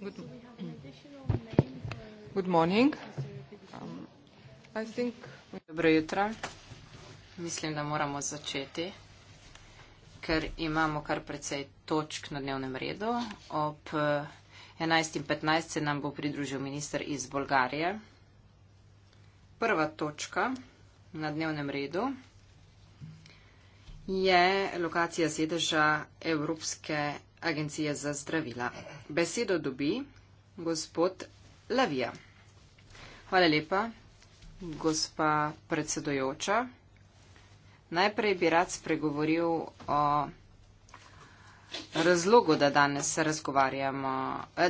Mm. Uh, um, um, Dobro jutro. Mislim, da moramo začeti, ker imamo kar precej točk na dnevnem redu. Ob 11.15 eh, se nam bo pridružil minister iz Bolgarije. Prva točka na dnevnem redu je lokacija sedeža Evropske Agencije za zdravila. Besedo dobi gospod Lavija. Hvala lepa, gospa predsedojoča. Najprej bi rad spregovoril o razlogu, da, danes eh,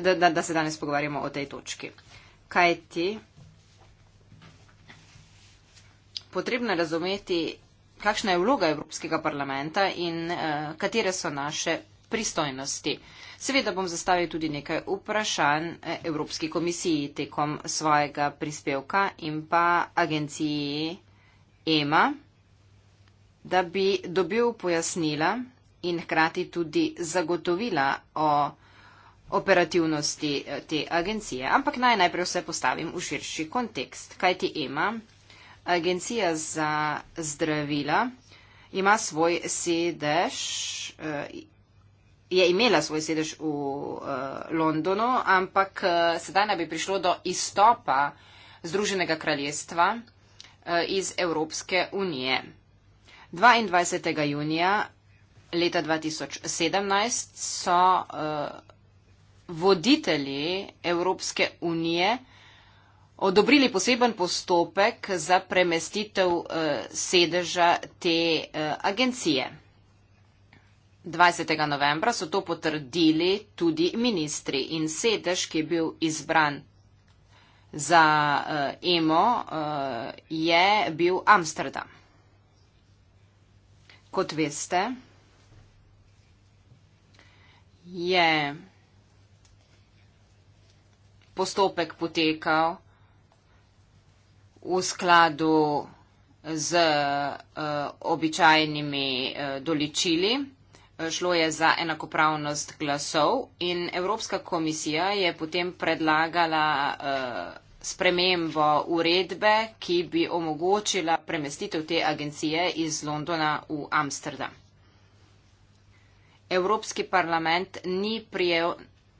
da, da, da se danes pogovarjamo o tej točki. Kaj ti? Potrebno je razumeti, kakšna je vloga Evropskega parlamenta in eh, katere so naše pristojnosti. Seveda bom zastavil tudi nekaj vprašanj eh, Evropski komisiji tekom svojega prispevka in pa agenciji EMA, da bi dobil pojasnila in hkrati tudi zagotovila o operativnosti eh, te agencije. Ampak naj najprej vse postavim v širši kontekst. Kaj ti ima? E Agencija za zdravila ima svoj sedež eh, je imela svoj sedež v uh, Londonu, ampak uh, sedaj naj bi prišlo do izstopa Združenega kraljestva uh, iz Evropske unije. 22. junija leta 2017 so uh, voditelji Evropske unije odobrili poseben postopek za premestitev uh, sedeža te uh, agencije. 20. novembra so to potrdili tudi ministri in sedež, ki je bil izbran za eh, EMO, eh, je bil Amsterdam. Kot veste, je postopek potekal v skladu z eh, običajnimi doličili šlo je za enakopravnost glasov in Evropska komisija je potem predlagala eh, spremembo uredbe, ki bi omogočila premestitev te agencije iz Londona v Amsterdam. Evropski parlament ni prijel,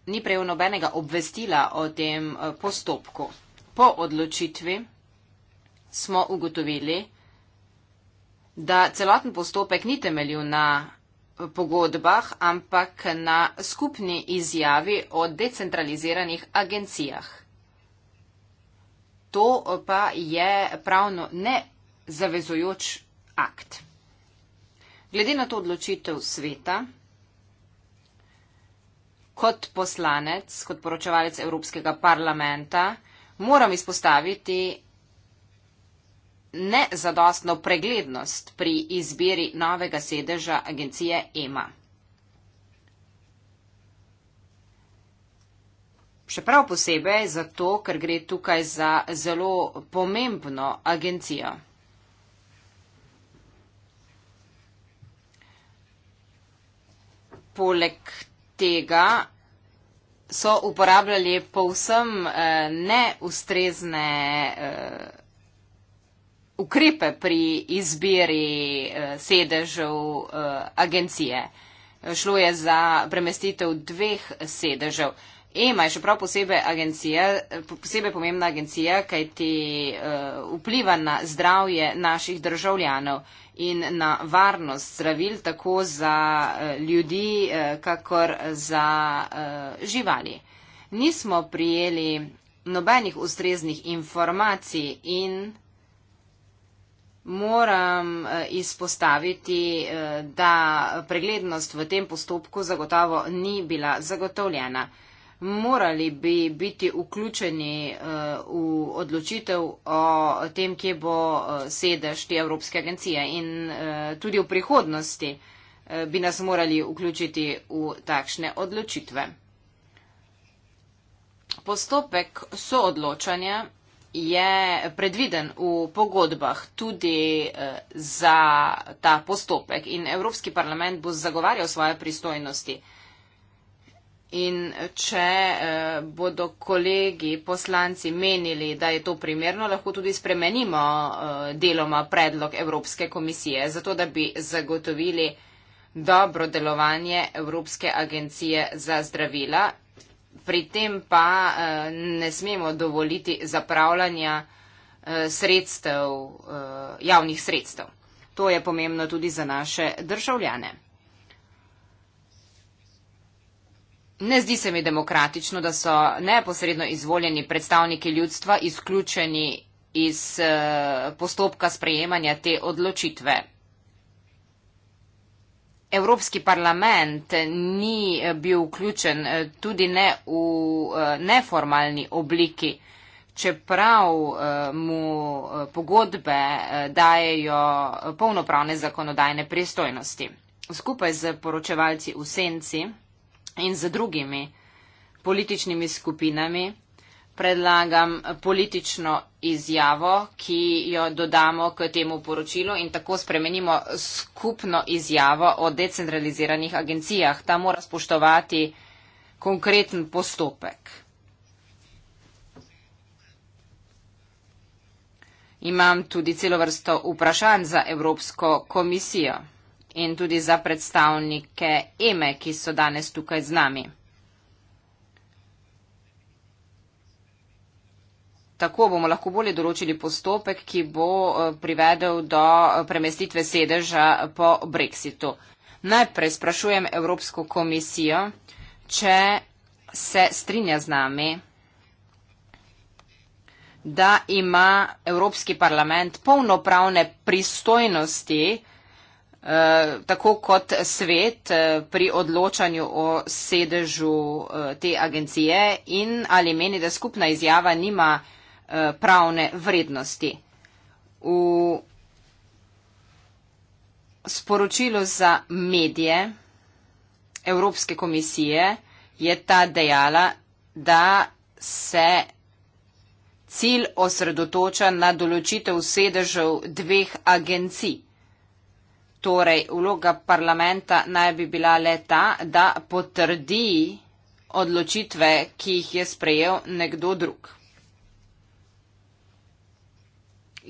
ni prijel nobenega obvestila o tem eh, postopku. Po odločitvi smo ugotovili, da celoten postopek ni temeljil na pogodbah, ampak na skupni izjavi o decentraliziranih agencijah. To pa je pravno nezavezujoč akt. Glede na to odločitev sveta, kot poslanec, kot poročevalec Evropskega parlamenta, moram izpostaviti, nezadostno preglednost pri izbiri novega sedeža agencije EMA. Še prav posebej zato, ker gre tukaj za zelo pomembno agencijo. Poleg tega so uporabljali povsem eh, neustrezne eh, ukrepe pri izbiri eh, sedežev eh, agencije. Eh, šlo je za premestitev dveh sedežev. EMA je še prav posebej, agencija, posebej pomembna agencija, kaj ti vpliva na zdravje naših državljanov in na varnost zdravil tako za ljudi, kakor za živali. Nismo prijeli nobenih ustreznih informacij in Moram eh, izpostaviti, eh, da preglednost v tem postopku zagotovo ni bila zagotovljena. Morali bi biti vključeni eh, v odločitev o tem, kje bo sedež te Evropske agencije in tudi v prihodnosti bi nas morali vključiti v takšne odločitve. Postopek soodločanja je predviden v pogodbah tudi eh, za ta postopek in Evropski parlament bo zagovarjal svoje pristojnosti. In če eh, bodo kolegi poslanci menili, da je to primerno, lahko tudi spremenimo eh, deloma predlog Evropske komisije, zato da bi zagotovili dobro delovanje Evropske agencije za zdravila pri tem pa eh, ne smemo dovoliti zapravljanja eh, sredstev, eh, javnih sredstev. To je pomembno tudi za naše državljane. Ne zdi se mi demokratično, da so neposredno izvoljeni predstavniki ljudstva izključeni iz postopka sprejemanja te odločitve. Evropski parlament ni eh, bil vključen eh, tudi ne v eh, neformalni obliki, čeprav mu pogodbe dajejo polnopravne zakonodajne pristojnosti. Skupaj z poročevalci v senci in z drugimi političnimi skupinami predlagam politično izjavo, ki jo dodamo k temu poročilu in tako spremenimo skupno izjavo o decentraliziranih agencijah. Ta mora spoštovati konkreten postopek. Imam tudi celo vrsto vprašanj za Evropsko komisijo in tudi za predstavnike EME, e, ki so danes tukaj z nami. Tako bomo lahko bolje določili postopek, ki bo eh, privedel do eh, premestitve sedeža po Brexitu. Najprej sprašujem Evropsko komisijo, če se strinja z nami, da ima Evropski parlament polnopravne pristojnosti, eh, tako kot svet pri odločanju o sedežu te agencije in ali meni, da skupna izjava nima Eh, pravne vrednosti. V sporočilu za medije Evropske komisije je ta dejala, da se cilj osredotoča na določitev sedežev dveh agencij. Torej, vloga parlamenta naj bi bila le ta, da potrdi odločitve, ki jih je sprejel nekdo drug.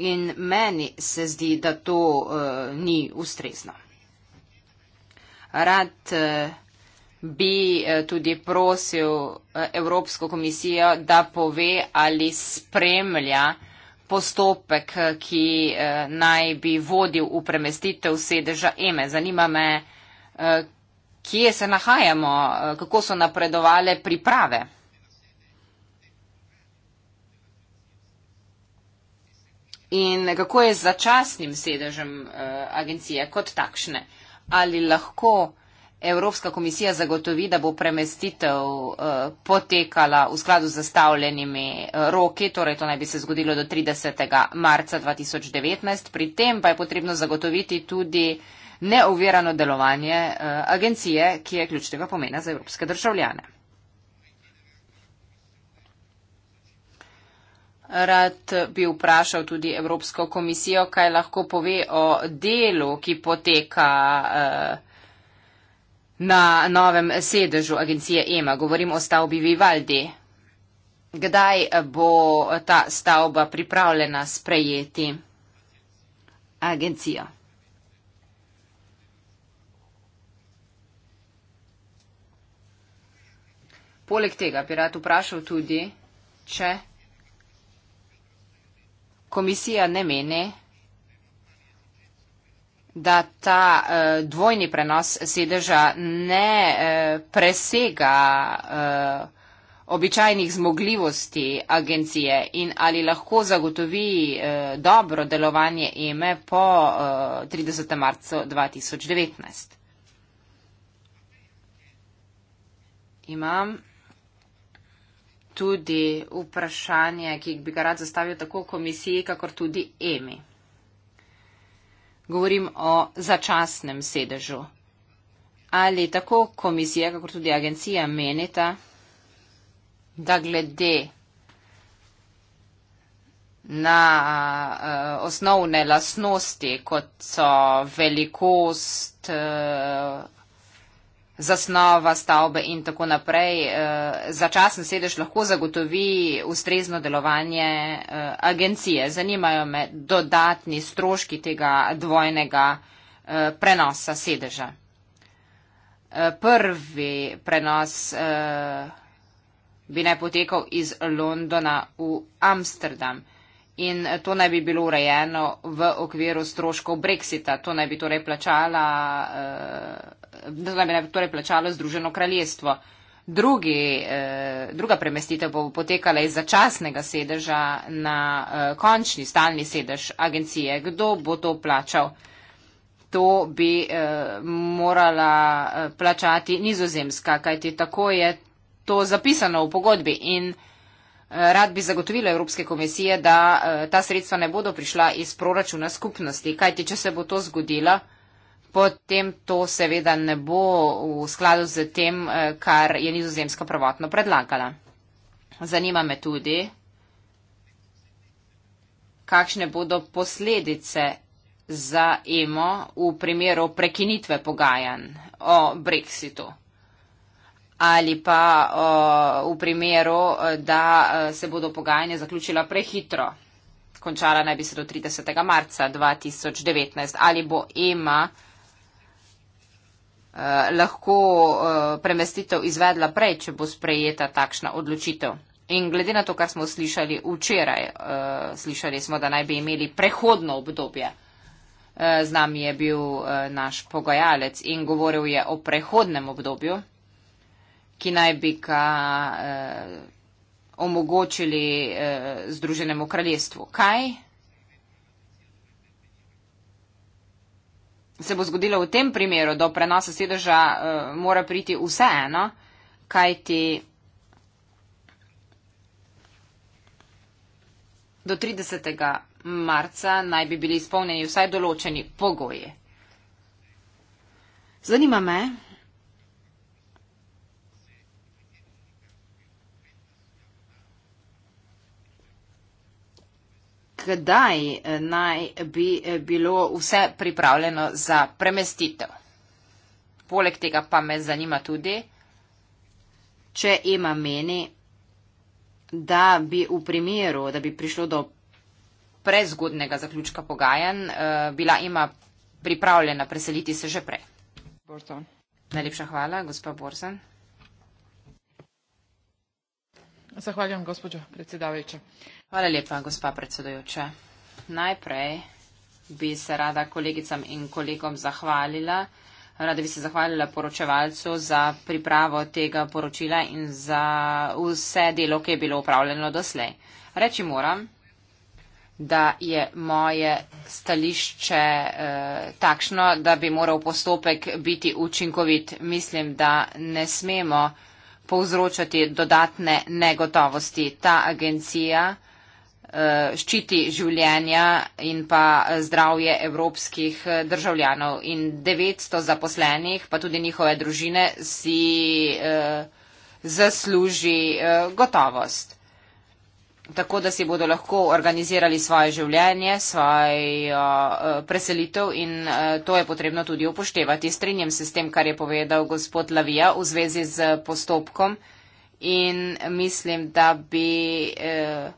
in meni se zdi, da to uh, ni ustrezno. Rad uh, bi eh, tudi prosil Evropsko komisijo, da pove ali spremlja postopek, ki naj bi vodil v premestitev sedeža EME. Zanima me, kje se nahajamo, kako so napredovale priprave. In kako je z začasnim sedežem uh, agencije kot takšne? Ali lahko Evropska komisija zagotovi, da bo premestitev uh, potekala v skladu z zastavljenimi uh, roki, torej to naj bi se zgodilo do 30. marca 2019, pri tem pa je potrebno zagotoviti tudi neovirano delovanje uh, agencije, ki je ključnega pomena za evropske državljane. Rad bi vprašal tudi Evropsko komisijo, kaj lahko pove o delu, ki poteka eh, na novem sedežu agencije EMA. Govorim o stavbi Vivaldi. Kdaj bo ta stavba pripravljena sprejeti agencijo? Poleg tega bi rad vprašal tudi, če komisija ne meni, da ta uh, dvojni prenos sedeža ne uh, presega uh, običajnih zmogljivosti agencije in ali lahko zagotovi uh, dobro delovanje EME e po uh, 30. marcu 2019. Imam tudi vprašanje, ki bi ga rad zastavil tako komisiji, kakor tudi EMI. Govorim o začasnem sedežu. Ali tako komisija, kakor tudi agencija menita, da glede na uh, osnovne lasnosti, kot so velikost, uh, zasnova stavbe in tako naprej. Eh, začasen sedež lahko zagotovi ustrezno delovanje eh, agencije. Zanimajo me dodatni stroški tega dvojnega eh, prenosa sedeža. Prvi prenos bi naj potekal iz Londona v Amsterdam. In to naj bi bilo urejeno v okviru stroškov Brexita. To naj bi torej plačala da nam je torej plačalo Združeno kraljestvo. Drugi, eh, druga premestitev bo potekala iz začasnega sedeža na eh, končni stalni sedež agencije. Kdo bo to plačal? To bi eh, morala plačati nizozemska, kajti tako je to zapisano v pogodbi in rad bi zagotovila Evropske komisije, da ta sredstva ne bodo prišla iz proračuna skupnosti, kajti če se bo to zgodilo, potem to seveda ne bo v skladu z tem, eh, kar je nizozemska prvotno predlagala. Zanima me tudi, kakšne bodo posledice za EMO v primeru prekinitve pogajanj o Brexitu ali pa o, v primeru, da eh, se bodo pogajanja zaključila prehitro. Končala naj bi se do 30. marca 2019. Ali bo EMA Eh, lahko eh, premestitev izvedla prej, če bo sprejeta takšna odločitev. In glede na to, kar smo slišali včeraj, eh, slišali smo, da naj bi imeli prehodno obdobje. Z nami je bil naš pogajalec in govoril je o prehodnem obdobju, ki naj bi ga omogočili Združenemu kraljestvu. Kaj? se bo zgodilo v tem primeru, do prenosa sedeža uh, mora priti vseeno, kaj ti do 30. marca naj bi bili izpolnjeni vsaj določeni pogoji. Zanima me, kdaj eh, naj bi eh, bilo vse pripravljeno za premestitev. Poleg tega pa me zanima tudi, če ima meni, da bi v primeru, da bi prišlo do prezgodnega zaključka pogajanj, eh, bila ima pripravljena preseliti se že prej. Borzon. Najlepša hvala, gospod Borzan. Zahvaljujem, gospođo predsjedavajuća. Hvala lepa, gospa predsedojoča. Najprej bi se rada kolegicam in kolegom zahvalila. Rada bi se zahvalila poročevalcu za pripravo tega poročila in za vse delo, ki je bilo upravljeno doslej. Reči moram, da je moje stališče eh, takšno, da bi moral postopek biti učinkovit. Mislim, da ne smemo povzročati dodatne negotovosti. Ta agencija Eh, ščiti življenja in pa zdravje evropskih eh, državljanov. In 900 zaposlenih, pa tudi njihove družine, si eh, zasluži gotovost. Tako, da si bodo lahko organizirali svoje življenje, svojo preselitev in to je potrebno tudi upoštevati. Strinjam se s tem, kar je povedal gospod Lavija v zvezi z postopkom in mislim, da bi. Eh,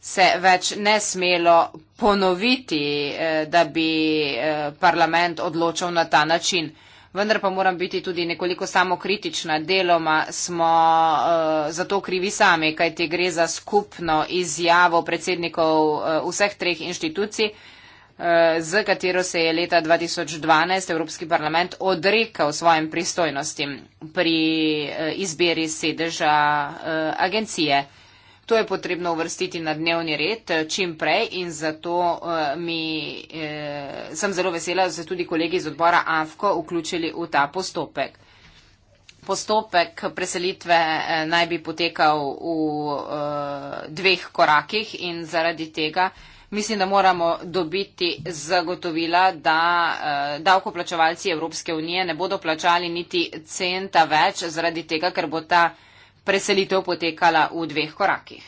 se več ne smelo ponoviti, eh, da bi eh, parlament odločal na ta način. Vendar pa moram biti tudi nekoliko samokritična. Deloma smo eh, zato krivi sami, kajti gre za skupno izjavo predsednikov vseh treh inštitucij, z katero se je leta 2012 Evropski parlament odrekal svojim pristojnostim pri izbiri sedeža agencije. To je potrebno uvrstiti na dnevni red eh, čim prej in zato eh, mi, eh, sem zelo vesela, da so se tudi kolegi iz odbora AFKO vključili v ta postopek. Postopek preselitve eh, naj bi potekal v eh, dveh korakih in zaradi tega mislim, da moramo dobiti zagotovila, da eh, davkoplačevalci Evropske unije ne bodo plačali niti centa več zaradi tega, ker bo ta preselitev potekala v dveh korakih.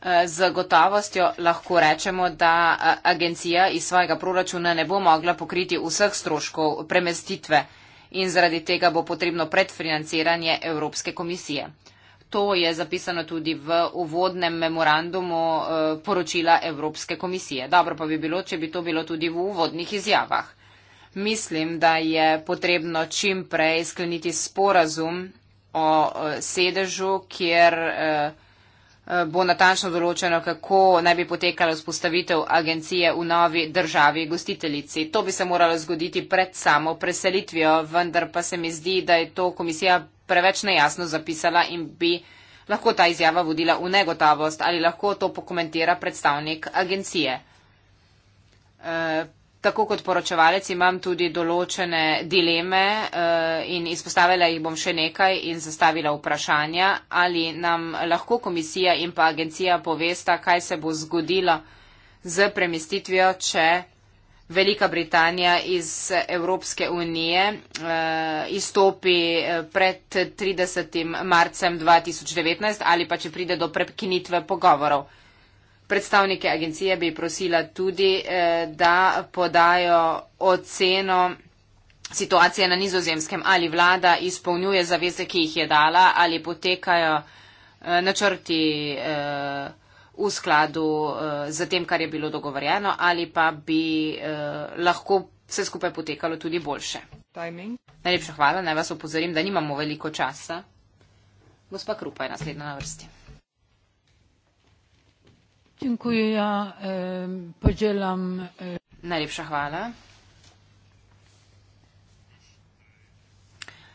Eh, z gotovostjo lahko rečemo, da eh, agencija iz svojega proračuna ne bo mogla pokriti vseh stroškov premestitve in zaradi tega bo potrebno predfinanciranje Evropske komisije. To je zapisano tudi v uvodnem memorandumu eh, poročila Evropske komisije. Dobro pa bi bilo, če bi to bilo tudi v uvodnih izjavah. Mislim, da je potrebno čim prej skleniti sporazum o e, sedežu, kjer e, e, bo natančno določeno, kako naj bi potekala vzpostavitev agencije v novi državi gostiteljici. To bi se moralo zgoditi pred samo preselitvijo, vendar pa se mi zdi, da je to komisija preveč nejasno zapisala in bi lahko ta izjava vodila v negotavost. Ali lahko to pokomentira predstavnik agencije? Tako kot poročevalec imam tudi določene dileme eh, in izpostavila jih bom še nekaj in zastavila vprašanja, ali nam lahko komisija in pa agencija povesta, kaj se bo zgodilo z premestitvijo, če Velika Britanija iz Evropske unije eh, izstopi eh, pred 30. marcem 2019 ali pa če pride do prekinitve pogovorov. Predstavnike agencije bi prosila tudi, eh, da podajo oceno situacije na nizozemskem, ali vlada izpolnjuje zaveze, ki jih je dala, ali potekajo eh, načrti eh, v skladu z tem, kar je bilo dogovorjeno, ali pa bi lahko vse skupaj potekalo tudi boljše. Timing. Najlepša hvala, naj vas opozorim, da nimamo veliko časa. Gospa Krupa je naslednja na vrsti. Dziękuję, ja e, podzielam. E... Najlepša hvala.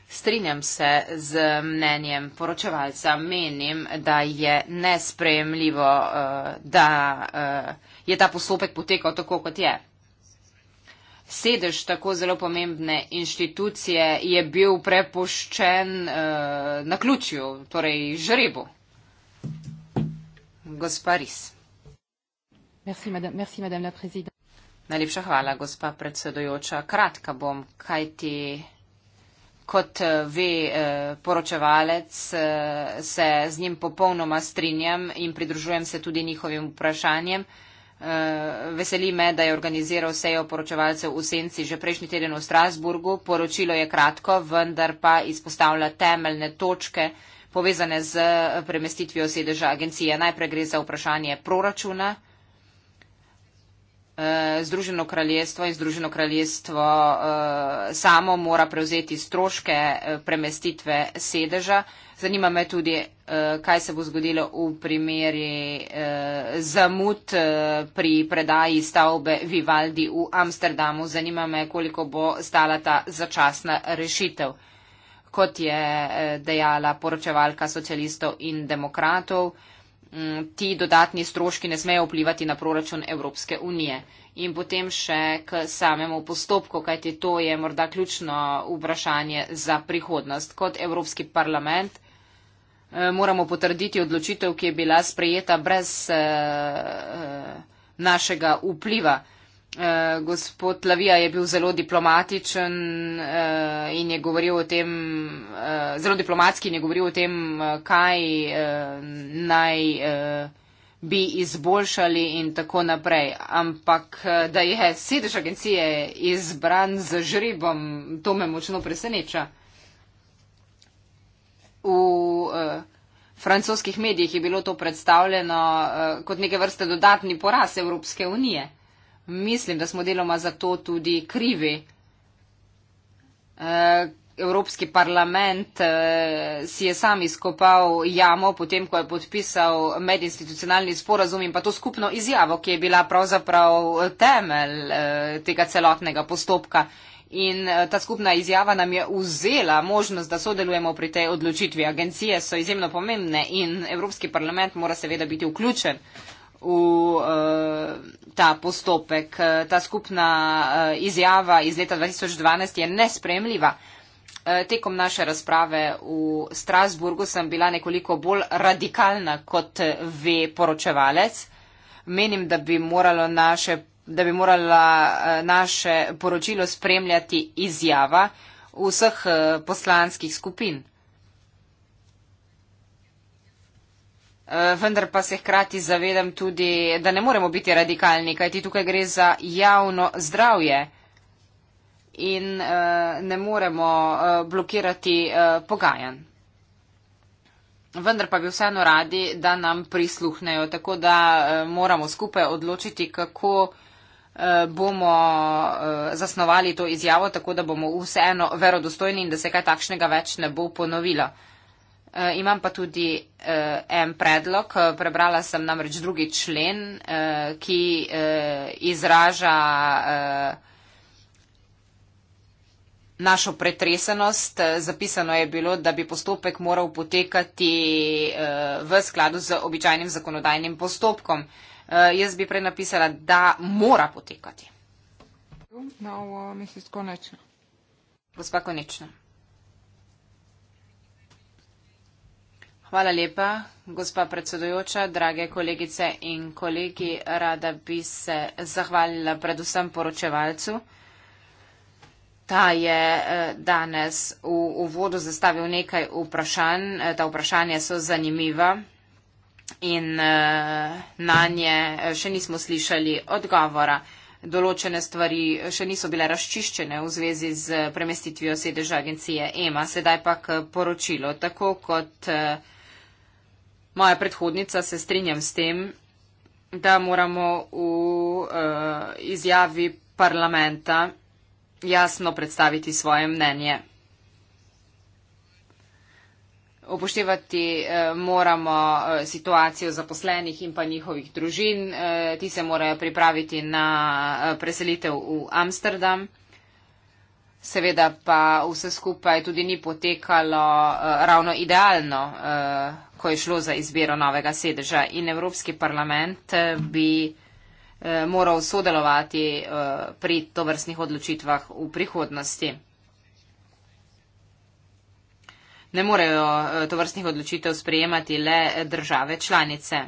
Strinjam se z mnenjem poročevalca. Menim, da je nespremljivo, e, da e, je ta postopek potekal tako, kot je. Sedež tako zelo pomembne inštitucije je bil prepuščen e, na ključju, torej žrebu. Gospa Ris. Najlepša hvala, gospa predsedujoča. Kratka bom, kaj ti. Kot eh, ve eh, poročevalec, eh, se z njim popolnoma strinjam in pridružujem se tudi njihovim vprašanjem. Veseli me, da je organiziral sejo poročevalcev v Senci že prejšnji teden v Strasburgu. Poročilo je kratko, vendar pa izpostavlja temeljne točke povezane z premestitvijo sedeža agencije. Najprej gre za vprašanje proračuna. Eh, Združeno kraljestvo in Združeno kraljestvo eh, samo mora prevzeti stroške eh, premestitve sedeža. Zanima me tudi, eh, kaj se bo zgodilo v primeri eh, zamud eh, pri predaji stavbe Vivaldi v Amsterdamu. Zanima me, koliko bo stala ta začasna rešitev. Kot je eh, dejala poročevalka socialistov in demokratov, eh, m, mm, ti dodatni stroški ne smejo vplivati na proračun Evropske unije. In potem še k samemu postopku, kajti to je morda ključno vprašanje za prihodnost. Kot Evropski parlament e, moramo potrditi odločitev, ki je bila sprejeta brez e, e, našega vpliva. Uh, gospod Lavija je bil zelo diplomatičen uh, in je govoril o tem, uh, zelo diplomatski in je govoril o tem, uh, kaj uh, naj uh, bi izboljšali in tako naprej. Ampak, uh, da je sedež agencije izbran z žrebom, to me močno preseneča. V, uh, V francoskih medijih je bilo to predstavljeno uh, kot neke vrste dodatni poraz Evropske unije. Uh, Mislim, da smo deloma za to tudi krivi. Eh, Evropski parlament eh, si je sam izkopal jamo, potem ko je podpisal medinstitucionalni sporazum in pa to skupno izjavo, ki je bila pravzaprav eh, temelj tega celotnega postopka. In ta skupna izjava nam je vzela možnost, da sodelujemo pri tej odločitvi. Agencije so izjemno pomembne in Evropski parlament mora seveda biti vključen v uh, ta postopek. Eh, ta skupna uh, izjava iz leta 2012 je nespremljiva. Uh, tekom naše razprave v Strasburgu sem bila nekoliko bolj radikalna kot ve poročevalec. Menim, da bi, naše, da bi morala uh, naše poročilo spremljati izjava vseh uh, poslanskih skupin. Eh, vendar pa se hkrati zavedam tudi, da ne moremo biti radikalni, kajti tukaj gre za javno zdravje in uh, ne moremo uh, blokirati uh, pogajanj. Vendar pa bi vseeno radi, da nam prisluhnejo, tako da uh, moramo skupaj odločiti, kako uh, bomo uh, zasnovali to izjavo, tako da bomo vseeno verodostojni in da se kaj takšnega več ne bo ponovilo. Uh, Eh, imam pa tudi eh, en predlog. Eh, prebrala sem namreč drugi člen, ki izraža našo pretresenost. Zapisano je bilo, da bi postopek moral potekati v skladu z običajnim zakonodajnim postopkom. Jaz bi prenapisala, da mora potekati. Now, uh, Gospa Konečna. Hvala lepa, gospa predsedujoča, drage kolegice in kolegi. Rada bi se zahvalila predvsem poročevalcu. Ta je eh, danes v uvodu zastavil nekaj vprašanj. Eh, ta vprašanja so zanimiva in eh, na nje še nismo slišali odgovora. Določene stvari še niso bile razčiščene v zvezi z premestitvijo sedeža agencije EMA. Sedaj pa k poročilu. Tako kot moja predhodnica, se strinjam s tem, da moramo v uh, izjavi parlamenta jasno predstaviti svoje mnenje. Upoštevati eh, moramo eh, situacijo zaposlenih in pa njihovih družin. Ti se morajo pripraviti na preselitev v Amsterdam. Seveda pa vse skupaj tudi ni potekalo uh, ravno idealno, uh, ko je šlo za izbiro novega sedeža in Evropski parlament eh, bi uh, moral sodelovati uh, pri tovrstnih odločitvah v prihodnosti. Ne morejo uh, tovrstnih odločitev sprejemati le države članice.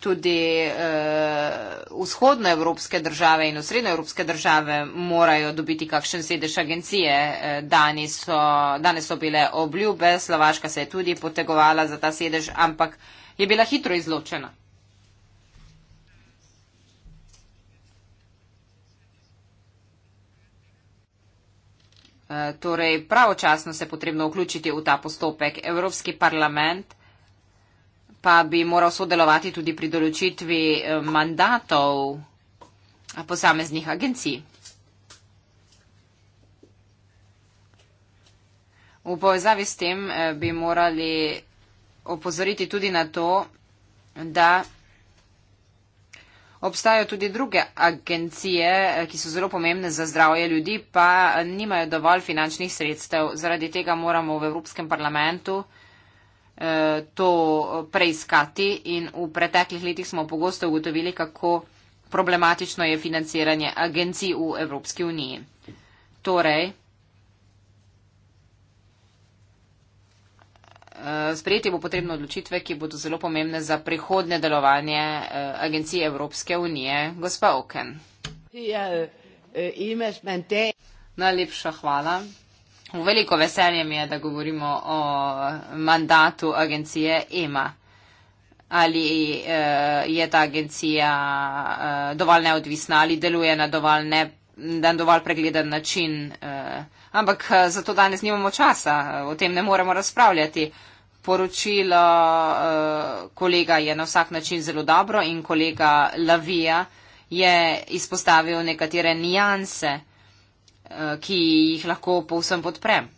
tudi uh, vzhodnoevropske države in osrednjoevropske države morajo dobiti kakšen sedež agencije. Eh, so, danes so bile obljube, Slovaška se je tudi potegovala za ta sedež, ampak je bila hitro izločena. Eh, torej, pravočasno se je potrebno vključiti v ta postopek. Evropski parlament pa bi moral sodelovati tudi pri določitvi eh, mandatov eh, posameznih agencij. V povezavi s tem eh, bi morali opozoriti tudi na to, da obstajajo tudi druge agencije, ki so zelo pomembne za zdravje ljudi, pa nimajo dovolj finančnih sredstev. Zaradi tega moramo v Evropskem parlamentu to preiskati in v preteklih letih smo pogosto ugotovili, kako problematično je financiranje agencij v Evropski uniji. Torej, eh, sprejeti bo potrebno odločitve, ki bodo zelo pomembne za prihodne delovanje eh, agencij Evropske unije. Gospa Oken. Ja, eh, Najlepša hvala. V veliko veselje mi je, da govorimo o mandatu agencije EMA. Ali eh, je ta agencija eh, dovolj neodvisna ali deluje na dovolj, ne, na dovolj pregleden način. Eh, ampak za to danes nimamo časa, o tem ne moremo razpravljati. Poročilo kolega je na vsak način zelo dobro in kolega Lavija je izpostavil nekatere nijanse. Eh, ki jih lahko povsem podprem.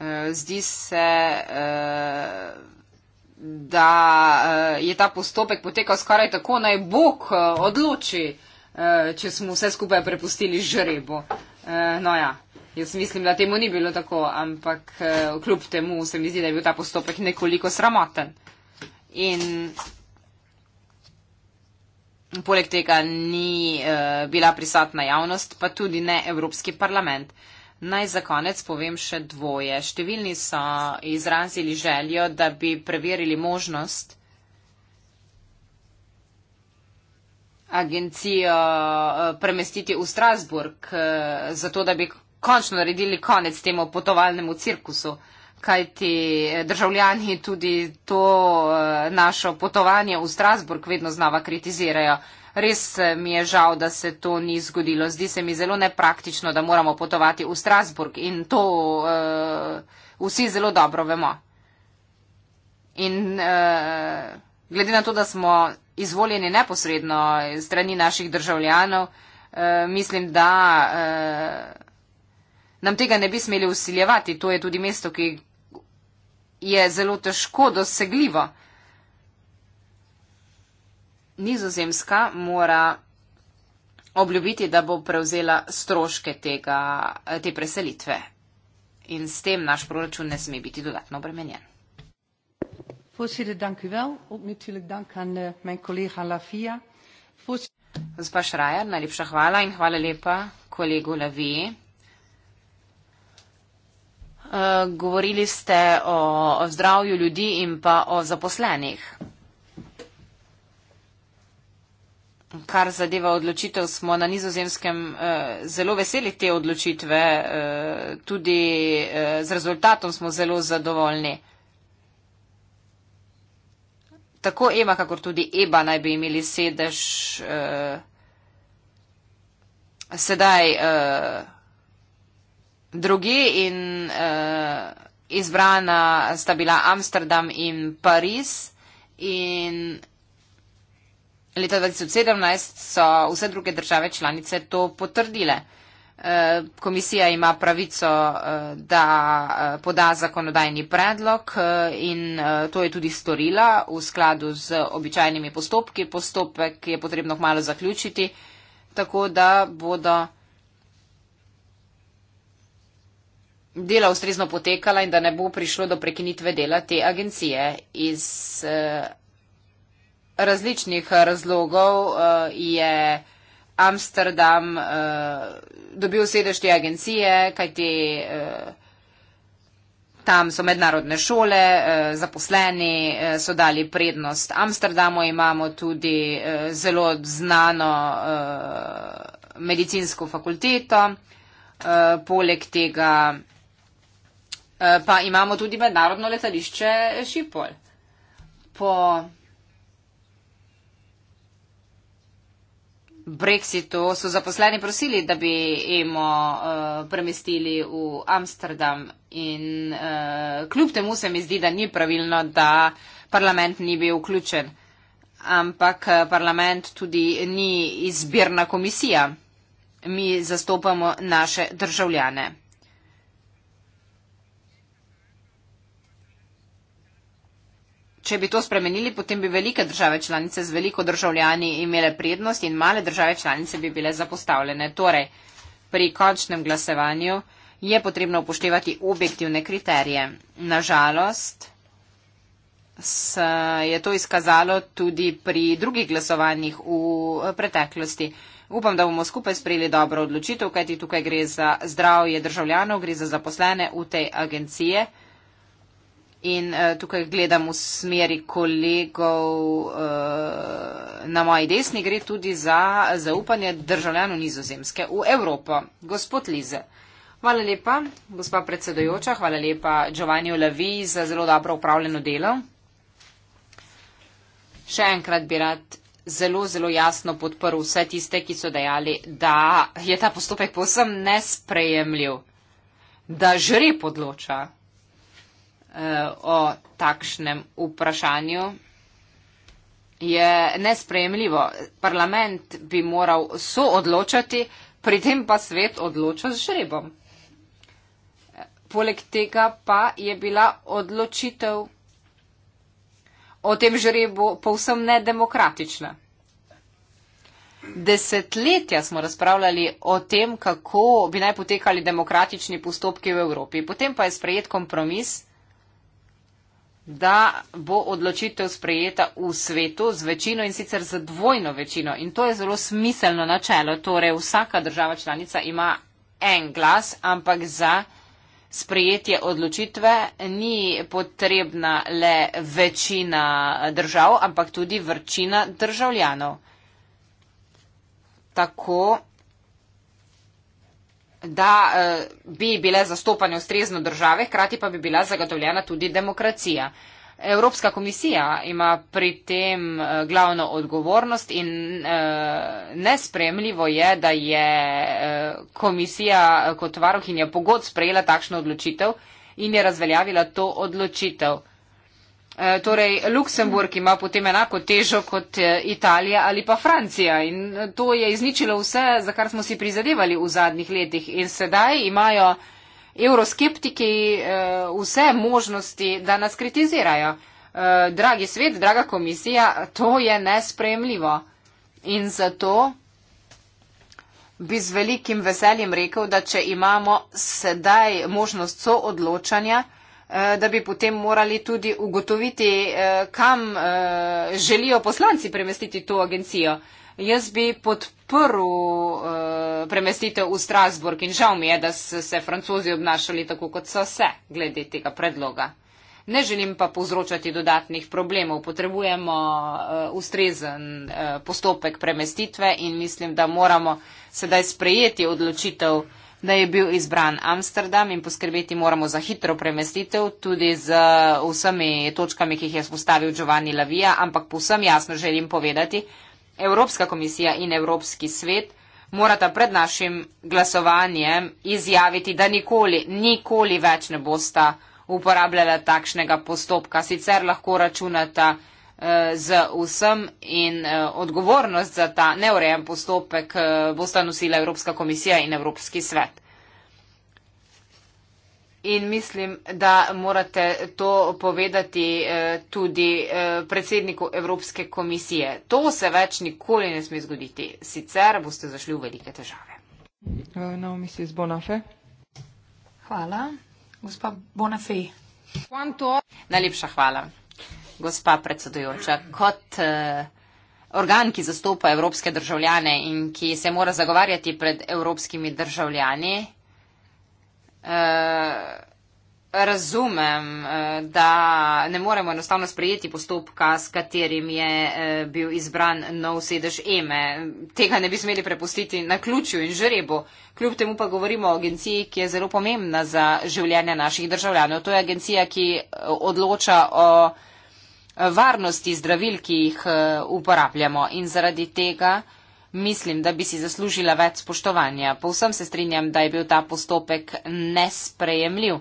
Eh, zdi se, eh, da je ta postopek potekal skoraj tako, naj Bog odloči, če smo vse skupaj prepustili žrebo. No ja, jaz mislim, da temu ni bilo tako, ampak kljub temu se mi zdi, da je bil ta postopek nekoliko sramoten. In Poleg tega ni uh, bila prisotna javnost, pa tudi ne Evropski parlament. Naj za konec povem še dvoje. Številni so izrazili željo, da bi preverili možnost agencijo eh, premestiti v Strasburg, eh, zato da bi končno naredili konec temu potovalnemu cirkusu kajti eh, državljani tudi to eh, našo potovanje v Strasburg vedno znova kritizirajo. Res eh, mi je žal, da se to ni zgodilo. Zdi se mi zelo nepraktično, da moramo potovati v Strasburg in to uh, vsi zelo dobro vemo. In uh, glede na to, da smo izvoljeni neposredno strani naših državljanov, uh, mislim, da uh, nam tega ne bi smeli usiljevati. To je tudi mesto, ki je zelo težko dosegljivo. Nizozemska mora obljubiti, da bo prevzela stroške tega, te preselitve. In s tem naš proračun ne sme biti dodatno obremenjen. Eh, Gospa Šrajer, najlepša hvala in hvala lepa kolegu Laviji. Eh, govorili ste o zdravju ljudi in pa o zaposlenih. Kar zadeva odločitev, smo na nizozemskem eh, zelo veseli te odločitve, eh, tudi eh, z rezultatom smo zelo zadovoljni. Tako EMA, kakor tudi EBA naj bi imeli sedež eh, sedaj. Eh, drugi in uh, izbrana sta bila Amsterdam in Pariz. In leta 2017 so vse druge države članice to potrdile. Eh, komisija ima pravico, eh, da poda zakonodajni predlog in to je tudi storila v skladu z običajnimi postopki. Postopek je potrebno malo zaključiti, tako da bodo. dela ustrezno potekala in da ne bo prišlo do prekinitve dela te agencije. Iz uh, različnih razlogov uh, je Amsterdam uh, dobil sedež te agencije, kajti uh, tam so mednarodne šole, uh, zaposleni uh, so dali prednost Amsterdamu, imamo tudi uh, zelo znano uh, medicinsko fakulteto. Uh, poleg tega Eh, pa imamo tudi mednarodno letališče Šipol. Po Brexitu so zaposleni prosili, da bi emo uh, premestili v Amsterdam in uh, kljub temu se mi zdi, da ni pravilno, da parlament ni bil vključen. Ampak parlament tudi ni izbirna komisija. Mi zastopamo naše državljane. Če bi to spremenili, potem bi velike države članice z veliko državljani imele prednost in male države članice bi bile zapostavljene. Torej, pri končnem glasovanju je potrebno upoštevati objektivne kriterije. Nažalost, je to izkazalo tudi pri drugih glasovanjih v eh, preteklosti. Upam, da bomo skupaj sprejeli dobro odločitev, kajti tukaj gre za zdravje državljanov, gre za zaposlene v tej agencije. In uh, tukaj gledam v smeri kolegov uh, na moji desni, gre tudi za zaupanje državljanov nizozemske v Evropo. Gospod Lize. Hvala lepa, gospa predsedojoča, hvala lepa Giovanni Olavi za zelo dobro upravljeno delo. Še enkrat bi rad zelo, zelo jasno podprl vse tiste, ki so dejali, da je ta postopek posem nesprejemljiv, da žreb odloča. Eh, o takšnem vprašanju, je nesprejemljivo. Parlament bi moral soodločati, pri tem pa svet odloča z žrebom. Poleg tega pa je bila odločitev o tem žrebu povsem nedemokratična. Desetletja smo razpravljali o tem, kako bi naj potekali demokratični postopki v Evropi. Potem pa je sprejet kompromis da bo odločitev sprejeta v svetu z večino in sicer z dvojno večino. In to je zelo smiselno načelo. Torej, vsaka država članica ima en glas, ampak za sprejetje odločitve ni potrebna le večina držav, ampak tudi vrčina državljanov. Tako da eh, bi bile zastopane ustrezno države, hkrati pa bi bila zagotovljena tudi demokracija. Evropska komisija ima pri tem eh, glavno odgovornost in eh, nespremljivo je, da je komisija kot varuhinja pogod sprejela takšno odločitev in je razveljavila to odločitev. Eh, torej, Luksemburg ima potem enako težo kot eh, Italija ali pa Francija in eh, to je izničilo vse, za kar smo si prizadevali v zadnjih letih. In sedaj imajo euroskeptiki vse možnosti, da nas kritizirajo. Dragi svet, draga komisija, to je nespremljivo. In zato bi z velikim veseljem rekel, da če imamo sedaj možnost soodločanja, Eh, da bi potem morali tudi ugotoviti, eh, kam eh, želijo poslanci premestiti to agencijo. Jaz bi podprl premestitev v Strasburg in žal mi je, da so se francozi obnašali tako, kot so se glede tega predloga. Ne želim pa povzročati dodatnih problemov. Potrebujemo uh, ustrezen uh, postopek premestitve in mislim, da moramo sedaj sprejeti odločitev uh, da je bil izbran Amsterdam in poskrbeti moramo za hitro premestitev, tudi z vsemi točkami, ki jih je spostavil Giovanni Lavija, ampak povsem jasno želim povedati, Evropska komisija in Evropski svet morata pred našim glasovanjem izjaviti, da nikoli, nikoli več ne bosta uporabljala takšnega postopka, sicer lahko računata, Eh, z vsem in eh, odgovornost za ta neurejen postopek eh, bosta nosila Evropska komisija in Evropski svet. In mislim, da morate to povedati tudi predsedniku Evropske komisije. To se več nikoli ne sme zgoditi, sicer boste zašli v velike težave. Hvala. Gospa Bonafej. Najlepša hvala gospa predsedujoča, kot eh, organ, ki zastopa evropske državljane in ki se mora zagovarjati pred evropskimi državljani, eh, razumem, eh, da ne moremo enostavno sprejeti postopka, s katerim je bil izbran nov sedež EME. Tega ne bi smeli prepustiti na ključju in žrebu. Kljub temu pa govorimo o agenciji, ki je zelo pomembna za življenje naših državljanov. To je agencija, ki odloča o varnosti zdravil, ki jih eh, uporabljamo in zaradi tega mislim, da bi si zaslužila več spoštovanja. Povsem se strinjam, da je bil ta postopek nesprejemljiv,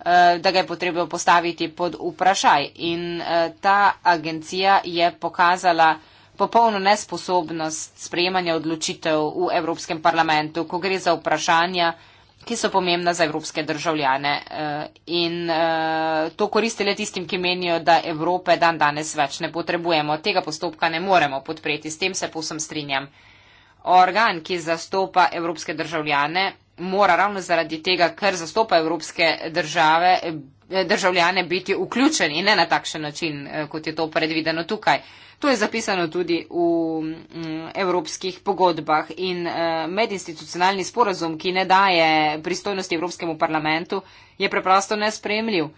eh, da ga je potrebno postaviti pod vprašaj in eh, ta agencija je pokazala popolno nesposobnost sprejemanja odločitev v Evropskem parlamentu, ko gre za vprašanja, ki so pomembna za evropske državljane eh, in eh, to koristile tistim, ki menijo, da Evrope dan danes več ne potrebujemo. Tega postopka ne moremo podpreti, s tem se povsem strinjam. Organ, ki zastopa evropske državljane, mora ravno zaradi tega, ker zastopa evropske države, eh, državljane biti vključen in ne na takšen način, kot je to predvideno tukaj. To je zapisano tudi v m, mm, evropskih pogodbah in e, medinstitucionalni sporozum, ki ne daje pristojnosti Evropskemu parlamentu, je preprosto nespremljiv.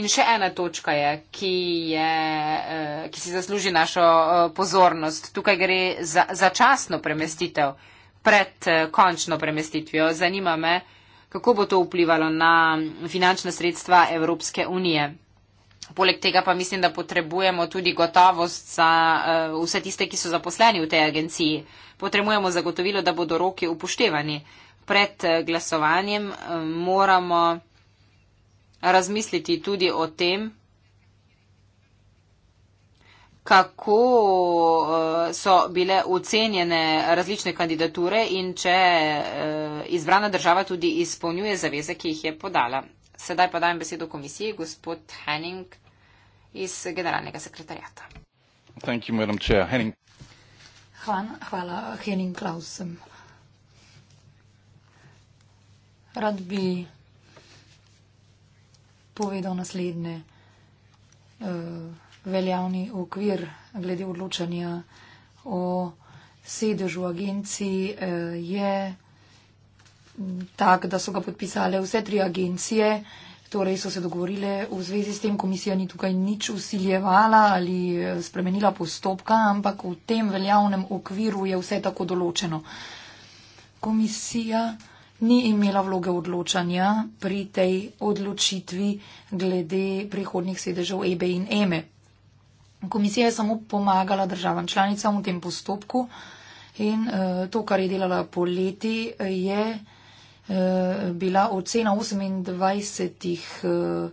In še ena točka je, ki, je, eh, ki si zasluži našo eh, pozornost. Tukaj gre za začasno premestitev pred končno premestitvijo. Zanima me, kako bo to vplivalo na mm, finančne sredstva Evropske unije. Poleg tega pa mislim, da potrebujemo tudi gotovost za uh, vse tiste, ki so zaposleni v tej agenciji. Potrebujemo zagotovilo, da bodo roki upoštevani. Pred eh, glasovanjem uh, moramo razmisliti tudi o tem, kako uh, so bile ocenjene različne kandidature in če uh, izbrana država tudi izpolnjuje zaveze, ki jih je podala. Sedaj pa dajem besedo komisiji, gospod Henning iz generalnega sekretarjata. Thank you, madam chair. Henning. Hvala, hvala, Henning Klausem. Rad bi povedal naslednje. Eh, veljavni okvir glede odločanja o sedežu agenciji eh, je tak, da so ga podpisale vse tri agencije, torej so se dogovorile v zvezi s tem, komisija ni tukaj nič usiljevala ali eh, spremenila postopka, ampak v tem veljavnem okviru je vse tako določeno. Komisija ni imela vloge odločanja pri tej odločitvi glede prihodnih sedežev EB in EME. Komisija je samo pomagala državam članicam v tem postopku in uh, to, kar je delala po leti, je uh, Eh, bila ocena 28 eh,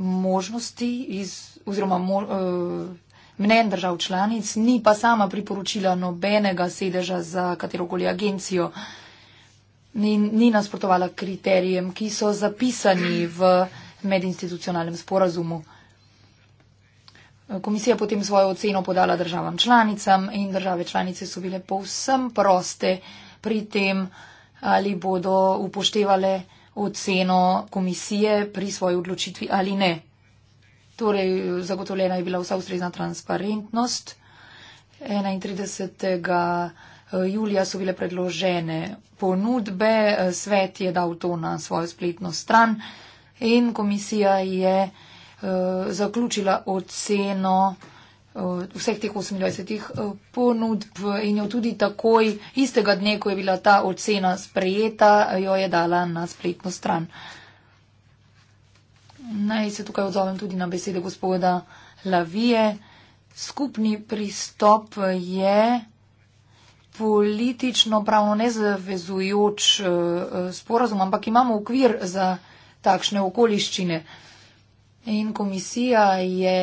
možnosti iz, oziroma mo, eh, mnen držav članic, ni pa sama priporočila nobenega sedeža za katerokoli agencijo, ni, ni nasprotovala kriterijem, ki so zapisani v medinstitucionalnem sporazumu. Komisija potem svojo oceno podala državam članicam in države članice so bile povsem proste pri tem, uh, ali bodo upoštevale oceno komisije pri svoji odločitvi ali ne. Torej, zagotovljena je bila vsa ustrezna transparentnost. 31. Eh, julija so bile predložene ponudbe, eh, svet je dal to na svojo spletno stran in komisija je uh, zaključila oceno uh, Eh, vseh teh 28 eh, ponudb in jo tudi takoj istega dne, ko je bila ta ocena sprejeta, jo je dala na spletno stran. Naj se tukaj odzovem tudi na besede gospoda Lavije. Skupni pristop je politično pravno nezavezujoč eh, sporazum, ampak imamo okvir za takšne okoliščine. In komisija je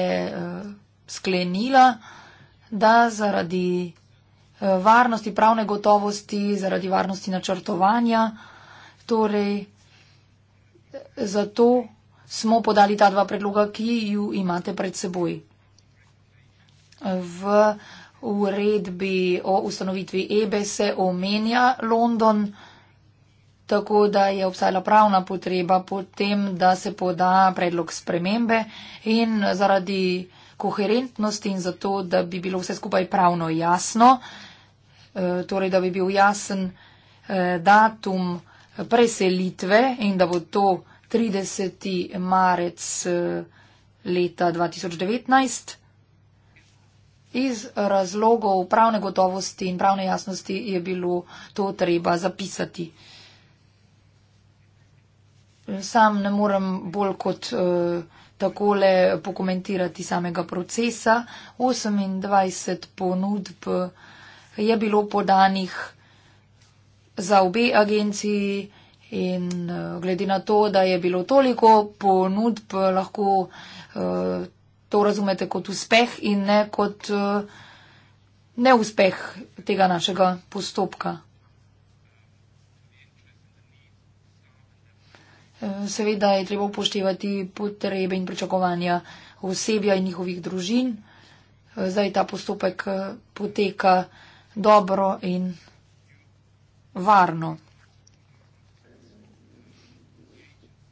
sklenila, da zaradi eh, varnosti pravne gotovosti, zaradi varnosti načrtovanja, torej eh, zato smo podali ta dva predloga, ki ju imate pred seboj. V uredbi o ustanovitvi EBE se omenja London, tako da je obstajala pravna potreba potem, da se poda predlog spremembe in zaradi koherentnosti in za to, da bi bilo vse skupaj pravno jasno, eh, torej da bi bil jasen eh, datum eh, preselitve in da bo to 30. marec leta 2019. Iz razlogov pravne gotovosti in pravne jasnosti je bilo to treba zapisati. Sam ne morem bolj kot uh, takole pokomentirati samega procesa. 28 ponudb je bilo podanih za obe agenciji in eh, glede na to, da je bilo toliko ponudb, lahko eh, to razumete kot uspeh in ne kot eh, neuspeh tega našega postopka. Seveda je treba upoštevati potrebe in pričakovanja osebja in njihovih družin. Zdaj ta postopek eh, poteka dobro in varno.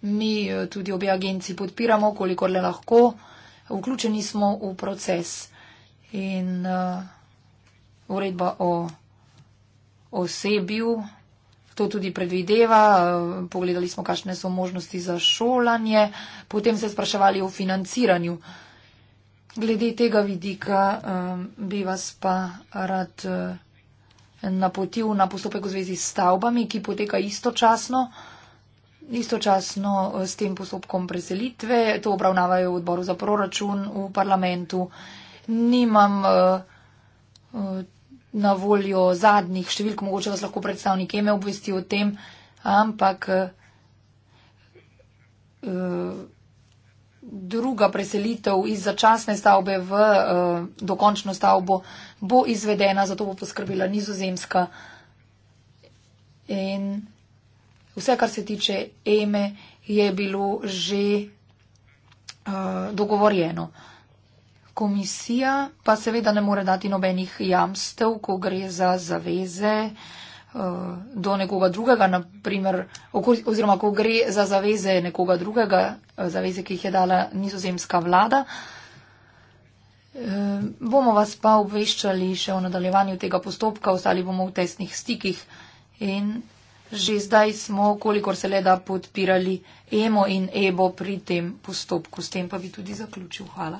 Mi eh, tudi obe agenciji podpiramo, koliko le lahko. Vključeni smo v proces in uh, uredba o osebju to tudi predvideva, eh, pogledali smo, kakšne so možnosti za šolanje, potem se spraševali o financiranju. Glede tega vidika eh, bi vas pa rad eh, napotil na postopek v zvezi s stavbami, ki poteka istočasno, istočasno s tem postopkom preselitve. To obravnavajo v odboru za proračun v parlamentu. Nimam uh, na voljo zadnjih številk, mogoče vas lahko predstavnik EME obvesti o tem, ampak eh, druga preselitev iz začasne stavbe v eh, dokončno stavbo bo izvedena, zato bo poskrbila nizozemska. In vse, kar se tiče EME, je bilo že eh, dogovorjeno komisija pa seveda ne more dati nobenih jamstev, ko gre za zaveze eh, do nekoga drugega, naprimer, oziroma ko gre za zaveze nekoga drugega, eh, zaveze, ki jih je dala nizozemska vlada. Eh, bomo vas pa obveščali še o nadaljevanju tega postopka, ostali bomo v tesnih stikih in že zdaj smo, kolikor se le da, podpirali EMO in EBO pri tem postopku. S tem pa bi tudi zaključil. Hvala.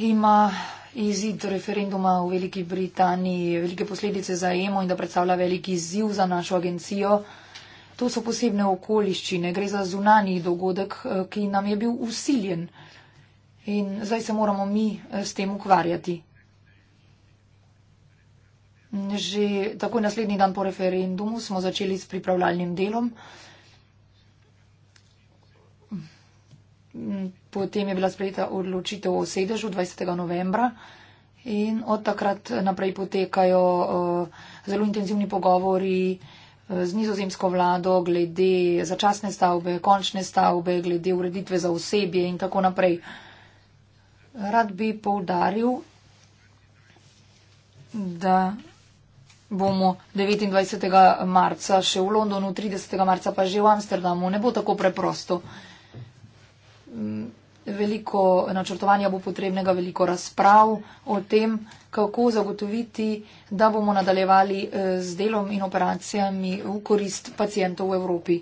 ima izid referenduma v Veliki Britaniji velike posledice za EMO in da predstavlja veliki izziv za našo agencijo. To so posebne okoliščine, gre za zunani dogodek, eh, ki nam je bil usiljen in zdaj se moramo mi eh, s tem ukvarjati. Že takoj naslednji dan po referendumu smo začeli s pripravljalnim delom. potem je bila sprejeta odločitev o sedežu 20. novembra in od takrat naprej potekajo eh, zelo intenzivni pogovori eh, z nizozemsko vlado glede začasne stavbe, končne stavbe, glede ureditve za osebje in tako naprej. Rad bi poudaril, da bomo 29. marca še v Londonu, 30. marca pa že v Amsterdamu. Ne bo tako preprosto. Mm, veliko načrtovanja bo potrebnega, veliko razprav o tem, kako zagotoviti, da bomo nadaljevali eh, z delom in operacijami v korist pacijentov v Evropi.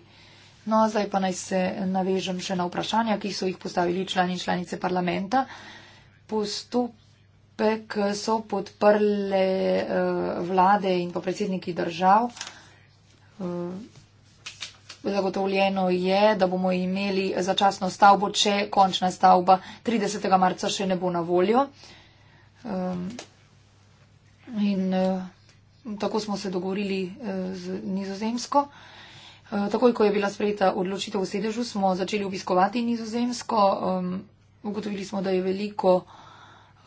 No, zdaj pa naj se navežem še na vprašanja, ki so jih postavili člani in članice parlamenta. Postopek eh, so podprle eh, vlade in pa predsedniki držav. Zagotovljeno je, da bomo imeli začasno stavbo, če končna stavba 30. marca še ne bo na voljo. Ehm, in eh, tako smo se dogovorili eh, z nizozemsko. Eh, takoj, ko je bila sprejeta odločitev v sedežu, smo začeli obiskovati nizozemsko. Ehm, ugotovili smo, da je veliko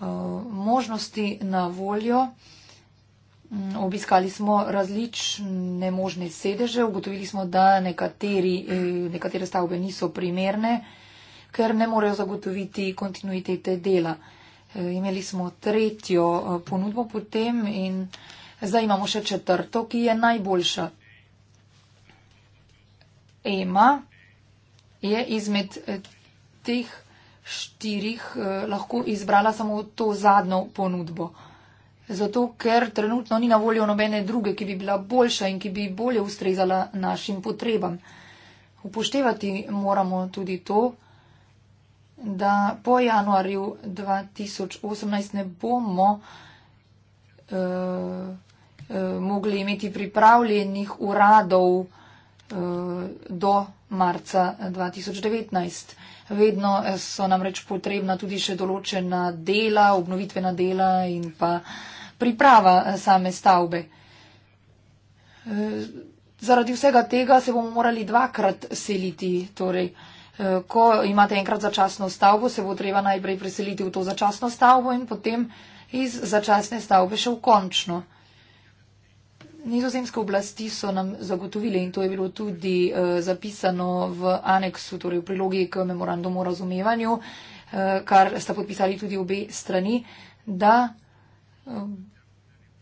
možnosti na voljo. Mm, obiskali smo različne možne sedeže, ugotovili smo, da nekateri, eh, nekatere stavbe niso primerne, ker ne morejo zagotoviti kontinuitete dela. Eh, imeli smo tretjo eh, ponudbo potem in zdaj imamo še četrto, ki je najboljša. Ema je izmed teh štirih lahko izbrala samo to zadnjo ponudbo. Zato, ker trenutno ni na voljo nobene druge, ki bi bila boljša in ki bi bolje ustrezala našim potrebam. Upoštevati moramo tudi to, da po januarju 2018 ne bomo uh, uh, mogli imeti pripravljenih uradov uh, do marca 2019. Vedno so nam reč potrebna tudi še določena dela, obnovitvena dela in pa priprava eh, same stavbe. Eh, zaradi vsega tega se bomo morali dvakrat seliti. Torej, eh, ko imate enkrat začasno stavbo, se bo treba najprej preseliti v to začasno stavbo in potem iz začasne stavbe še v končno. Nizozemske oblasti so nam zagotovile in to je bilo tudi zapisano v aneksu, torej v prilogi k memorandumu o razumevanju, kar sta podpisali tudi obe strani, da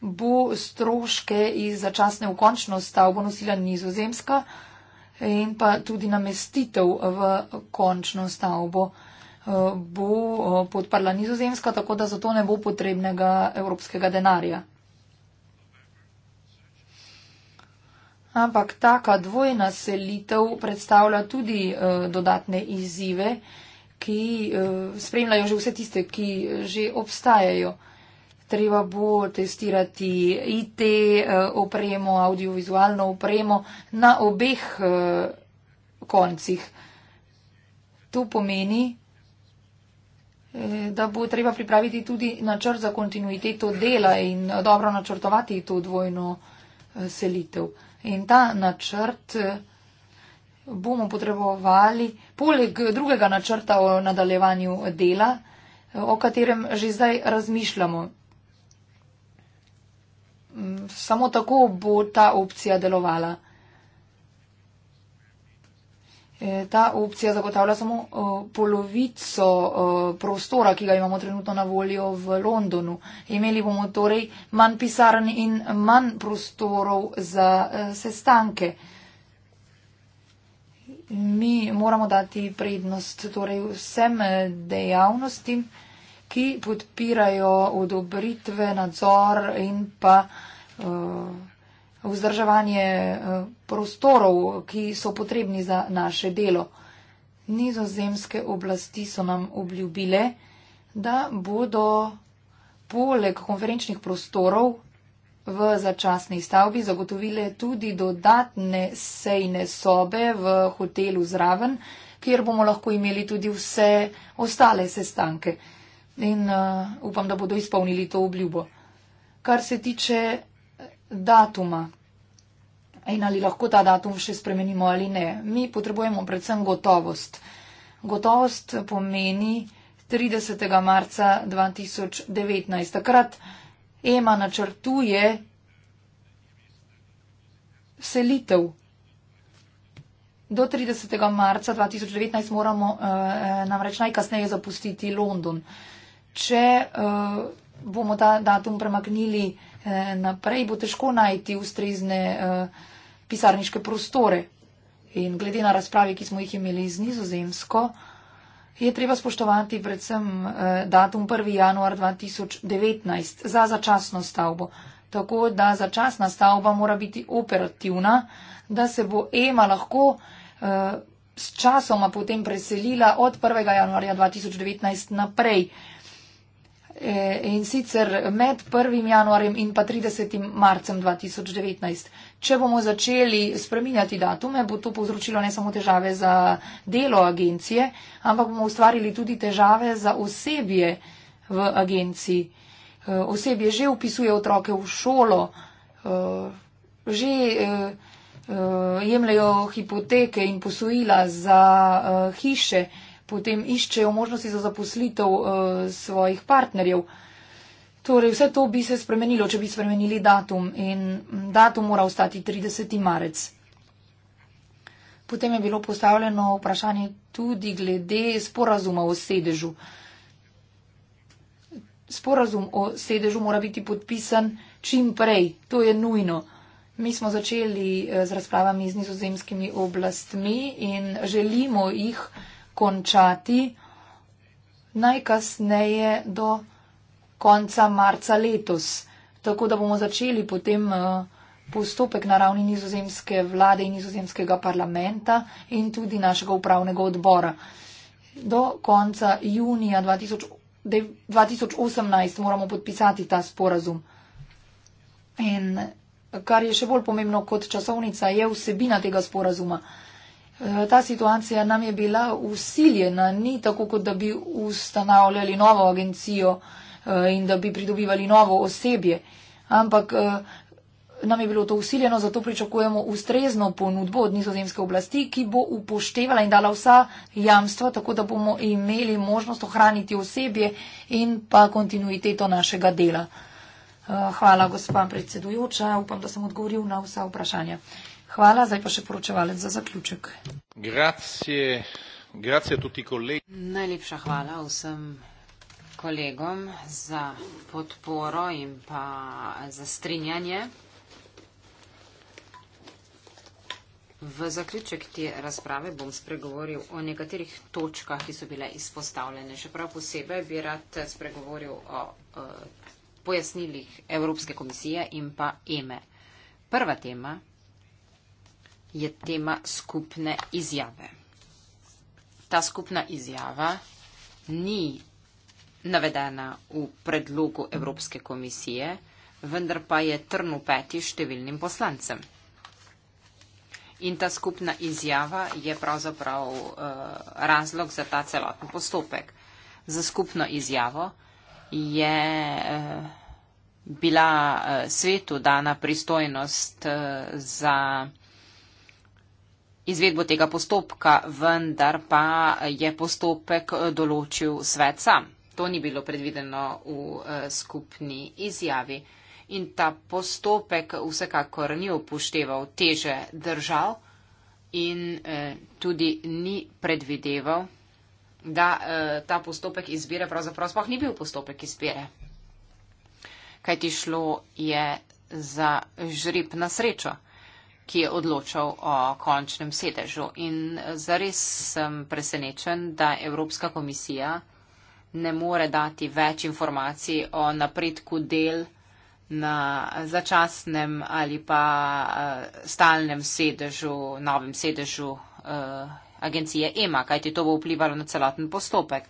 bo stroške iz začasne v končno stavbo nosila nizozemska in pa tudi namestitev v končno stavbo eh, bo eh, podparla nizozemska, tako da zato ne bo potrebnega evropskega denarja. Ampak taka dvojna selitev predstavlja tudi eh, dodatne izzive, ki spremljajo že vse tiste, ki že obstajajo treba bo testirati IT eh, opremo, audiovizualno opremo na obeh eh, koncih. To pomeni, eh, da bo treba pripraviti tudi načrt za kontinuiteto dela in dobro načrtovati to dvojno selitev. In ta načrt bomo potrebovali poleg drugega načrta o nadaljevanju dela, o katerem že zdaj razmišljamo samo tako bo ta opcija delovala. E, ta opcija zagotavlja samo e, polovico e, prostora, ki ga imamo trenutno na voljo v Londonu. Imeli bomo torej manj pisarn in manj prostorov za sestanke. Mi moramo dati prednost torej vsem dejavnostim ki podpirajo odobritve, nadzor in pa eh, vzdrževanje eh, prostorov, ki so potrebni za naše delo. Nizozemske oblasti so nam obljubile, da bodo poleg konferenčnih prostorov v začasni stavbi zagotovile tudi dodatne sejne sobe v hotelu zraven, kjer bomo lahko imeli tudi vse ostale sestanke in uh, upam, da bodo izpolnili to obljubo. Kar se tiče eh, datuma in ali lahko ta datum še spremenimo ali ne, mi potrebujemo predvsem gotovost. Gotovost pomeni 30. marca 2019. Takrat EMA načrtuje selitev. Do 30. marca 2019 moramo eh, eh, namreč najkasneje zapustiti London. Eh, če uh, bomo ta datum premaknili uh, naprej, bo težko najti ustrezne uh, pisarniške prostore. In glede na razprave, ki smo jih imeli z nizozemsko, je treba spoštovati predvsem uh, datum 1. januar 2019 za začasno stavbo. Tako da začasna stavba mora biti operativna, da se bo EMA lahko uh, s časoma potem preselila od 1. januarja 2019 naprej. Eh, in sicer med 1. januarjem in pa 30. marcem 2019. Če bomo začeli spreminjati datume, bo to povzročilo ne samo težave za delo agencije, ampak bomo ustvarili tudi težave za osebje v agenciji. Eh, osebje že upisuje otroke v šolo, eh, že jemljajo hipoteke in posojila za hiše potem iščejo možnosti za zaposlitev uh, svojih partnerjev. Torej, vse to bi se spremenilo, če bi spremenili datum in mm, datum mora ostati 30. marec. Potem je bilo postavljeno vprašanje tudi glede sporazuma o sedežu. Sporazum o sedežu mora biti podpisan čim prej, to je nujno. Mi smo začeli eh, z razpravami z nizozemskimi oblastmi in želimo jih končati najkasneje do konca marca letos. Tako da bomo začeli potem eh, postopek na ravni nizozemske vlade in nizozemskega parlamenta in tudi našega upravnega odbora. Do konca junija 2018 moramo podpisati ta sporazum. In kar je še bolj pomembno kot časovnica, je vsebina tega sporazuma. Eh, ta situacija nam je bila usiljena, ni tako, kot da bi ustanavljali novo agencijo eh, in da bi pridobivali novo osebje, ampak eh, nam je bilo to usiljeno, zato pričakujemo ustrezno ponudbo od nizozemske oblasti, ki bo upoštevala in dala vsa jamstva, tako da bomo imeli možnost ohraniti osebje in pa kontinuiteto našega dela. Hvala, gospod predsedujoča, upam, da sem odgovoril na vsa vprašanja. Hvala, zdaj pa še poročevalec za zaključek. Grazie, grazie tutti colleghi. Najlepša hvala vsem kolegom za podporo in pa za strinjanje. V zaključek te razprave bom spregovoril o nekaterih točkah, ki so bile izpostavljene. Še prav posebej bi rad spregovoril o, o pojasnilih Evropske komisije in pa EME. E. Prva tema je tema skupne izjave. Ta skupna izjava ni navedena v predlogu Evropske komisije, vendar pa je trnu peti številnim poslancem. In ta skupna izjava je pravzaprav uh, razlog za ta celoten postopek. Za skupno izjavo je uh, bila uh, svetu dana pristojnost uh, za izvedbo tega postopka, vendar pa je postopek eh, določil svet sam. To ni bilo predvideno v eh, skupni izjavi. In ta postopek vsekakor ni upošteval teže držav in eh, tudi ni predvideval, da ta postopek izbire pravzaprav sploh ni bil postopek izbire. Kaj ti šlo je za žrib na srečo? ki je odločal o končnem sedežu. In zares sem presenečen, da Evropska komisija ne more dati več informacij o napredku del na začasnem ali pa eh, stalnem sedežu, novem sedežu eh, agencije EMA, kajti to bo vplivalo na celoten postopek.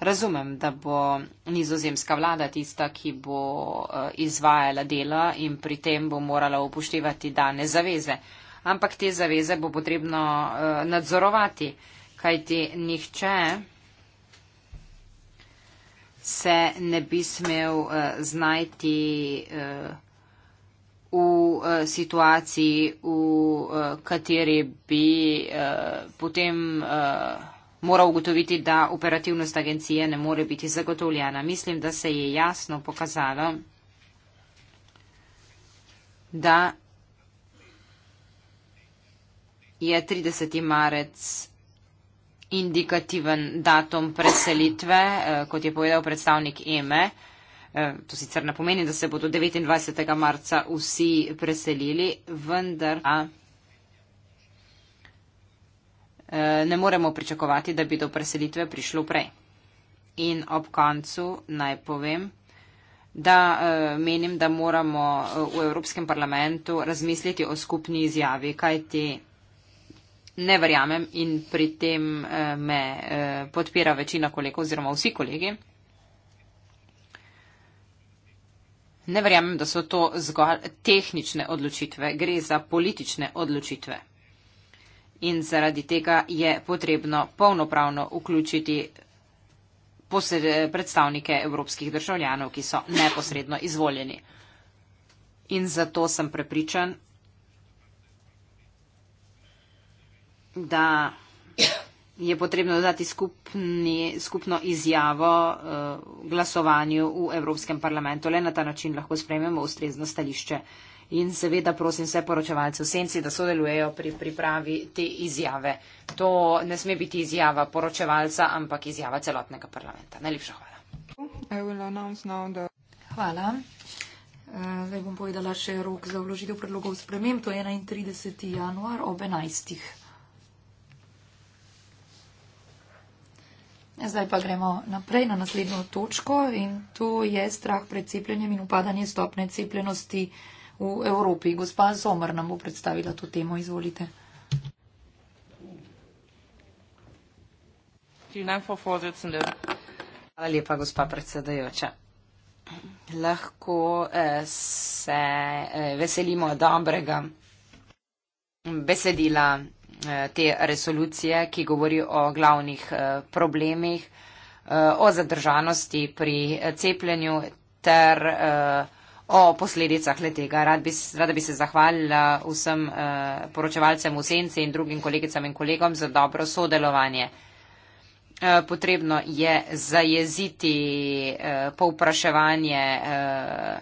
Razumem, da bo nizozemska vlada tista, ki bo eh, izvajala dela in pri tem bo morala upoštevati dane zaveze. Ampak te zaveze bo potrebno eh, nadzorovati, kajti nihče se ne bi smel eh, znajti v situaciji, v kateri bi potem mora ugotoviti, da operativnost agencije ne more biti zagotovljena. Mislim, da se je jasno pokazalo, da je 30. marec indikativen datum preselitve, eh, kot je povedal predstavnik EME. Eh, to sicer ne pomeni, da se bodo 29. marca vsi preselili, vendar. Eh, ne moremo pričakovati, da bi do preselitve prišlo prej. In ob koncu naj povem, da eh, menim, da moramo eh, v Evropskem parlamentu razmisliti o skupni izjavi, kaj ti ne verjamem in pri tem me podpira večina kolegov oziroma vsi kolegi. Ne verjamem, da so to zgolj tehnične odločitve, gre za politične odločitve in zaradi tega je potrebno polnopravno vključiti predstavnike evropskih državljanov, ki so neposredno izvoljeni. In zato sem prepričan, da je potrebno dodati skupni, skupno izjavo uh, glasovanju v Evropskem parlamentu. Le na ta način lahko sprejmemo ustrezno stališče in seveda prosim vse poročevalce v senci, da sodelujejo pri pripravi te izjave. To ne sme biti izjava poročevalca, ampak izjava celotnega parlamenta. Najlepša hvala. Hvala. Eh, zdaj bom povedala še rok za vložitev predlogov sprememb, to je 31. januar ob 11. Zdaj pa gremo naprej na naslednjo točko in to je strah pred cepljenjem in upadanje stopne cepljenosti v Evropi. Gospa Zomr nam bo predstavila to temo. Izvolite. Hvala lepa, gospa predsedajoča. Lahko eh, se eh, veselimo dobrega besedila eh, te resolucije, ki govori o glavnih problemih, o zadržanosti pri cepljenju ter o posledicah le tega. Rad bi, rada bi se zahvalila vsem eh, poročevalcem v Senci in drugim kolegicam in kolegom za dobro sodelovanje. Eh, potrebno je zajeziti eh, povpraševanje. Eh,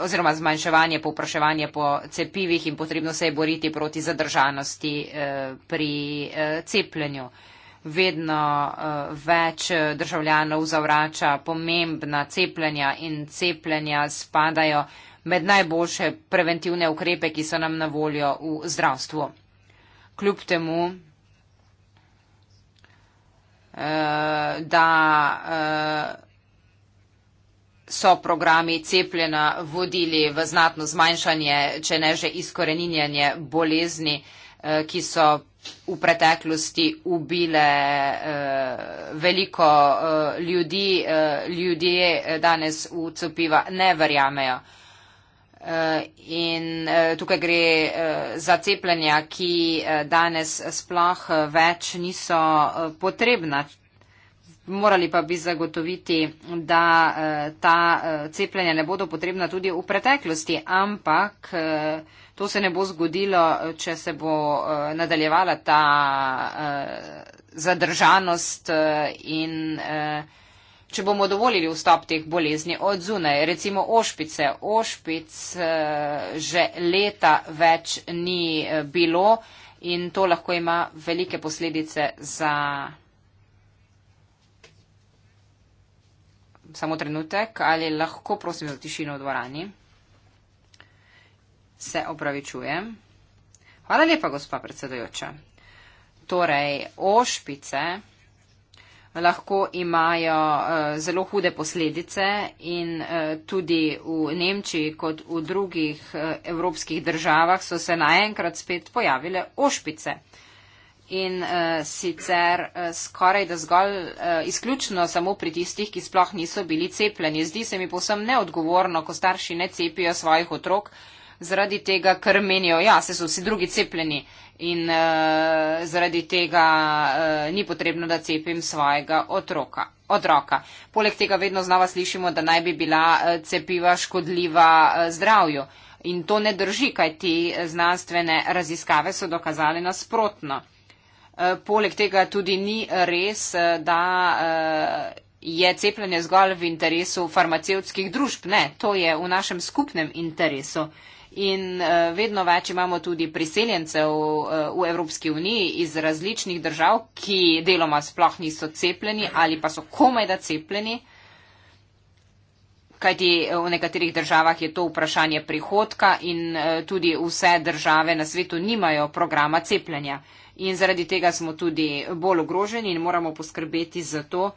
oziroma zmanjševanje povpraševanja po cepivih in potrebno se je boriti proti zadržanosti eh, pri eh, cepljenju. Eh, vedno uh, več državljanov zavrača pomembna cepljenja in cepljenja spadajo med najboljše preventivne ukrepe, ki so nam na voljo v zdravstvu. Kljub temu, uh, da uh, so programi cepljena vodili v znatno zmanjšanje, če ne že izkoreninjanje bolezni, uh, Eh, ki so v preteklosti ubile eh, veliko eh, ljudi, ljudje danes v cepiva ne verjamejo. In tukaj gre za cepljenja, ki danes sploh več niso potrebna. Morali pa bi zagotoviti, da ta cepljenja ne bodo potrebna tudi v preteklosti, ampak To se ne bo zgodilo, če se bo eh, nadaljevala ta eh, zadržanost eh, in če bomo dovolili vstop teh bolezni od zunaj. Recimo ošpice. Ošpic že leta več ni bilo in to lahko ima velike posledice za. Samo trenutek, ali lahko prosim za tišino v dvorani? Se opravičujem. Hvala lepa, gospa predsedojoča. Torej, ošpice lahko imajo uh, zelo hude posledice in uh, tudi v Nemčiji kot v drugih uh, evropskih državah so se naenkrat spet pojavile ošpice. In uh, sicer uh, skoraj da zgolj uh, izključno samo pri tistih, ki sploh niso bili cepljeni. Zdi se mi posem neodgovorno, ko starši ne cepijo svojih otrok zaradi tega, ker menijo, ja, se so vsi drugi cepljeni in uh, zaradi tega uh, ni potrebno, da cepim svojega otroka. Odroka. Poleg tega vedno znova slišimo, da naj bi bila eh, cepiva škodljiva zdravju. In to ne drži, kaj ti znanstvene raziskave so dokazali nasprotno. Poleg tega tudi ni res, da je cepljenje zgolj v interesu farmacevtskih družb. Ne, to je v našem skupnem interesu in eh, vedno več imamo tudi priseljencev eh, v Evropski uniji iz različnih držav, ki deloma sploh niso cepljeni ali pa so komaj da cepljeni. Kajti eh, v nekaterih državah je to vprašanje prihodka in tudi vse države na svetu nimajo programa cepljenja. In zaradi tega smo tudi bolj ogroženi in moramo poskrbeti za to,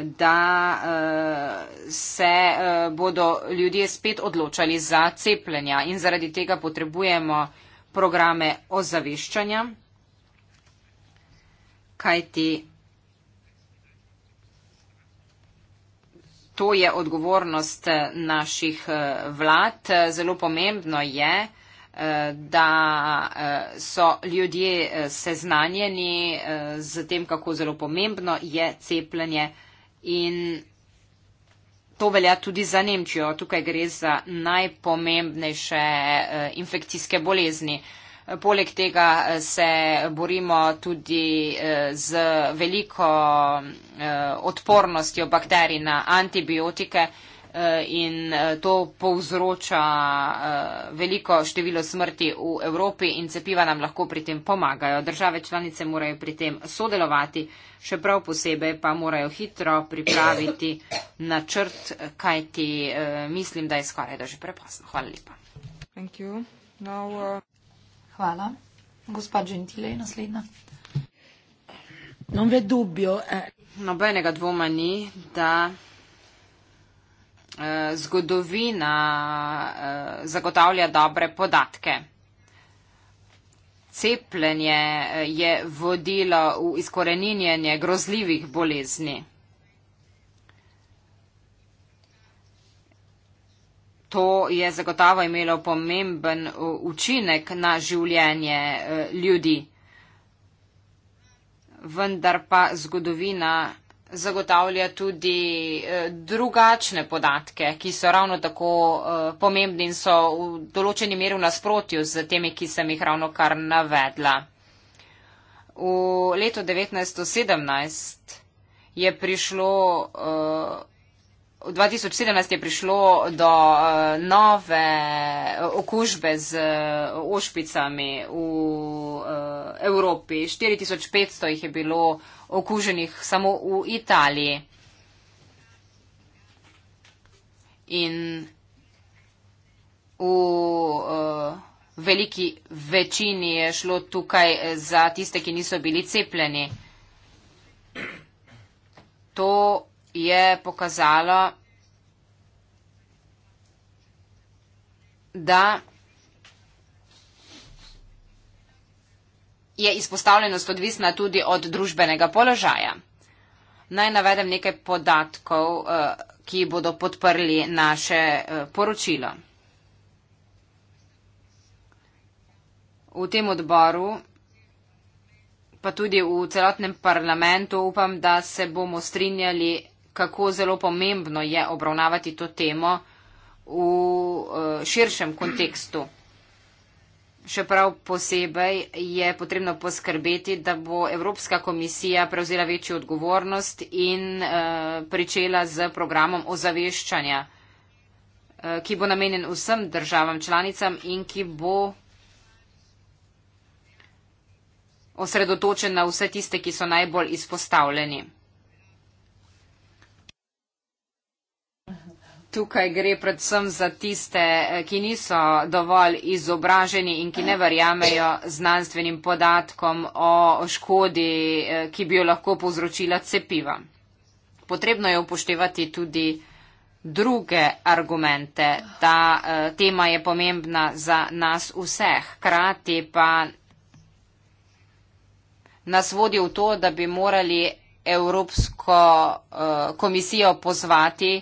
da eh, se eh, bodo ljudje spet odločali za cepljenja in zaradi tega potrebujemo programe ozaveščanja, kajti to je odgovornost eh, naših vlad. Zelo pomembno je, da so ljudje seznanjeni z tem, kako zelo pomembno je cepljenje. In to velja tudi za Nemčijo. Tukaj gre za najpomembnejše eh, infekcijske bolezni. Eh, poleg tega eh, se borimo tudi z veliko odpornostjo bakterij na antibiotike. Eh, in eh, to povzroča eh, veliko število smrti v Evropi in cepiva nam lahko pri tem pomagajo. Države članice morajo pri tem sodelovati, še prav posebej pa morajo hitro pripraviti načrt, kaj ti mislim, da je skoraj da že prepasno. Hvala lepa. Now, uh... Hvala. Gospa Gentile je naslednja. Non ve dubbio. Eh. Nobenega dvoma ni, da Eh, zgodovina eh, zagotavlja dobre podatke. Cepljenje eh, je vodilo v izkoreninjenje grozljivih bolezni. To je zagotovo imelo pomemben učinek na življenje ljudi. Vendar pa zgodovina zagotavlja tudi eh, drugačne podatke, ki so ravno tako eh, pomembni in so v določeni meri v nasprotju z temi, ki sem jih ravno kar navedla. V letu 1917 je prišlo, eh, v 2017 je prišlo do nove okužbe z ošpicami v Evropi. 4500 jih je bilo okuženih samo v Italiji. In v uh, veliki večini je šlo tukaj eh, za tiste, ki niso bili cepljeni. To je pokazalo, da je izpostavljenost odvisna tudi od družbenega položaja. Naj navedem nekaj podatkov, eh, ki bodo podprli naše eh, poročilo. V tem odboru, pa tudi v celotnem parlamentu, upam, da se bomo strinjali, kako zelo pomembno je obravnavati to temo v eh, širšem kontekstu. Še prav posebej je potrebno poskrbeti, da bo Evropska komisija prevzela večjo odgovornost in uh, pričela z programom ozaveščanja, uh, ki bo namenjen vsem državam članicam in ki bo osredotočen na vse tiste, ki so najbolj izpostavljeni. tukaj gre predvsem za tiste, eh, ki niso dovolj izobraženi in ki ne verjamejo znanstvenim podatkom o škodi, eh, ki bi jo lahko povzročila cepiva. Potrebno je upoštevati tudi druge argumente. Ta uh, tema je pomembna za nas vseh. Hkrati pa nas vodi v to, da bi morali Evropsko uh, komisijo pozvati,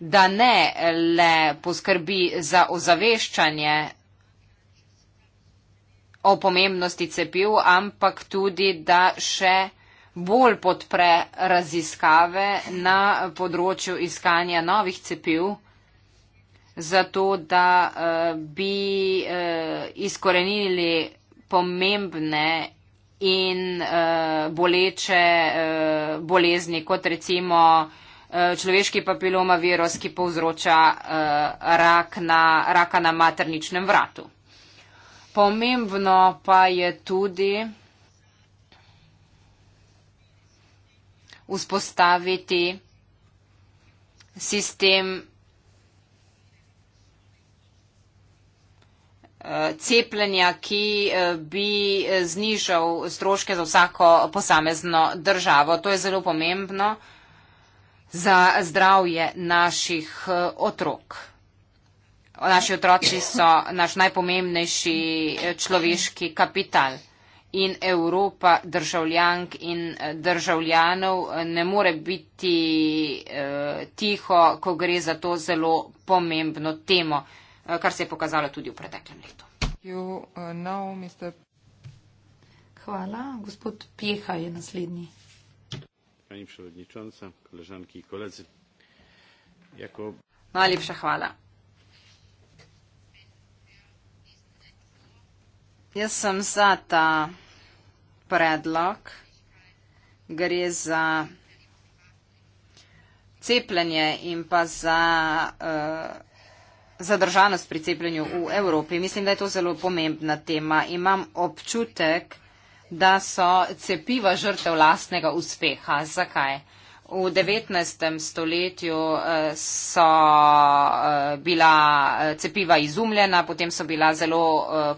da ne le poskrbi za ozaveščanje o pomembnosti cepiv, ampak tudi, da še bolj podpre raziskave na področju iskanja novih cepiv, zato da eh, bi eh, izkorenili pomembne in eh, boleče bolezni, kot recimo Eh, človeški papiloma virus, ki povzroča eh, rak na, raka na materničnem vratu. Pomembno pa je tudi vzpostaviti sistem eh, cepljenja, ki bi znižal stroške za vsako posamezno državo. To je zelo pomembno za zdravje naših eh, otrok. Naši otroci so naš najpomembnejši eh, človeški kapital in Evropa državljank in eh, državljanov ne more biti tiho, ko gre za to zelo pomembno temo, kar se je pokazalo tudi v preteklem letu. Hvala. Gospod Pjeha je naslednji pani przewodnicząca koleżanki i koledzy jako najlepsza chwała jestem za ta predlog gre za cepljenje in pa za uh, zadržanost pri cepljenju v Evropi. Mislim, da je to zelo pomembna tema. Imam občutek, da so cepiva žrtev lastnega uspeha. Zakaj? V 19. stoletju eh, so eh, bila eh, cepiva izumljena, potem so bila zelo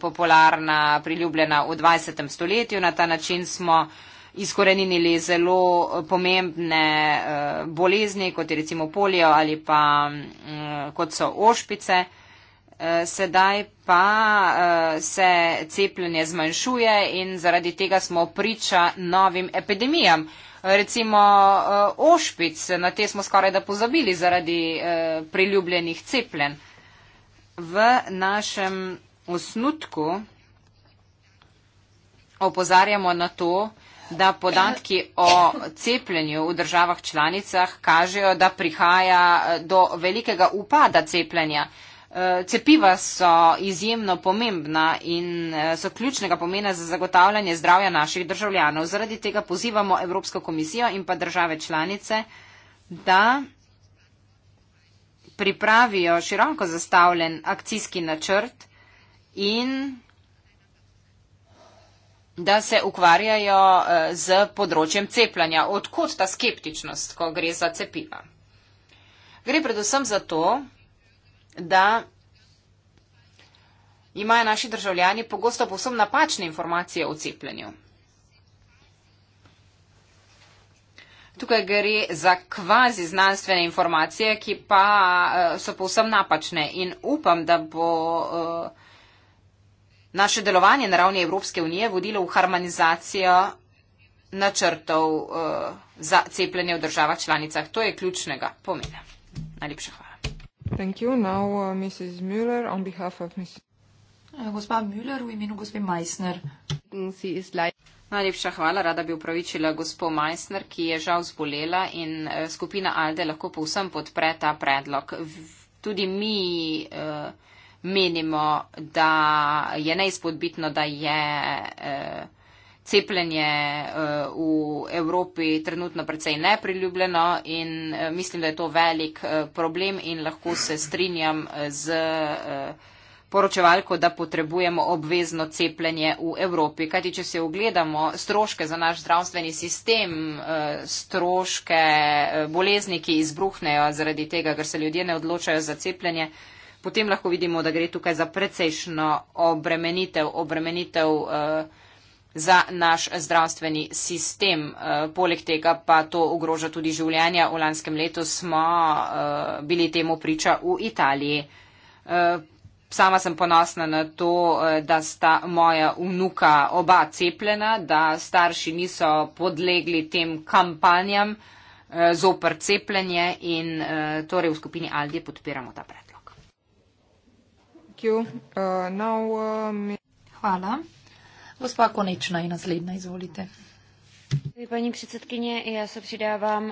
popularna, priljubljena v 20. stoletju. Na ta način smo izkorenili zelo pomembne bolezni, kot je recimo polio ali pa mm, kot so ošpice. Eh, sedaj pa eh, se cepljenje zmanjšuje in zaradi tega smo priča novim epidemijam. Recimo eh, ošpic, na te smo skoraj da pozabili zaradi priljubljenih cepljen. V našem osnutku opozarjamo na to, da podatki o cepljenju v državah članicah kažejo, da prihaja do velikega upada cepljenja. Eh, cepiva so izjemno pomembna in eh, so ključnega pomena za zagotavljanje zdravja naših državljanov. Zaradi tega pozivamo Evropsko komisijo in pa države članice, da pripravijo široko zastavljen akcijski načrt in da se ukvarjajo eh, z področjem cepljanja. Odkot ta skeptičnost, ko gre za cepiva? Gre predvsem za to, da imajo naši državljani pogosto povsem napačne informacije o cepljenju. Tukaj gre za kvazi znanstvene informacije, ki pa eh, so povsem napačne in upam, da bo eh, naše delovanje na ravni Evropske unije vodilo v harmonizacijo načrtov eh, za cepljenje v državah članicah. To je ključnega pomena. Najlepša hvala. Thank you. Now, uh, Mrs. Müller, on behalf of Ms. Eh, gospa Müller, v imenu gospe Meissner. Najlepša hvala, rada bi upravičila gospo Meissner, ki je žal zbolela in eh, skupina Alde lahko povsem podpre ta predlog. Tudi mi uh, menimo, da je neizpodbitno, da je. Uh, cepljenje eh, v Evropi trenutno precej nepriljubljeno in eh, mislim, da je to velik eh, problem in lahko se strinjam z poročevalko, da potrebujemo obvezno cepljenje v Evropi. Kajti, če se ogledamo stroške za naš zdravstveni sistem, stroške bolezni, ki izbruhnejo zaradi tega, ker se ljudje ne odločajo za cepljenje, potem lahko vidimo, da gre tukaj za precejšno obremenitev, obremenitev uh, za naš zdravstveni sistem. Eh, poleg tega pa to ogroža tudi življenja. V lanskem letu smo eh, bili temu priča v Italiji. Eh, sama sem ponosna na to, da sta moja vnuka oba cepljena, da starši niso podlegli tem kampanjam zopr cepljenje in torej v skupini Aldi podpiramo ta predlog. Hvala. Gospa Konečna je naslednja, izvolite. Pani predsedkinje, jaz se pridavam.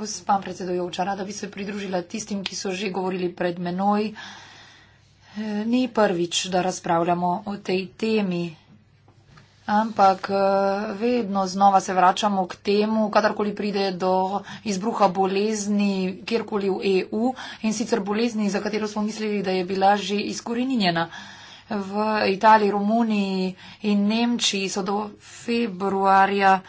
Gospa predsedujoča, rada bi se pridružila tistim, ki so že govorili pred menoj. Ni prvič, da razpravljamo o tej temi, ampak vedno znova se vračamo k temu, kadarkoli pride do izbruha bolezni, kjerkoli v EU in sicer bolezni, za katero smo mislili, da je bila že izkorinjena v Italiji, Romuniji in Nemčiji so do februarja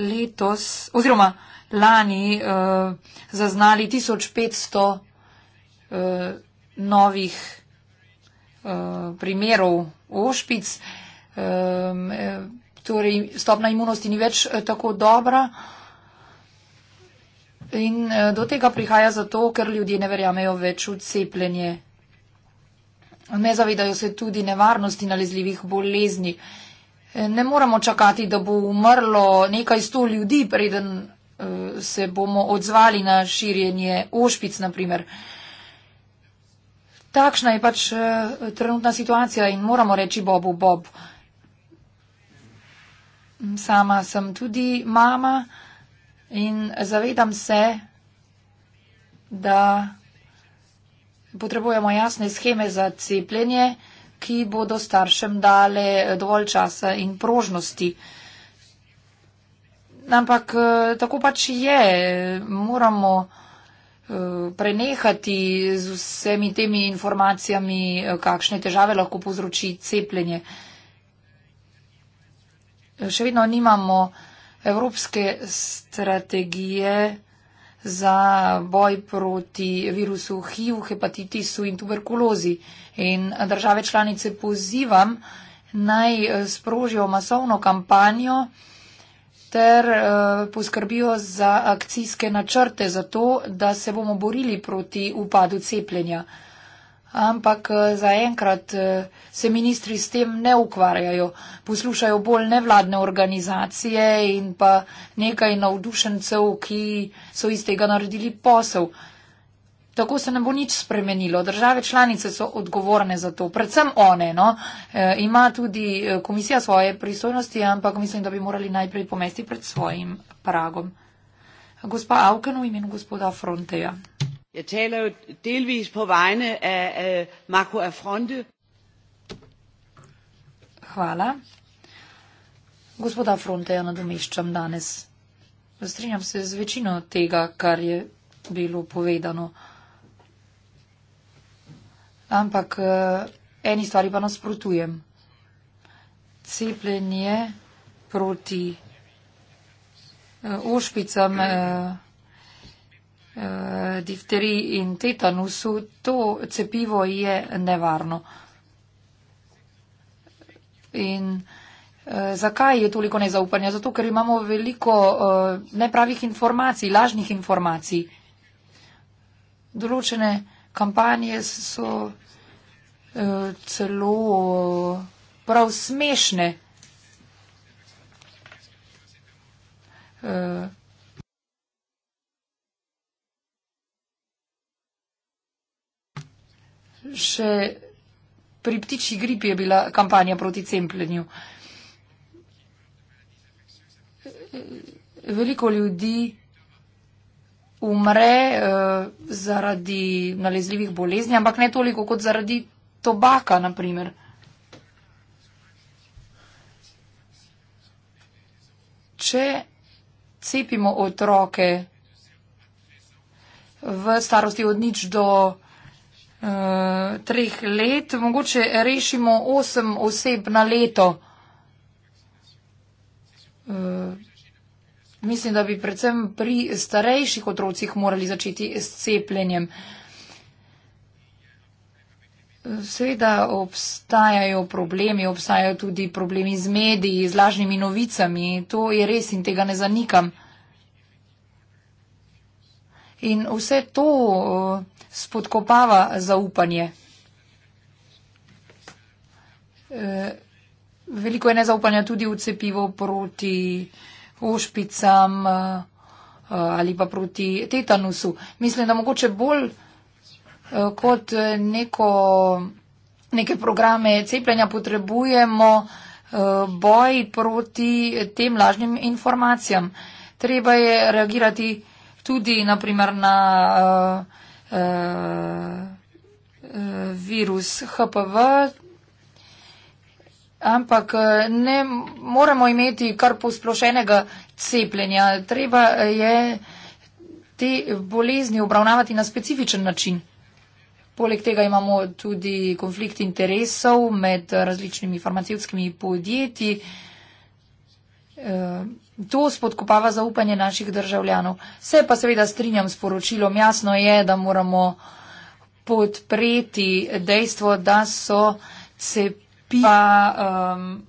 letos oziroma lani uh, zaznali 1500 uh, eh, novih uh, primerov ošpic. Um, torej, stopna imunosti ni več tako dobra. In do tega prihaja zato, ker ljudje ne verjamejo več v cepljenje. Ne zavedajo se tudi nevarnosti nalezljivih bolezni. Ne moramo čakati, da bo umrlo nekaj sto ljudi, preden eh, se bomo odzvali na širjenje ošpic, na primer. Takšna je pač eh, trenutna situacija in moramo reči Bobu Bob. Sama sem tudi mama in zavedam se, da potrebujemo jasne scheme za cepljenje, ki bodo staršem dale eh, dovolj časa in prožnosti. Ampak eh, tako pač je, moramo eh, prenehati z vsemi temi informacijami, kakšne težave lahko povzroči cepljenje. Še vedno nimamo evropske strategije za boj proti virusu HIV, hepatitisu in tuberkulozi. In države članice pozivam naj eh, sprožijo masovno kampanjo ter eh, poskrbijo za akcijske načrte za to, da se bomo borili proti upadu cepljenja ampak eh, zaenkrat eh, se ministri s tem ne ukvarjajo. Poslušajo bolj nevladne organizacije in pa nekaj navdušencev, ki so iz tega naredili posel. Tako se ne bo nič spremenilo. Države članice so odgovorne za to, predvsem one. No? E, ima tudi komisija svoje pristojnosti, ampak mislim, da bi morali najprej pomesti pred svojim pragom. Gospa Auken v imenu gospoda Fronteja. Jeg taler jo delvis på vegne af, af Marco Affronte. Hvala. Gospoda Affronte, jeg nadomeščam danes. Strinjam se z večino tega, kar je bilo povedano. Ampak eh, eni stvari pa nasprotujem. Cepljenje proti eh, ošpicam. Mm. Uh, Eh, difteri in tetanusu, to cepivo je nevarno. In eh, zakaj je toliko nezaupanja? Zato, ker imamo veliko eh, nepravih informacij, lažnih informacij. Določene kampanje so celo prav smešne. še pri ptičji gripi je bila kampanja proti cepljenju. Veliko ljudi umre uh, zaradi nalezljivih bolezni, ampak ne toliko kot zaradi tobaka, naprimer. Če cepimo otroke v starosti od nič do Eh, treh let, mogoče rešimo osem oseb na leto. Eh, mislim, da bi predvsem pri starejših otrocih morali začeti s cepljenjem. Seveda obstajajo problemi, obstajajo tudi problemi z mediji, z lažnimi novicami. To je res in tega ne zanikam in vse to eh, spodkopava zaupanje. Eh, veliko je nezaupanja tudi v cepivo proti ošpicam eh, ali pa proti tetanusu. Mislim, da mogoče bolj kot neko, neke programe cepljenja potrebujemo boj proti tem lažnim informacijam. Treba je reagirati tudi naprimer na uh, uh, virus HPV. Ampak ne moramo imeti kar posplošenega cepljenja. Treba je te bolezni obravnavati na specifičen način. Poleg tega imamo tudi konflikt interesov med različnimi farmacevskimi podjetji. Uh, Eh, to spodkopava zaupanje naših državljanov. Se pa seveda strinjam s poročilom. Jasno je, da moramo podpreti dejstvo, da so cepiva um,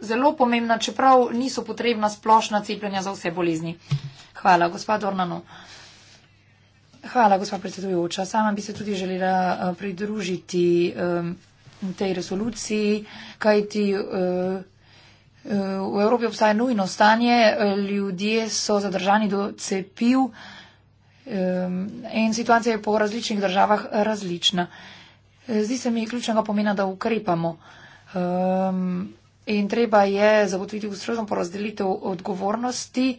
zelo pomembna, čeprav niso potrebna splošna cepljenja za vse bolezni. Hvala, gospa Dornano. Hvala, gospa predsedujoča. Sama bi se tudi želela eh, pridružiti um, tej resoluciji, kajti. Uh, Eh, v Evropi obstaja nujno stanje, eh, ljudje so zadržani do cepiv in situacija je po različnih državah različna. Eh, zdi se mi ključnega pomena, da ukrepamo. In treba je zagotoviti ustrezno porazdelitev odgovornosti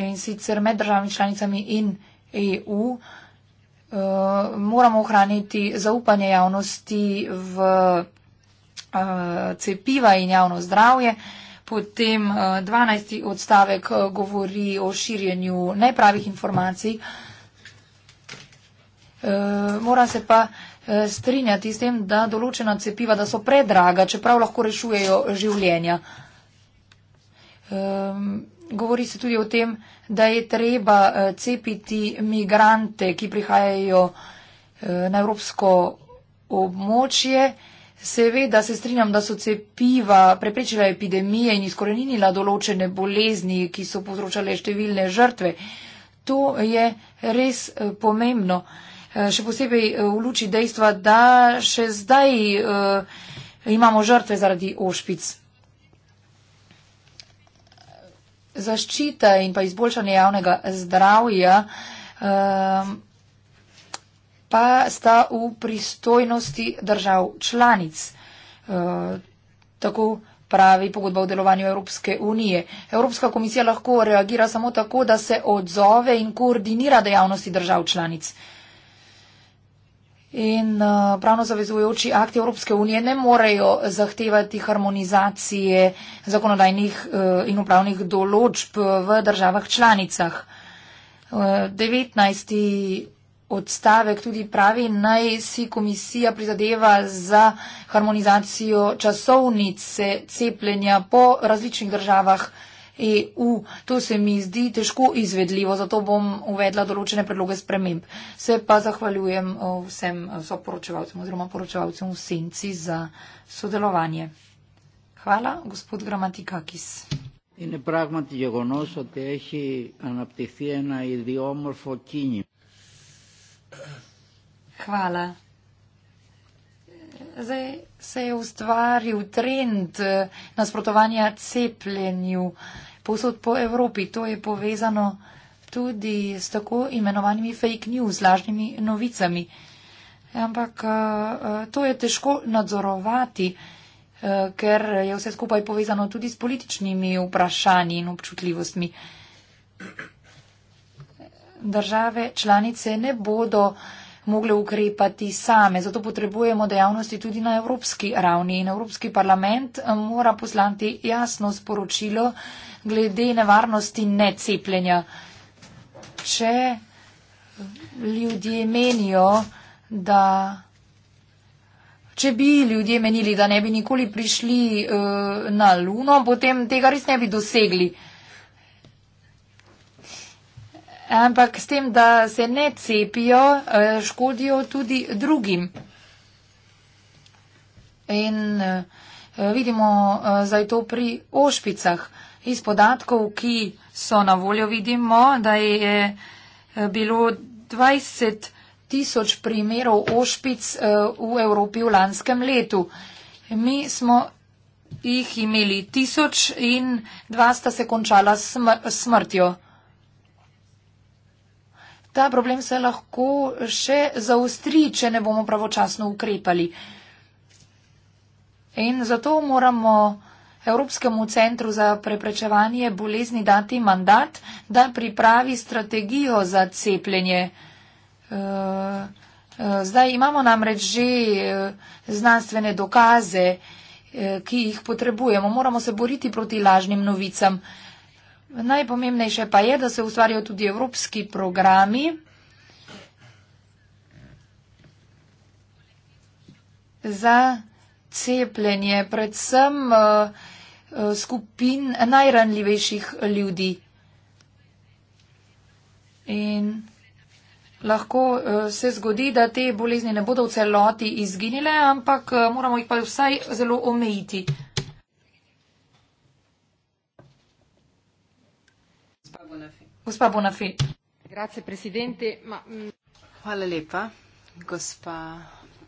in sicer med državami članicami in EU. Moramo ohraniti zaupanje javnosti v Eh, cepiva in javno zdravje. Potem 12. Eh, odstavek eh, govori o širjenju nepravih informacij. Moram se pa strinjati s tem, da določena cepiva, da so predraga, čeprav lahko rešujejo življenja. Ehm, govori se tudi o tem, da je treba cepiti migrante, ki prihajajo na evropsko območje. Seveda se strinjam, da so cepiva preprečila epidemije in izkorenila določene bolezni, ki so povzročale številne žrtve. To je res eh, pomembno. Eh, še posebej eh, v luči dejstva, da še zdaj imamo žrtve zaradi ošpic. Zaščita in pa izboljšanje javnega zdravja pa sta v pristojnosti držav članic. Eh, tako pravi pogodba o delovanju Evropske unije. Evropska komisija lahko reagira samo tako, da se odzove in koordinira dejavnosti držav članic. In eh, pravno zavezujoči akti Evropske unije ne morejo zahtevati harmonizacije zakonodajnih eh, in upravnih določb v državah članicah. 19 odstavek tudi pravi, naj si komisija prizadeva za harmonizacijo časovnice cepljenja po različnih državah EU. To se mi zdi težko izvedljivo, zato bom uvedla določene predloge sprememb. Se pa zahvaljujem vsem soporočevalcem oziroma poročevalcem v senci za sodelovanje. Hvala, gospod Gramatikakis. Είναι πράγματι γεγονός ότι έχει αναπτυχθεί ένα ιδιόμορφο κίνημα. Hvala. Zdaj se je ustvaril trend eh, nasprotovanja cepljenju posod po Evropi. To je povezano tudi s tako imenovanimi fake news, lažnimi novicami. Ampak eh, eh, to je težko nadzorovati, ker je vse skupaj povezano tudi s političnimi vprašanji in občutljivostmi. Države članice ne bodo mogle ukrepati same. Zato potrebujemo dejavnosti tudi na evropski ravni in Evropski parlament eh, mora poslati jasno sporočilo glede nevarnosti necepljenja. Če ljudje menijo, da. Če bi ljudje menili, da ne bi nikoli prišli uh, na Luno, potem tega res ne bi dosegli. Uh, ampak s tem, da se ne cepijo, eh, škodijo tudi drugim. In eh, vidimo eh, zdaj to pri ošpicah. Iz podatkov, ki so na voljo, vidimo, da je bilo 20 tisoč primerov ošpic v Evropi v lanskem letu. Mi smo jih imeli tisoč in dva sta se končala smr smrtjo. Ta problem se lahko še zaustri, če ne bomo pravočasno ukrepali. In zato moramo Evropskemu centru za preprečevanje bolezni dati mandat, da pripravi strategijo za cepljenje. Eh, eh, zdaj imamo namreč že eh, znanstvene dokaze, ki jih potrebujemo. Moramo se boriti proti lažnim novicam. Najpomembnejše pa je, da se ustvarjajo tudi evropski programi za cepljenje predvsem eh, skupin najranljivejših ljudi. In lahko eh, se zgodi, da te bolezni ne bodo v celoti izginile, ampak eh, moramo jih pa vsaj zelo omejiti. Gospa Bonafi. Grazie, presidente. Ma... Mm. Hvala lepa, gospa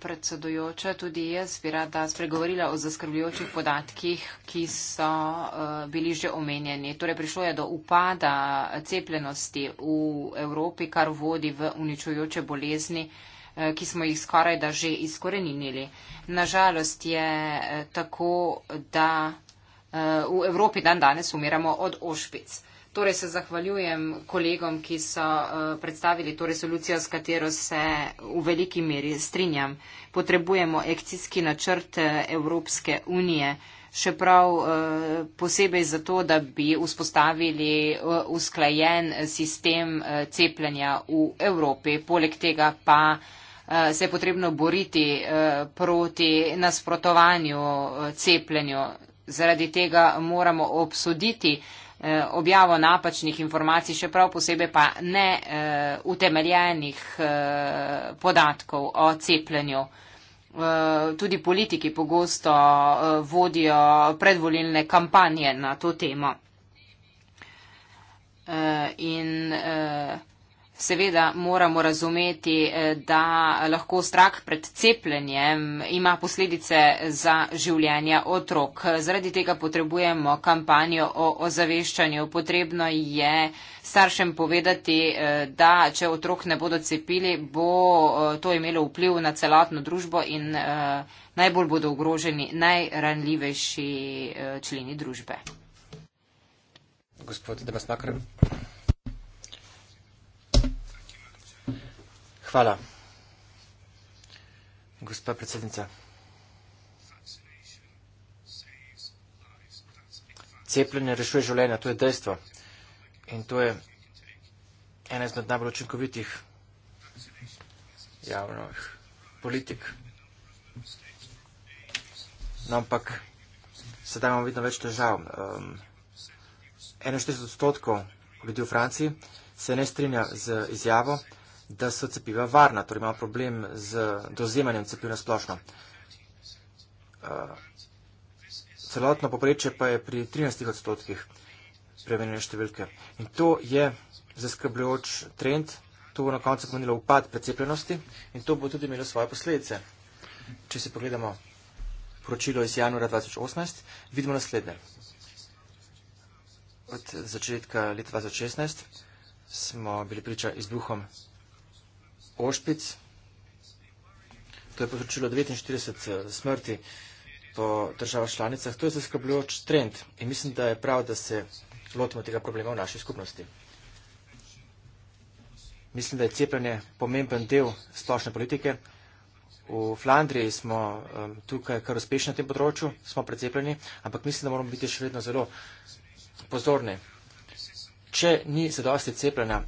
predsedujoča. Tudi jaz bi rada spregovorila o zaskrbljujočih podatkih, ki so uh, bili že omenjeni. Torej, prišlo je do upada cepljenosti v Evropi, kar vodi v uničujoče bolezni eh, ki smo jih skoraj da že izkoreninili. Nažalost je eh, tako, da v Evropi dan danes umiramo od ošpic. Torej se zahvaljujem kolegom, ki so uh, predstavili to resolucijo, s katero se v veliki meri strinjam. Potrebujemo akcijski načrt eh, Evropske unije, še prav uh, posebej zato, da bi vzpostavili uh, usklajen sistem uh, cepljenja v Evropi. Poleg tega pa uh, se je potrebno boriti uh, proti nasprotovanju uh, cepljenju. Zaradi tega moramo obsoditi. Uh, Eh, objavo napačnih informacij, še prav posebej pa ne eh, utemeljenih eh, podatkov o cepljenju. Tudi politiki pogosto vodijo predvolilne kampanje na to temo. In Seveda moramo razumeti, eh, da lahko strah pred cepljenjem ima posledice za življenje otrok. Zaradi tega potrebujemo kampanjo o ozaveščanju. Potrebno je staršem povedati, eh, da če otrok ne bodo cepili, bo eh, to imelo vpliv na celotno družbo in najbolj bodo ogroženi najranljivejši členi družbe. Gospod Demasmakar. Hvala. Gospa predsednica. Cepljenje rešuje življenja, to je dejstvo. In to je ena izmed najbolj učinkovitih javnih politik. No, ampak sedaj imamo vidno več težav. Um, 41 odstotkov ljudi v Franciji se ne strinja z izjavo, da so cepiva varna, torej imamo problem z dozemanjem cepiv na splošno. Eh, celotno poprečje pa je pri 13 odstotkih prevenjene številke. In to je zaskrbljujoč trend, to bo na koncu pomenilo upad precepljenosti in to bo tudi imelo svoje posledice. Če si pogledamo poročilo iz januara 2018, vidimo naslednje. Od začetka leta 2016 smo bili priča izbruhom Ošpic. To je povzročilo 49 eh, smrti po državah članicah. To je zaskrbljujoč trend in mislim, da je prav, da se lotimo tega problema v naši skupnosti. Mislim, da je cepljanje pomemben del splošne politike. V Flandriji smo tukaj kar uspešni na tem področju, smo precepljeni, ampak mislim, da moramo biti še vedno zelo pozorni. Če ni zadosti cepljena,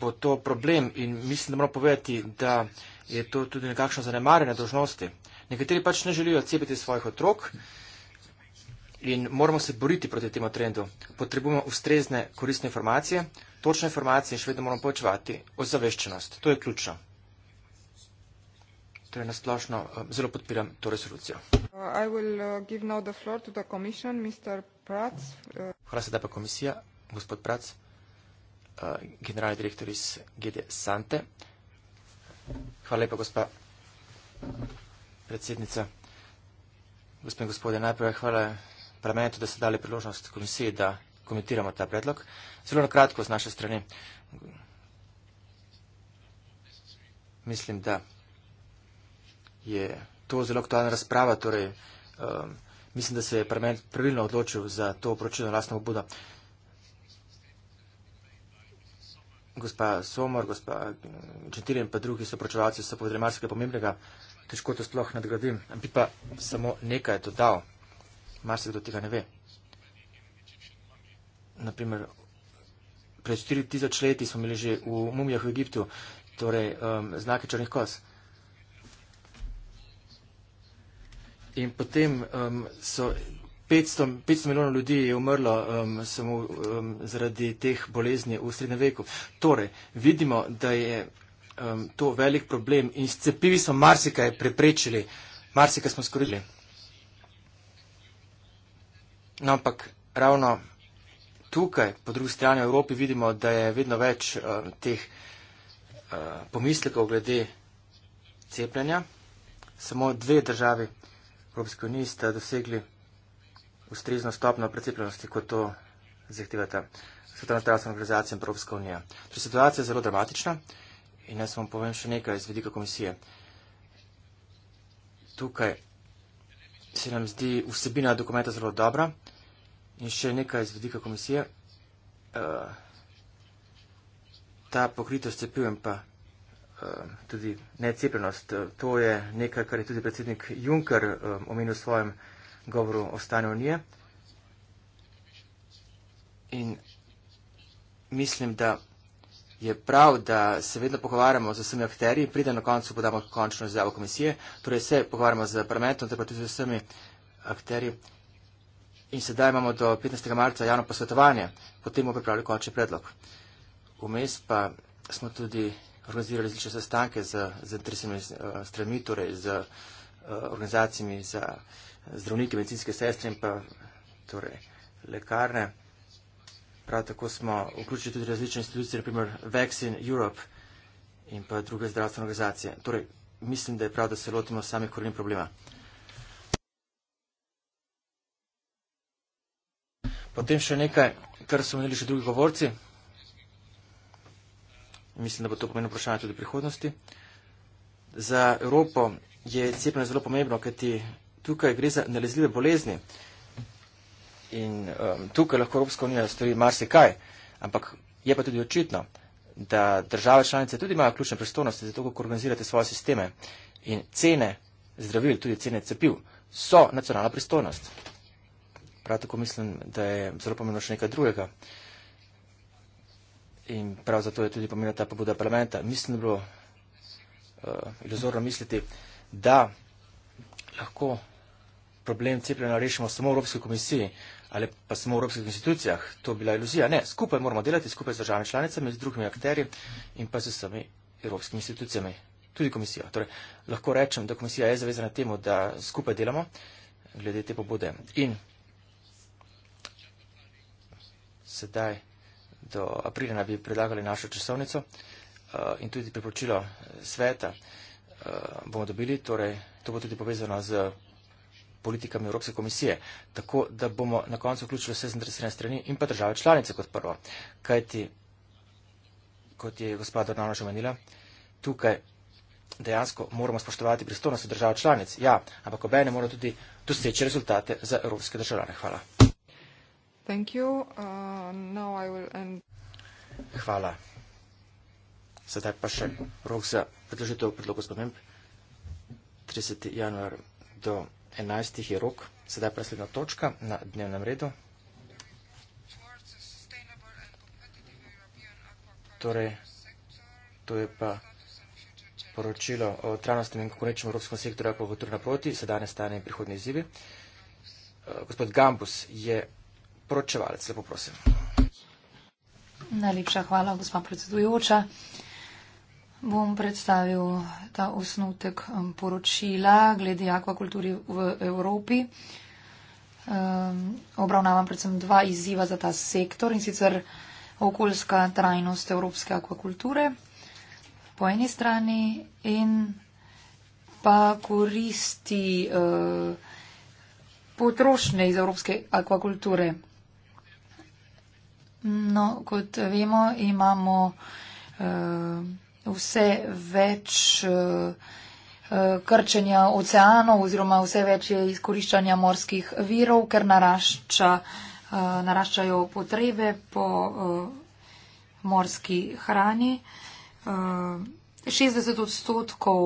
bo to problem in mislim, da moramo povedati, da je to tudi nekakšno zanemarjanje dožnosti. Nekateri pač ne želijo cepiti svojih otrok in moramo se boriti proti temu trendu. Potrebujemo ustrezne koristne informacije, točne informacije in še vedno moramo počevati ozaveščenost. To je ključno. Torej, nasplošno eh, zelo podpiram to resolucijo. Uh, Hvala se da pa komisija, gospod Prats. Eh, generalni direktor iz GD Sante. Hvala lepa, gospa predsednica. Gospod in gospode, najprej hvala parlamentu, da ste dali priložnost komisiji, da komentiramo ta predlog. Zelo na kratko z naše strani. Mislim, da je to zelo aktualna razprava, torej um, mislim, da se je parlament pravilno odločil za to poročilo na lastno obudo. gospa Somor, gospa Čentirin in pa drugi sopročevalci so povedali marsikaj pomembnega, težko to sploh nadgradim, bi pa samo nekaj dodal, marsikdo tega ne ve. Naprimer, pred 4000 leti smo imeli že v mumijah v Egiptu, torej um, znake črnih kos. In potem um, so 500, 500 milijonov ljudi je umrlo um, samo um, zaradi teh bolezni v srednjem veku. Torej, vidimo, da je um, to velik problem in s cepivi smo marsikaj preprečili, marsikaj smo skorili. No, ampak ravno tukaj, po drugi strani Evropi, vidimo, da je vedno več um, teh uh, pomislekov glede cepljenja. Samo dve državi Evropske unije sta dosegli ustrezno stopno precepljenosti, kot to zahtevata Svetovna zdravstvena organizacija in Evropska unija. Torej, situacija je zelo dramatična in jaz vam povem še nekaj iz vedika komisije. Tukaj se nam zdi vsebina dokumenta zelo dobra in še nekaj iz vedika komisije. Eh, ta pokritost cepivem pa eh, tudi necepljenost, to je nekaj, kar je tudi predsednik Juncker eh, omenil v svojem vsebinu govoru ostane nije. I mislim da je prav, da se vedno pogovarjamo z vsemi akterji, pride na koncu podamo končno izjavo komisije, torej se pogovarjamo z parlamentom, tako tudi z vsemi akterji. In sedaj imamo do 15. marca javno posvetovanje, potem bomo pripravili končni predlog. Vmes pa smo tudi organizirali različne sestanke z, z interesnimi uh, eh, stranmi, torej z uh, organizacijami za uh, zdravniki, medicinske sestre in pa torej, lekarne. Prav tako smo vključili tudi različne institucije, naprimer Vaccine Europe in pa druge zdravstvene organizacije. Torej, mislim, da je prav, da se lotimo samih korenin problema. Potem še nekaj, kar so menili še drugi govorci. Mislim, da bo to pomeno vprašanje tudi prihodnosti. Za Evropo je cepljenje zelo pomembno, kajti tukaj gre za nalezljive bolezni. In um, tukaj lahko Evropska unija stori marsikaj, ampak je pa tudi očitno, da države članice tudi imajo ključne pristojnosti za to, kako organizirate svoje sisteme. In cene zdravil, tudi cene cepiv, so nacionalna pristojnost. Prav tako mislim, da je zelo pomembno še nekaj drugega. In prav zato je tudi pomembna ta pobuda parlamenta. Mislim, da bi bilo uh, iluzorno misliti, da lahko problem cepljenja rešimo samo v Evropski komisiji ali pa samo v Evropskih institucijah. To bi bila iluzija. Ne, skupaj moramo delati, skupaj z državami članicami, z drugimi akteri in pa z vsemi Evropskimi institucijami, tudi komisijo. Torej, lahko rečem, da komisija je zavezana temu, da skupaj delamo glede te pobude. In sedaj do aprila naj bi predlagali našo časovnico uh, in tudi priporočilo sveta. Uh, Eh, bomo dobili, torej to bo tudi povezano z politikami Evropske komisije, tako da bomo na koncu vključili vse zainteresirane strani in pa države članice kot prvo. Kajti, kot je gospod Dornano že omenila, tukaj dejansko moramo spoštovati pristojnost države članic. Ja, ampak obe ne morajo tudi doseči rezultate za evropske državljane. Hvala. Thank you. Uh, now I will end. Hvala sedaj pa še rok za predložitev predlogov spomenb. 30. januar do 11. je rok, sedaj pa naslednja točka na dnevnem redu. Torej, to je pa poročilo o trajnostnem in konkurenčnem evropskem sektorju akvakulture na poti, sedajne stane in prihodnje izzivi. Eh, gospod Gambus je poročevalec, lepo prosim. Najlepša hvala, gospod predsedujoča. Bom predstavil ta osnutek um, poročila glede akvakulturi v Evropi. Um, obravnavam predvsem dva izziva za ta sektor in sicer okoljska trajnost evropske akvakulture po eni strani in pa koristi uh, potrošne iz evropske akvakulture. No, kot vemo, imamo uh, vse več eh, eh, krčenja oceanov oziroma vse več je izkoriščanja morskih virov, ker narašča, eh, naraščajo potrebe po morski hrani. 60 odstotkov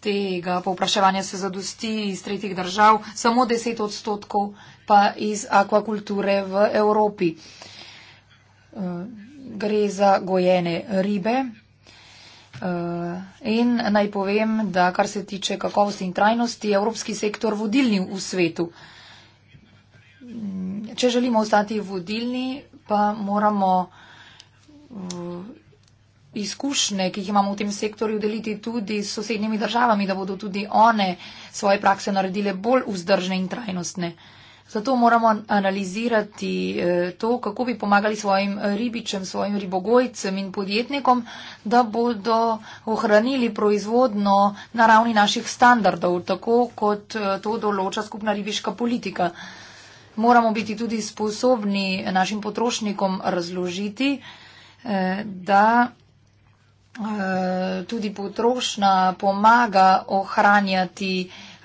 tega povpraševanja se zadosti iz tretjih držav, samo 10 odstotkov pa iz akvakulture v Evropi gre za gojene ribe. Eh, in naj povem, da kar se tiče kakovosti in trajnosti, je evropski sektor vodilni v svetu. Mm, če želimo ostati vodilni, pa moramo eh, izkušnje, ki jih imamo v tem sektorju, deliti tudi s sosednjimi državami, da bodo tudi one svoje prakse naredile bolj vzdržne in trajnostne. Zato moramo analizirati eh, to, kako bi pomagali svojim ribičem, svojim ribogojcem in podjetnikom, da bodo ohranili proizvodno na ravni naših standardov, tako kot eh, to določa skupna ribiška politika. Moramo biti tudi sposobni našim potrošnikom razložiti, eh, da tudi potrošna pomaga ohranjati.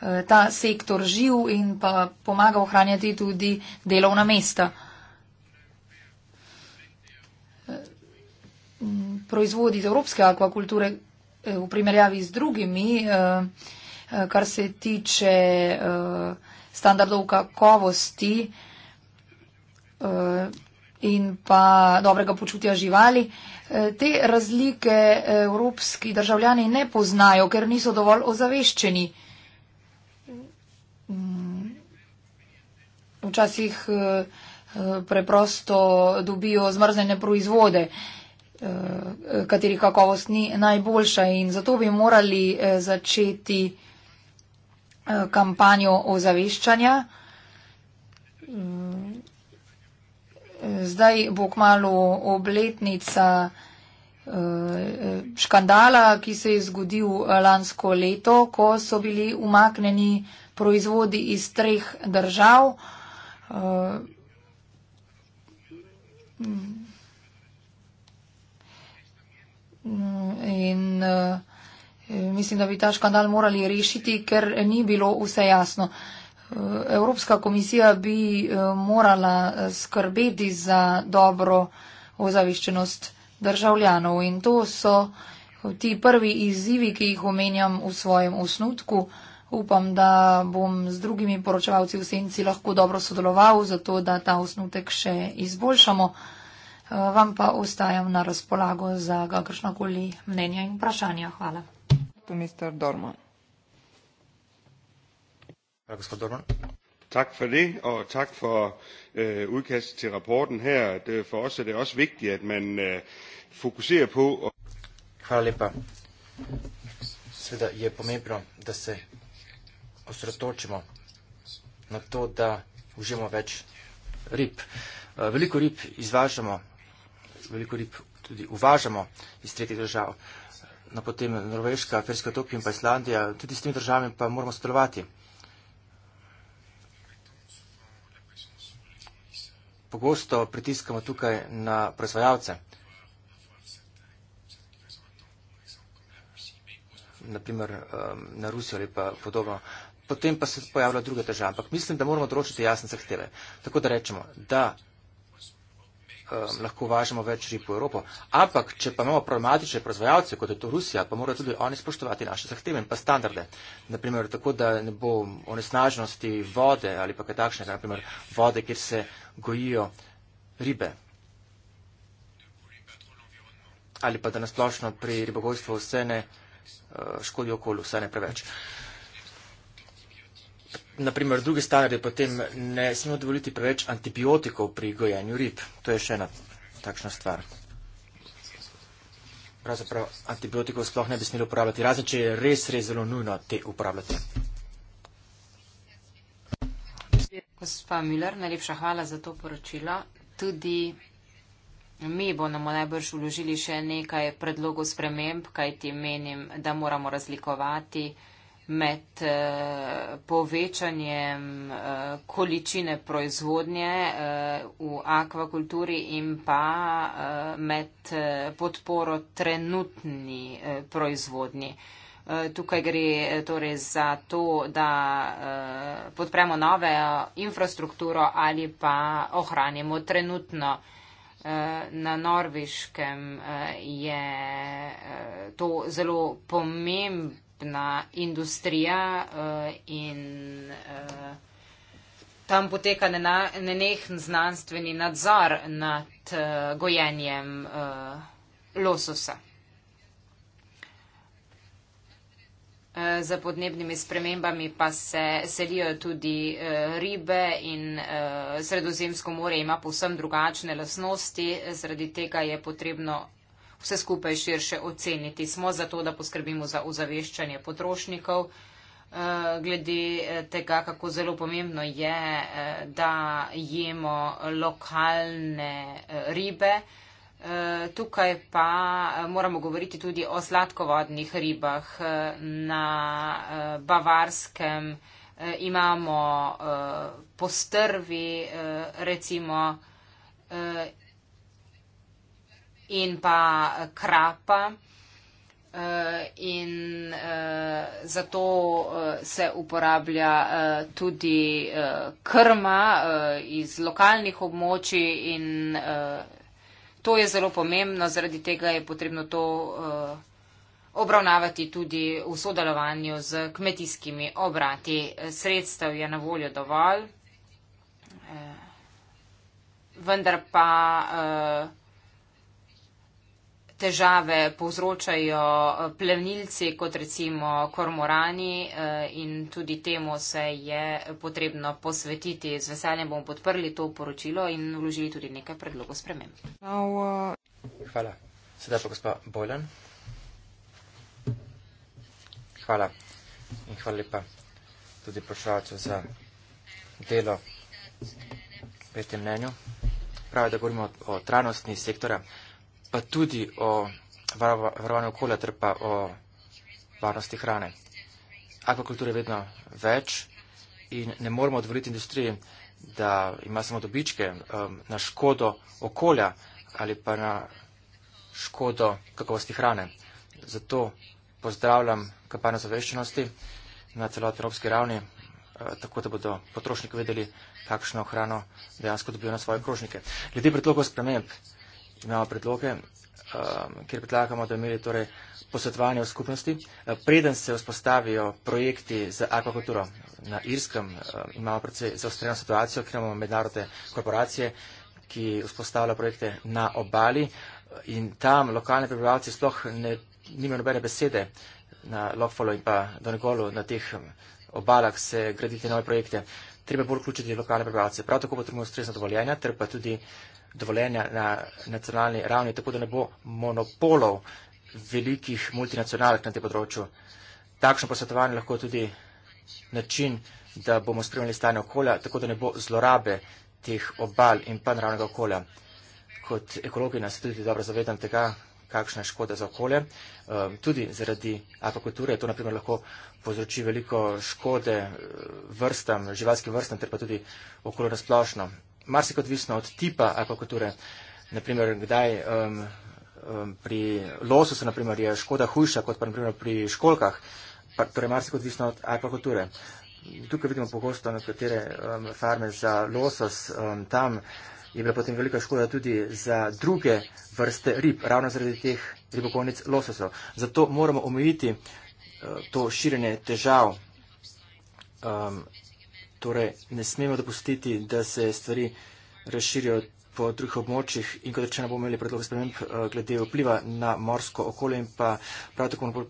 Eh, ta sektor živ in pa pomaga ohranjati tudi delovna mesta. Eh, proizvodi iz evropske akvakulture eh, v primerjavi z drugimi, kar se tiče standardov kakovosti in pa dobrega počutja živali. Te razlike evropski državljani ne poznajo, ker niso dovolj ozaveščeni. Mm. včasih eh, eh, preprosto dobijo zmrznjene proizvode, eh, kateri kakovost ni najboljša in zato bi morali začeti kampanjo ozaveščanja. Mm. Zdaj bo kmalo obletnica škandala, ki se je zgodil lansko leto, ko so bili umaknjeni proizvodi iz treh držav. Eh, in eh, mislim, da bi ta škandal morali rešiti, ker ni bilo vse jasno. Eh, Evropska komisija bi morala skrbeti za dobro ozaviščenost državljanov in to so ti prvi izzivi, ki jih omenjam v svojem osnutku upam, da bom z drugimi poročevalci v senci lahko dobro sodeloval, zato da ta osnutek še izboljšamo. Eh, vam pa ostajam na razpolago za kakršnakoli mnenja in vprašanja. Hvala. Mr. Dorman. Ja, gospod Dorman. Tak for det, og tak for øh, udkastet til rapporten her. Det, for os er det også vigtigt, at man øh, fokuserer på... Og... Hvala lepa. Seveda je pomembno, da se osredotočimo na to, da užijemo več rib. Eh, veliko rib izvažamo, veliko rib tudi uvažamo iz tretjih držav, na no, potem Norveška, Ferska Topija in pa Islandija, tudi s temi državami pa moramo sodelovati. Pogosto pritiskamo tukaj na proizvajalce. Naprimer na Rusijo ali pa podobno potem pa se pojavlja druga težava. Ampak mislim, da moramo določiti jasne zahteve. Tako da rečemo, da um, lahko važemo več rib v Evropo. Ampak, če pa imamo problematične proizvajalce, kot je to Rusija, pa morajo tudi oni spoštovati naše zahteve in pa standarde. Naprimer, tako da ne bo onesnaženosti vode ali pa kaj takšne, naprimer vode, kjer se gojijo ribe. Ali pa da nasplošno pri ribogojstvu vse ne uh, škodi okolju, vse ne preveč naprimer, druge stare, potem ne smemo dovoliti preveč antibiotikov pri gojenju rib. To je še ena takšna stvar. Pravzaprav antibiotikov sploh ne bi smeli uporabljati, razen če je res, res zelo nujno te uporabljati. Gospa Miller, najlepša hvala za to poročilo. Tudi mi bomo najbrž vložili še nekaj predlogov sprememb, kaj ti menim, da moramo razlikovati med uh, povečanjem uh, količine proizvodnje uh, v akvakulturi in pa uh, med uh, podporo trenutni uh, proizvodnji. Uh, tukaj gre uh, torej za to, da uh, podpremo nove infrastrukturo ali pa ohranimo trenutno. Na Norveškem je to zelo pomemb, skupna industrija uh, in uh, tam poteka nenehen znanstveni nadzor nad uh, gojenjem uh, lososa. Uh, za podnebnimi spremembami pa se selijo tudi uh, ribe in uh, sredozemsko more ima povsem drugačne lasnosti, zaradi tega je potrebno vse skupaj širše oceniti. Smo zato, da poskrbimo za ozaveščanje potrošnikov eh, glede eh, tega, kako zelo pomembno je, eh, da jemo lokalne ribe. Tukaj pa moramo govoriti tudi o sladkovodnih ribah. Na Bavarskem imamo postrvi, recimo, in pa eh, krapa. Eh, in eh, zato se uporablja tudi krma iz lokalnih območij in to je zelo pomembno, zaradi tega je potrebno to obravnavati tudi v sodelovanju z kmetijskimi obrati. Sredstev je na voljo dovolj, vendar pa težave povzročajo eh, plevnilci, kot recimo kormorani eh, in tudi temu se je potrebno posvetiti. Z veseljem bomo podprli to poročilo in vložili tudi nekaj predlogov sprememb. Uh, hvala. Sedaj pa gospa Bojlan. Hvala in hvala lepa tudi prošalcu za delo pri tem mnenju. Pravi, da govorimo o, o trajnostni sektora pa tudi o varovanju okolja ter pa o varnosti hrane. Akvakultura je vedno več in ne moramo odvoriti industriji, da ima samo dobičke um, na škodo okolja ali pa na škodo kakovosti hrane. Zato pozdravljam kampanjo zaveščenosti na celotni evropski ravni, uh, tako da bodo potrošniki vedeli, kakšno hrano dejansko dobijo na svoje krožnike. Glede predlogov sprememb, imamo predloge, um, kjer predlagamo, da imeli torej posvetovanje v skupnosti. Eh, preden se vzpostavijo projekti za akvakulturo na Irskem, eh, imamo predvsej zaostreno situacijo, ker imamo mednarodne korporacije, ki vzpostavljajo projekte na obali eh, in tam lokalni prebivalci sploh ne, nima nobene besede na Lokfalo in pa Donegolu na teh obalah se graditi nove projekte. Treba bolj vključiti lokalne prebivalce. Prav tako potrebujemo ustrezna dovoljenja, ter pa tudi dovoljenja na nacionalni ravni, tako da ne bo monopolov velikih multinacionalk na tem področju. Takšno posvetovanje lahko tudi način, da bomo spremljali stanje okolja, tako da ne bo zlorabe teh obal in pa naravnega okolja. Kot ekologi nas tudi dobro zavedam tega, kakšna škoda za okolje. Ehm, tudi zaradi apokulture to naprimer lahko povzroči veliko škode eh, vrstam, živalskim vrstam, ter pa tudi okolju nasplošno marsikaj odvisno od tipa akvakulture. Naprimer, kdaj um, um, pri losu se naprimer, je škoda hujša kot pa naprimer, pri školkah, pa, torej marsikaj odvisno od akvakulture. Tukaj vidimo pogosto nekatere um, farme za losos, um, tam je bila potem velika škoda tudi za druge vrste rib, ravno zaradi teh ribokovnic lososov. Zato moramo omejiti uh, to širjenje težav um, Torej, ne smemo dopustiti, da se stvari razširijo po drugih območjih in kot rečeno bomo imeli predlog sprememb eh, glede vpliva na morsko okolje in pa prav tako bomo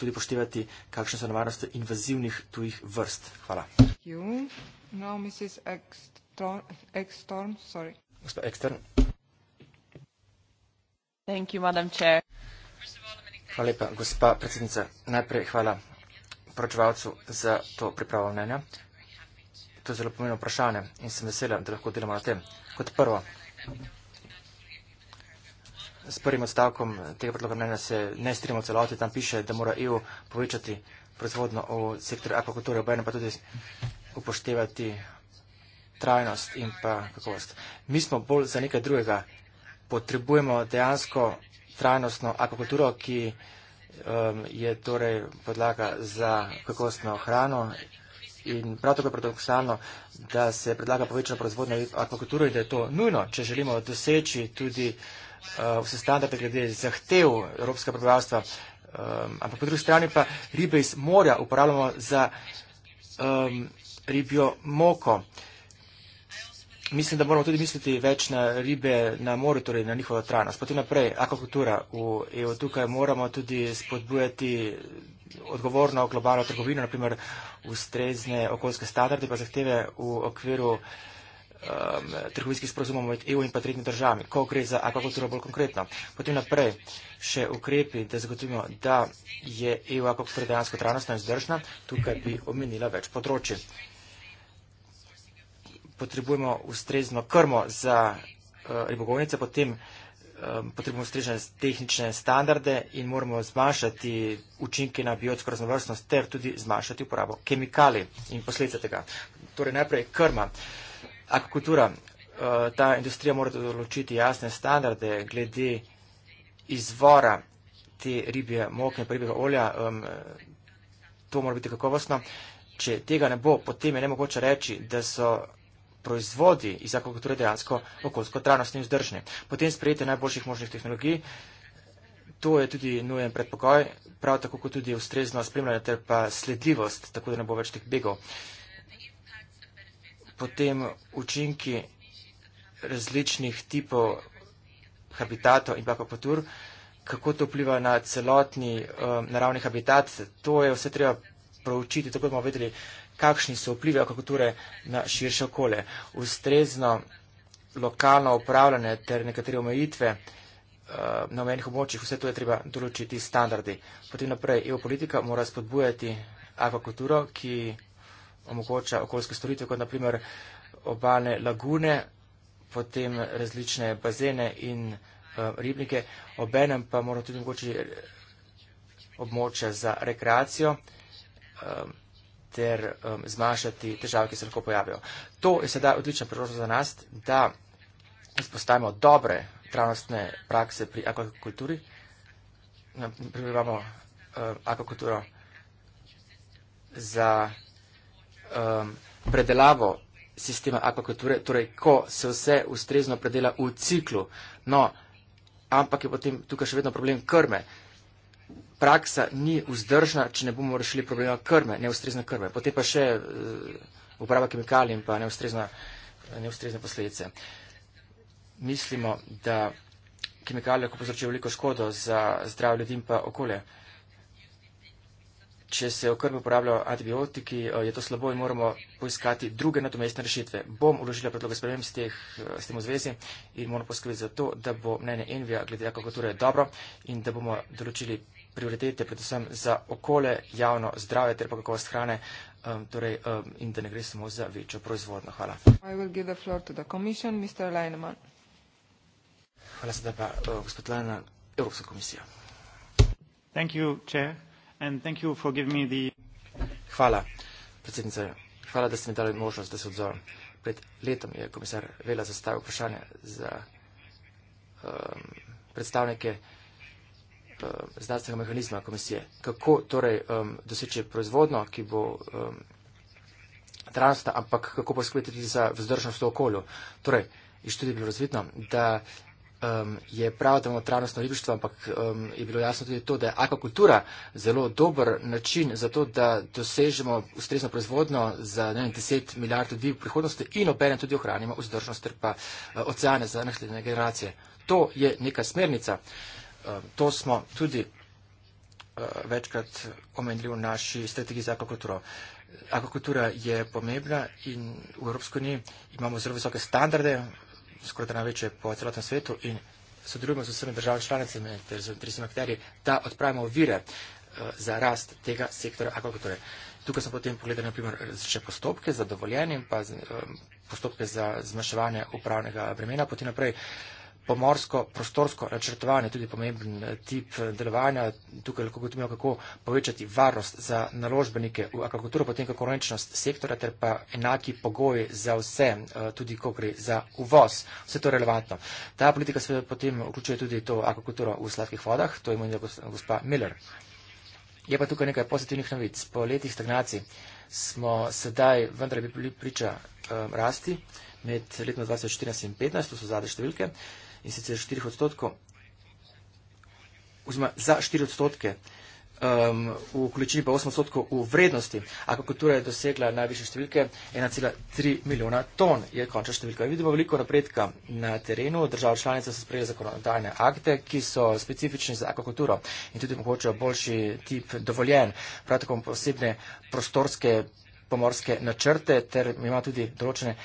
tudi poštevati, kakšne so nevarnosti invazivnih tujih vrst. Hvala. Gospa Ekstern. Thank you, hvala lepa, gospa predsednica. Najprej hvala poročevalcu za to pripravo mnenja. To je zelo pomembno vprašanje in sem vesela, da lahko delamo na tem. Kot prvo, s prvim odstavkom tega predloga mnenja se ne strimo celoti, tam piše, da mora EU povečati proizvodno v sektor akvakulture, obajno pa tudi upoštevati trajnost in pa kakovost. Mi smo bolj za nekaj drugega. Potrebujemo dejansko trajnostno akvakulturo, ki um, je torej podlaga za kakovostno hrano In prav tako je paradoksalno, da se predlaga povečana proizvodnja akvakulture in da je to nujno, če želimo doseči tudi uh, vse standarde glede zahtev evropskega prebivalstva. Um, ampak po drugi strani pa ribe iz morja uporabljamo za um, ribjo moko. Mislim, da moramo tudi misliti več na ribe na morju, torej na njihovo trajnost. Potem naprej, akvakultura v EU. Tukaj moramo tudi spodbujati odgovorno globalno trgovino, naprimer ustrezne okoljske standarde pa zahteve v okviru um, trgovinskih sporozumov med EU in pa tretjimi državami, ko gre za akvakulturo bolj konkretno. Potem naprej še ukrepi, da zagotovimo, da je EU akvakultura dejansko trajnostna in zdržna, tukaj bi omenila več področji. Potrebujemo ustrezno krmo za uh, ribogojnice, potem uh, potrebujemo strežne tehnične standarde in moramo zmanjšati učinke na biotsko raznovrstnost ter tudi zmanjšati uporabo kemikali in posledice tega. Torej najprej krma, akvakultura, ta industrija mora določiti jasne standarde glede izvora te ribje mokne, pa ribjega olja, to mora biti kakovostno. Če tega ne bo, potem je ne mogoče reči, da so proizvodi iz akvakulture dejansko okoljsko trajnostni in vzdržni. Potem sprejete najboljših možnih tehnologij. To je tudi nujen predpogoj, prav tako kot tudi ustrezno spremljanje ter pa sledljivost, tako da ne bo več teh begov. Potem učinki različnih tipov habitatov in akvakultur, kako to vpliva na celotni uh, naravni habitat, to je vse treba proučiti, tako da bomo vedeli, uh, kakšni so vplive akvakulture na širše okolje. Ustrezno lokalno upravljanje ter nekatere omejitve eh, na omenjenih območjih, vse to je treba določiti standardi. Potem naprej, EU politika mora spodbujati akvakulturo, ki omogoča okoljske storitve, kot naprimer obalne lagune, potem različne bazene in uh, ribnike. Obenem pa moramo tudi omogočiti območja za rekreacijo, um, ter um, zmanjšati težave, ki se lahko pojavijo. To je sedaj odlična priložnost za nas, da izpostavimo dobre trajnostne prakse pri akvakulturi. Naprimer um, imamo um, akvakulturo za um, predelavo sistema akvakulture, torej ko se vse ustrezno predela v ciklu. No, ampak je potem tukaj še vedno problem krme praksa ni vzdržna, če ne bomo rešili problema krme, neustrezne krme. Potem pa še uh, uporaba kemikalij in pa neustrezna, neustrezne posledice. Mislimo, da kemikalije lahko povzročijo veliko škodo za zdrav ljudi in pa okolje. Če se v krmi uporabljajo antibiotiki, eh, je to slabo in moramo poiskati druge nadomestne rešitve. Bom uložila predloge sprememb s, teh, s tem v zvezi in moram poskrbeti za to, da bo mnenje Envija glede akvakulture dobro in da bomo določili prioritete, predvsem za okole, javno zdrave ter pa kakovost hrane um, torej, um, in da ne gre samo za večjo proizvodno. Hvala. Hvala sedaj pa uh, gospod Lajna, Evropska komisija. You, chair, the... Hvala, predsednica. Hvala, da ste mi dali možnost, da se odzovem. Pred letom je komisar Vela zastavil vprašanje za um, predstavnike. Eh, znanstvenega mehanizma komisije. Kako torej um, doseči proizvodno, ki bo um, transta, ampak kako poskrbeti tudi za vzdržnost v okolju. Torej, iz študije je bilo razvidno, da um, je prav, da imamo trajnostno ribištvo, ampak um, je bilo jasno tudi to, da je akvakultura zelo dober način za to, da dosežemo ustrezno proizvodno za ne, 10 milijard ljudi v prihodnosti in obenem tudi ohranimo vzdržnost ter pa uh, oceane za naslednje generacije. To je neka smernica. Uh, Ehm, to smo tudi eh, večkrat omenili v naši strategiji za akvakulturo. Akvakultura je pomembna in v Evropsko uniji imamo zelo visoke standarde, skoraj da največje po celotnem svetu in sodelujemo z vsemi državami članicami ter z interesnimi akterji, da odpravimo vire eh, za rast tega sektora akvakulture. Tukaj smo potem pogledali na primer različne postopke za dovoljenje in pa eh, postopke za zmanjševanje upravnega bremena, potem naprej pomorsko prostorsko načrtovanje tudi pomemben eh, tip eh, delovanja. Tukaj lahko gotovimo, kako povečati varnost za naložbenike v akvakulturo, potem konkurenčnost sektora ter pa enaki pogoji za vse, eh, tudi ko gre za uvoz. Vse to je relevantno. Ta politika seveda potem vključuje tudi to akvakulturo v sladkih vodah, to je imenila gospa Miller. Je pa tukaj nekaj pozitivnih novic. Po letih stagnacij smo sedaj vendar bili priča rasti med letom 2014 in 2015, to so zadnje številke in sicer 4 odstotkov, oziroma za 4 odstotke um, v količini pa 8 odstotkov v vrednosti. Akvakultura je dosegla najviše številke, 1,3 milijona ton je končna številka. Vidimo veliko napredka na terenu, države članice so sprejeli zakonodajne akte, ki so specifični za akvakulturo in tudi omogočajo boljši tip dovoljen, prav tako posebne prostorske pomorske načrte, ter ima tudi določene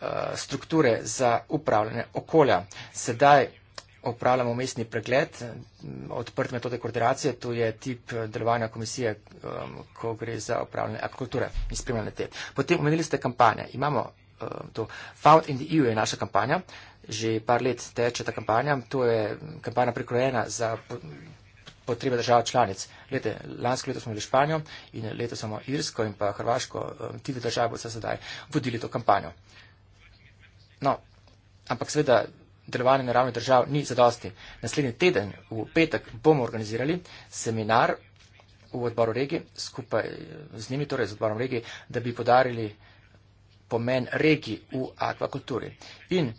Eh, strukture za upravljanje okolja. Sedaj upravljamo mestni pregled odprte metode koordinacije, to je tip eh, delovanja komisije, ko gre za upravljanje akvakulture in spremljanje te. Potem omenili ste kampanje. Imamo to. Found in the EU je naša kampanja, že par let teče ta kampanja, to je kampanja prikrojena za potrebe držav članic. Lete, lansko leto smo imeli Španijo in leto samo Irsko in pa Hrvaško, ti države bodo se sedaj vodili to kampanjo. No, ampak seveda delovanje na ravni držav ni zadosti. Naslednji teden v petek bomo organizirali seminar v odboru regije, skupaj z njimi, torej z odborom regije, da bi podarili pomen regij v akvakulturi. In,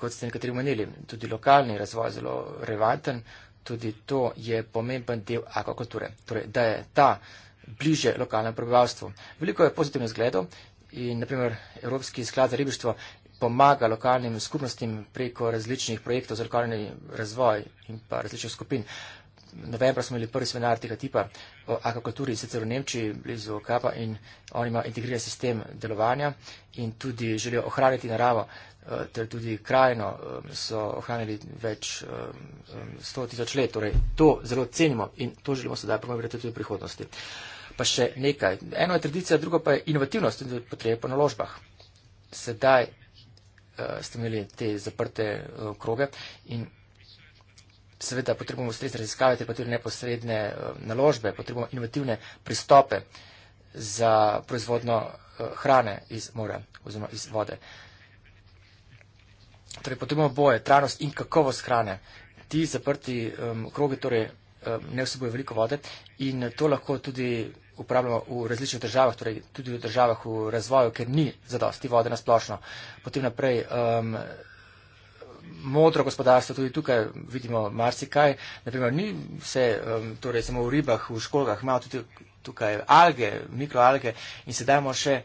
kot ste nekateri omenili, tudi lokalni razvoj je zelo relevanten, tudi to je pomemben del akvakulture. Torej, da je ta bliže lokalnem prebivalstvu. Veliko je pozitivnih zgledov in, naprimer, Evropski sklad za ribištvo pomaga lokalnim skupnostim preko različnih projektov za lokalni razvoj in pa različnih skupin. Novembra smo imeli prvi seminar tega tipa o akvakulturi, sicer v Nemčiji, blizu Kapa in oni imajo integriran sistem delovanja in tudi želijo ohraniti naravo, eh, ter tudi krajino eh, so ohranili več 100 eh, tisoč let. Torej, to zelo cenimo in to želimo sedaj promovirati tudi v prihodnosti. Pa še nekaj. Eno je tradicija, drugo pa je inovativnost in potrebe po naložbah. Sedaj Eh, ste imeli te zaprte eh, kroge. In seveda potrebujemo ustrezne raziskave, pa tudi neposredne eh, naložbe, potrebujemo inovativne pristope za proizvodno hrane iz morja oziroma iz vode. Torej, potrebujemo boje, trajnost in kakovost hrane. Ti zaprti um, krogi torej, um, ne vsebujejo veliko vode in to lahko tudi uporabljamo v različnih državah, torej tudi v državah v razvoju, ker ni zadosti vode na splošno. Potem naprej. Um, Modro gospodarstvo, tudi tukaj vidimo marsikaj, naprimer ni vse um, torej samo v ribah, v školjkah, imamo tudi tukaj alge, mikroalge in sedaj imamo še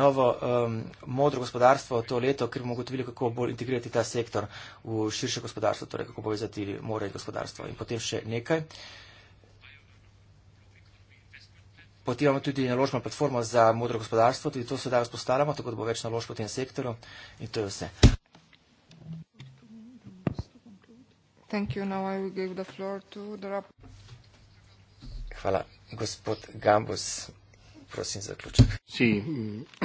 novo um, modro gospodarstvo to leto, ker bomo ugotovili, kako bolj integrirati ta sektor v širše gospodarstvo, torej kako povezati more in gospodarstvo. In potem še nekaj. Uh, Potem imamo tudi naložbeno platformo za modro gospodarstvo, tudi to se da vzpostavljamo, tako da bo več naložb v tem sektorju in to je vse. Hvala. Gospod Gambus, prosim za zaključek.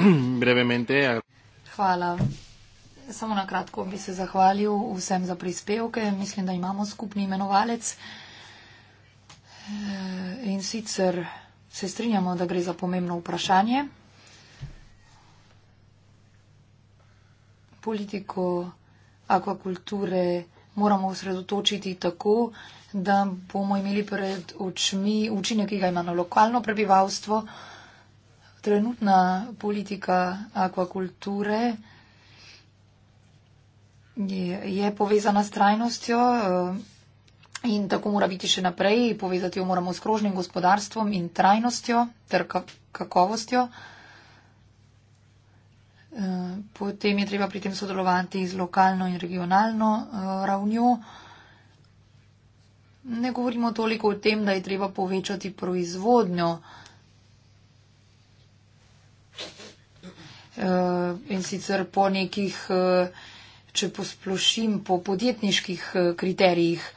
Mm, Hvala. Samo na kratko bi se zahvalil vsem za prispevke. Mislim, da imamo skupni imenovalec. Eh, in sicer. Se strinjamo, da gre za pomembno vprašanje. Politiko akvakulture moramo osredotočiti tako, da bomo imeli pred očmi učinek, ki ga ima na lokalno prebivalstvo. Trenutna politika akvakulture je, je povezana s trajnostjo. Uh, In tako mora biti še naprej, povezati jo moramo s krožnim gospodarstvom in trajnostjo ter kakovostjo. Eh, potem je treba pri tem sodelovati z lokalno in regionalno eh, ravnjo. Ne govorimo toliko o tem, da je treba povečati proizvodnjo. Eh, in sicer po nekih, če posplošim, po podjetniških kriterijih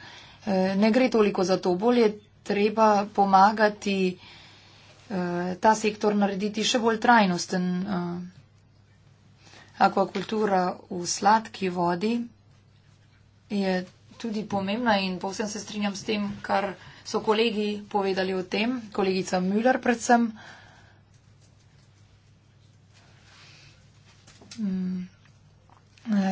ne gre toliko za to. Bolje treba pomagati eh, ta sektor narediti še bolj trajnosten. Eh, akvakultura v sladki vodi je tudi pomembna in povsem se strinjam s tem, kar so kolegi povedali o tem, kolegica Müller predvsem. Mm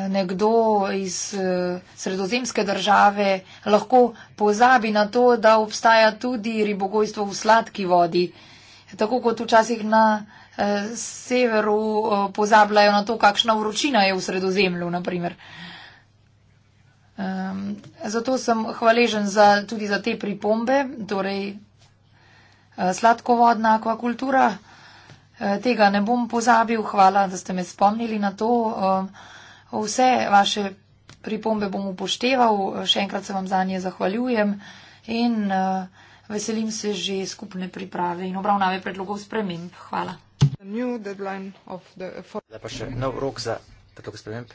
nekdo iz eh, sredozemske države lahko pozabi na to, da obstaja tudi ribogojstvo v sladki vodi. Tako kot včasih na eh, severu eh, pozabljajo na to, kakšna vročina je v sredozemlju, naprimer. Ehm, zato sem hvaležen za, tudi za te pripombe, torej sladkovodna akvakultura. Tega ne bom pozabil, hvala, da ste me spomnili na to. Uh, Vse vaše pripombe bom upošteval, še enkrat se vam za nje zahvaljujem in uh, veselim se že skupne priprave in obravnave predlogov sprememb. Hvala. Zdaj pa še nov rok za predlog sprememb.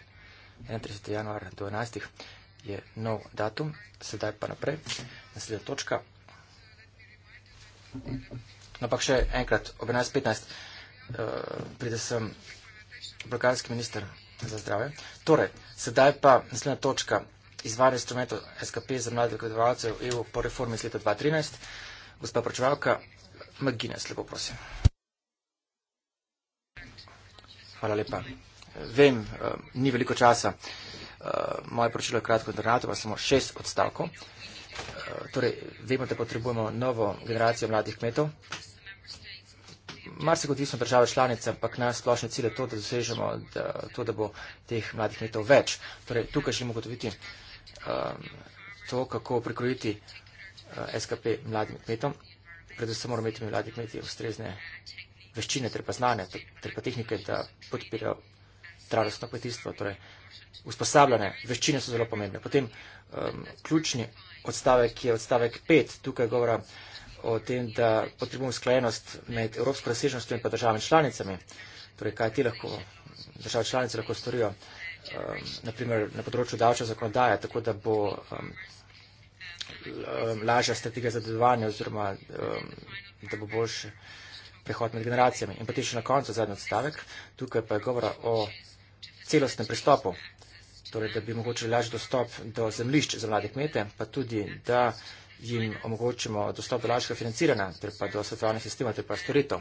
31. januar 2012 je nov datum, sedaj pa naprej. Naslednja točka. No pa še enkrat, ob 11.15 uh, eh, pride sem blokarski minister za zdravje. Torej, sedaj pa naslednja točka izvajanje instrumentov SKP za mlade kredovalce v EU po reformi iz leta 2013. Gospa pročevalka, Maginez, lepo prosim. Hvala lepa. Vem, eh, ni veliko časa. Eh, moje pročilo je kratko internato, pa samo šest odstavkov. Eh, torej, vemo, da potrebujemo novo generacijo mladih kmetov marsikot visno države članice, ampak naj splošne cilje je to, da dosežemo da, to, da bo teh mladih metov več. Torej, tukaj želimo gotoviti um, to, kako prikrojiti uh, SKP mladim metom. Predvsem moramo imeti mladi kmeti ustrezne veščine, ter pa znanje, ter pa tehnike, da podpirajo trajnostno kmetijstvo. Torej, usposabljanje, veščine so zelo pomembne. Potem um, ključni odstavek je odstavek 5. Tukaj govora o tem, da potrebujemo sklenost med evropsko razsežnostjo in pa državami članicami. Torej, kaj ti lahko, države članice lahko storijo, um, naprimer na področju davčne zakonodaje, tako da bo um, um lažja strategija zadovoljevanja oziroma um, da bo boljši prehod med generacijami. In potem še na koncu zadnji odstavek, tukaj pa je govora o celostnem pristopu, torej da bi mogoče lažji dostop do zemlišč za mlade kmete, pa tudi da jim omogočimo dostop do lažjega financiranja ter pa do svetovalnih sistema ter pa storitev.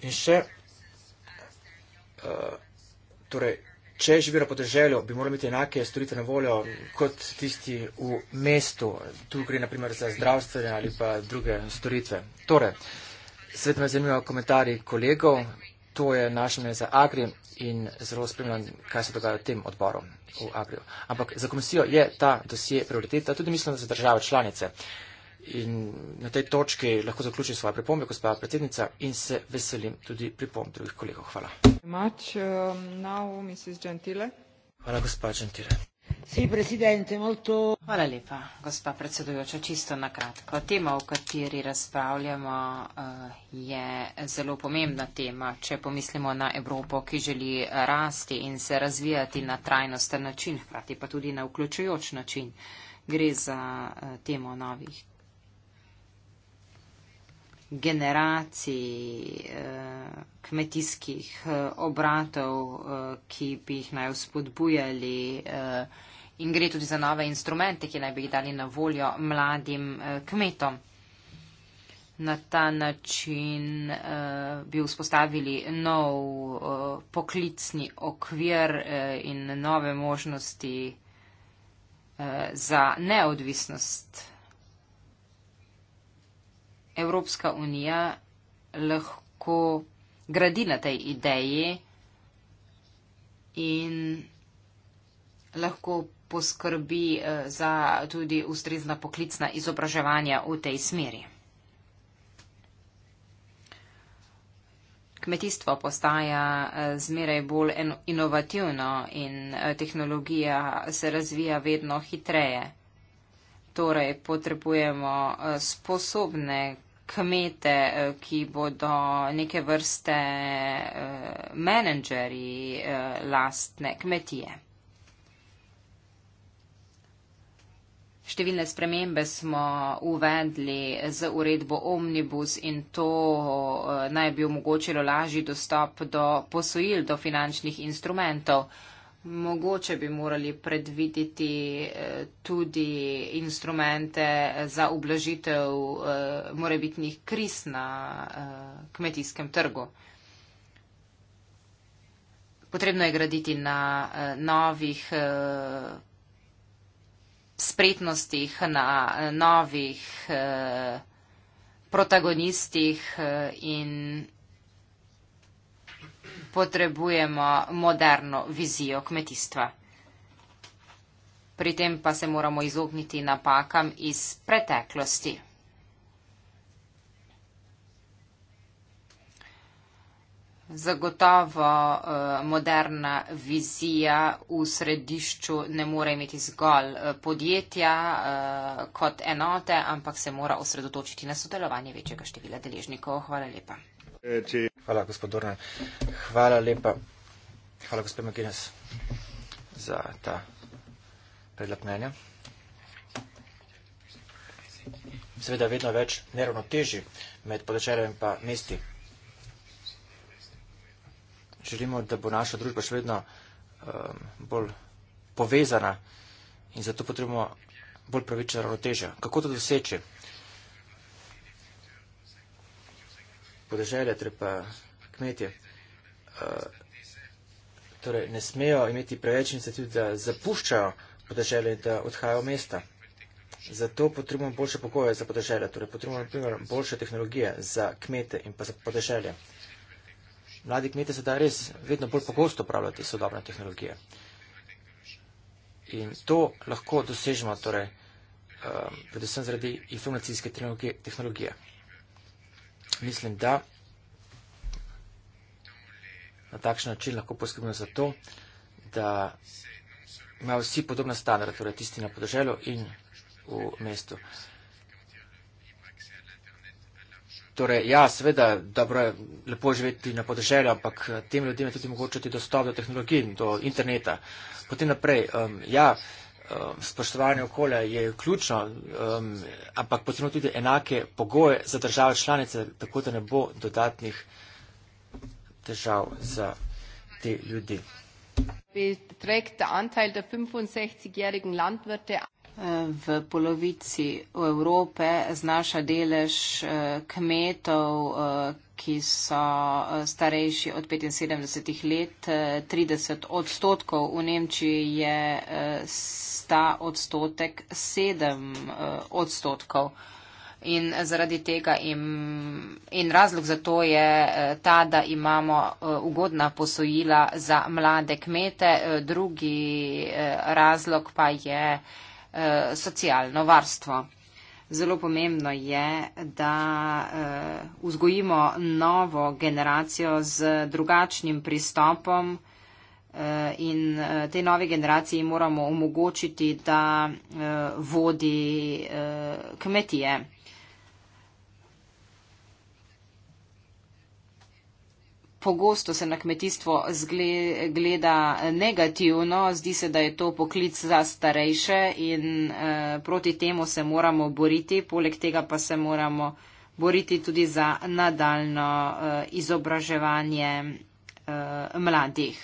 In še, eh, torej, če živi na podeželju, bi morali imeti enake storitve na voljo kot tisti v mestu. Tu gre naprimer za zdravstvene ali pa druge storitve. Torej, svet me zanimajo komentarji kolegov. To je naš mnenje za Agri in zelo spremljam, kaj se dogaja v tem odboru v Agriju. Ampak za komisijo je ta dosje prioriteta, tudi mislim za države članice. In na tej točki lahko zaključim svoje pripombe, gospa predsednica, in se veselim tudi pripomb drugih kolegov. Hvala. Much, um, now, Hvala, gospa Gentile. Hvala lepa, gospa predsedujoča. Čisto na kratko. Tema, o kateri razpravljamo, eh, je zelo pomembna tema, če pomislimo na Evropo, ki želi eh, rasti in se razvijati na trajnosten način, hkrati pa tudi na vključujoč način. Gre za eh, temo novih generacij kmetijskih obratov, ki bi jih naj vzpodbujali in gre tudi za nove instrumente, ki naj bi jih dali na voljo mladim eh, kmetom. Na ta način uh, bi vzpostavili nov uh, poklicni okvir uh, in nove možnosti uh, za neodvisnost. Evropska unija lahko gradi na tej ideji in lahko poskrbi eh, za tudi ustrezna poklicna izobraževanja v tej smeri. Kmetijstvo postaja eh, zmeraj bolj inovativno in eh, tehnologija se razvija vedno hitreje. Torej potrebujemo sposobne kmete, ki bodo neke vrste menedžeri lastne kmetije. Številne spremembe smo uvedli z uredbo Omnibus in to eh, naj bi omogočilo lažji dostop do posojil, do finančnih instrumentov. Mogoče bi morali predviditi eh, tudi instrumente za oblažitev eh, morebitnih kriz na kmetijskem trgu. Potrebno je graditi na novih spretnostih, na eh, novih eh, protagonistih eh, in potrebujemo moderno vizijo kmetijstva. Pri tem pa se moramo izogniti napakam iz preteklosti. Zagotovo eh, moderna vizija v središču ne more imeti zgolj eh, podjetja eh, kot enote, ampak se mora osredotočiti na sodelovanje večjega števila deležnikov. Hvala lepa. Hvala, gospod Dornan. Hvala lepa. Hvala, gospod Maginas, za ta predlog mnenja. Seveda vedno več neravnoteži med podačarjem pa mesti želimo, da bo naša družba še vedno um, bolj povezana in zato potrebujemo bolj pravično ravnotežje. Kako to doseči? Podeželje, trepa kmetje. Uh, torej, ne smejo imeti preveč iniciativ, da zapuščajo podeželje in da odhajajo mesta. Zato potrebujemo boljše pokoje za podeželje, torej potrebujemo boljše tehnologije za kmete in pa za podeželje mladi kmete se da res vedno bolj pogosto upravljati sodobne tehnologije. In to lahko dosežemo, torej, um, predvsem zaradi informacijske tehnologije. Mislim, da na takšen način lahko poskrbimo za to, da imajo vsi podobna standarda, torej tisti na podeželju in v mestu. Torej, ja, seveda, dobro je lepo živeti na podeželju, ampak eh, tem ljudem je tudi mogočiti dostop do tehnologij in do interneta. Potem naprej, um, ja, um, spoštovanje okolja je ključno, um, ampak potrebno tudi enake pogoje za države članice, tako da ne bo dodatnih težav za te ljudi. Betrekt Anteil der 65-jährigen Landwirte v polovici Evrope znaša delež eh, kmetov, eh, ki so eh, starejši od 75 let, 30 odstotkov. V Nemčiji je sta odstotek 7 odstotkov. In zaradi tega im, in razlog za to je ta, da imamo ugodna posojila za mlade kmete. Drugi razlog pa je, Eh, socialno varstvo. Zelo pomembno je, da uh, vzgojimo novo generacijo z drugačnim pristopom uh, in uh, tej novi generaciji moramo omogočiti, da uh, vodi uh, kmetije. pogosto se na kmetijstvo gleda negativno, zdi se, da je to poklic za starejše in eh, proti temu se moramo boriti, poleg tega pa se moramo boriti tudi za nadaljno eh, izobraževanje eh, mladih.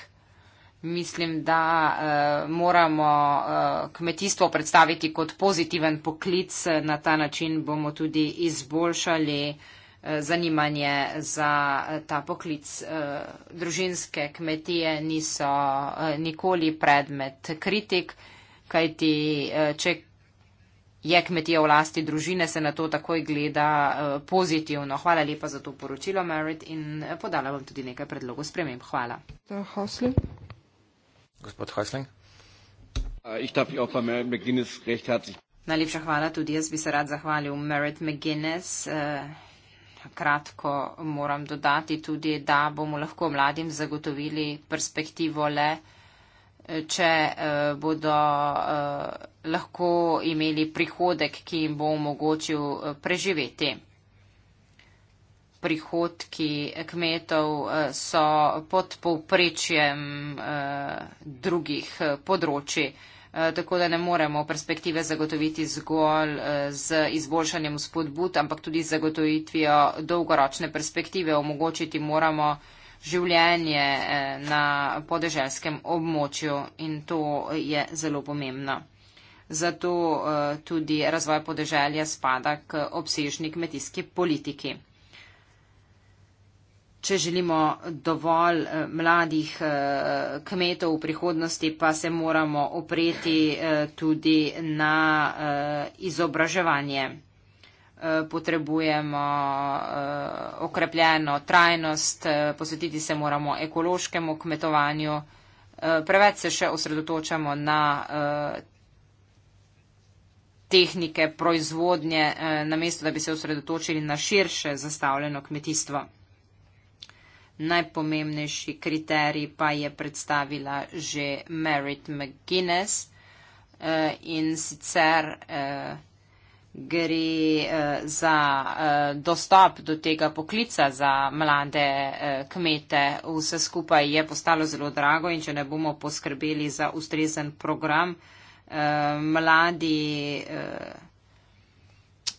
Mislim, da eh, moramo eh, kmetijstvo predstaviti kot pozitiven poklic, na ta način bomo tudi izboljšali eh, zanimanje za eh, ta poklic. Eh, družinske kmetije niso eh, nikoli predmet kritik, kajti če je kmetija v lasti družine, se na to takoj gleda pozitivno. Hvala lepa za to poročilo, Merit, in podala bom tudi nekaj predlogov spremem. Hvala. Gospod Hosling. Äh, Najlepša hvala, tudi jaz bi se rad zahvalil Merit McGuinness kratko moram dodati tudi, da bomo lahko mladim zagotovili perspektivo le, če eh, bodo eh, lahko imeli prihodek, ki jim bo omogočil eh, preživeti. Prihodki kmetov so pod povprečjem drugih področji. Eh, tako da ne moremo perspektive zagotoviti zgolj eh, z izboljšanjem spodbud, ampak tudi z zagotovitvijo dolgoročne perspektive. Omogočiti moramo življenje eh, na podeželskem območju in to je zelo pomembno. Zato tudi razvoj podeželja spada k obsežni kmetijski politiki če želimo dovolj eh, mladih eh, kmetov v prihodnosti, pa se moramo opreti eh, tudi na izobraževanje. Potrebujemo okrepljeno trajnost, posvetiti se moramo ekološkemu kmetovanju. Preveč se še osredotočamo na tehnike proizvodnje, namesto da bi se osredotočili na širše zastavljeno kmetijstvo najpomembnejši kriterij pa je predstavila že Merit McGuinness eh, in sicer eh, gre eh, za dostop do tega poklica za mlade kmete. Vse skupaj je postalo zelo drago in če ne bomo poskrbeli za ustrezen program, mladi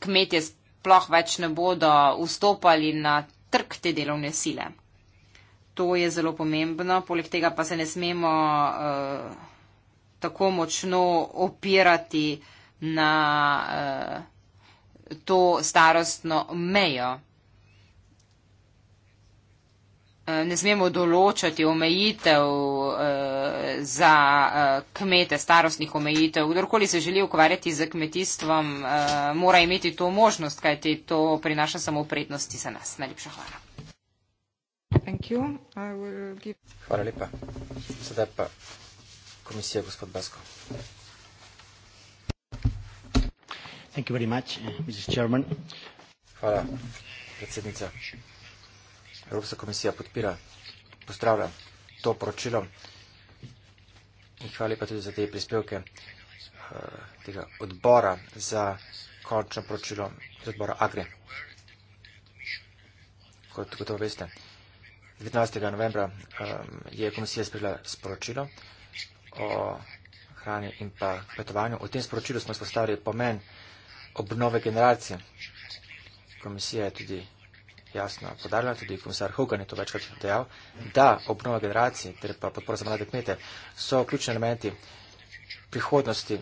kmetje sploh več ne bodo vstopali na trg te delovne sile. To je zelo pomembno. Poleg tega pa se ne smemo uh, tako močno opirati na uh, to starostno mejo. Eh, ne smemo določati omejitev eh, za eh, kmete, starostnih omejitev. Kdorkoli se želi ukvarjati z kmetijstvom, eh, mora imeti to možnost, kajti to prinaša samo prednosti za nas. Najlepša hvala. Hvala lepa. Sedaj pa komisija, gospod Basko. Thank you very much, eh, Mrs. Chairman. Hvala, predsednica. Evropska komisija podpira, pozdravlja to poročilo in hvala lepa tudi za te prispevke uh, tega odbora za končno poročilo z odbora Agri. Kot, kot to veste. 19. novembra um, je komisija sprejela sporočilo o hrani in pa kmetovanju. V tem sporočilu smo spostavili pomen obnove generacije. Komisija je tudi jasno podarila, tudi komisar Hogan je to večkrat dejal, da obnova generacije ter torej pa podpora za mlade kmete so ključni elementi prihodnosti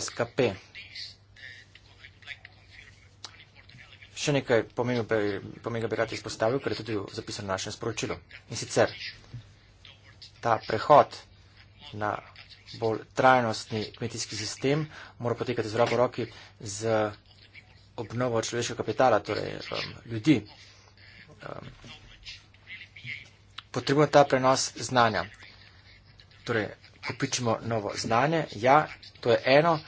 SKP. še nekaj pomega bi rad izpostavil, ker je tudi zapisano v našem sporočilu. In sicer ta prehod na bolj trajnostni kmetijski sistem mora potekati z roko roki z obnovo človeškega kapitala, torej um, ljudi. Um, potrebujemo ta prenos znanja. Torej, kupičimo novo znanje. Ja, to je eno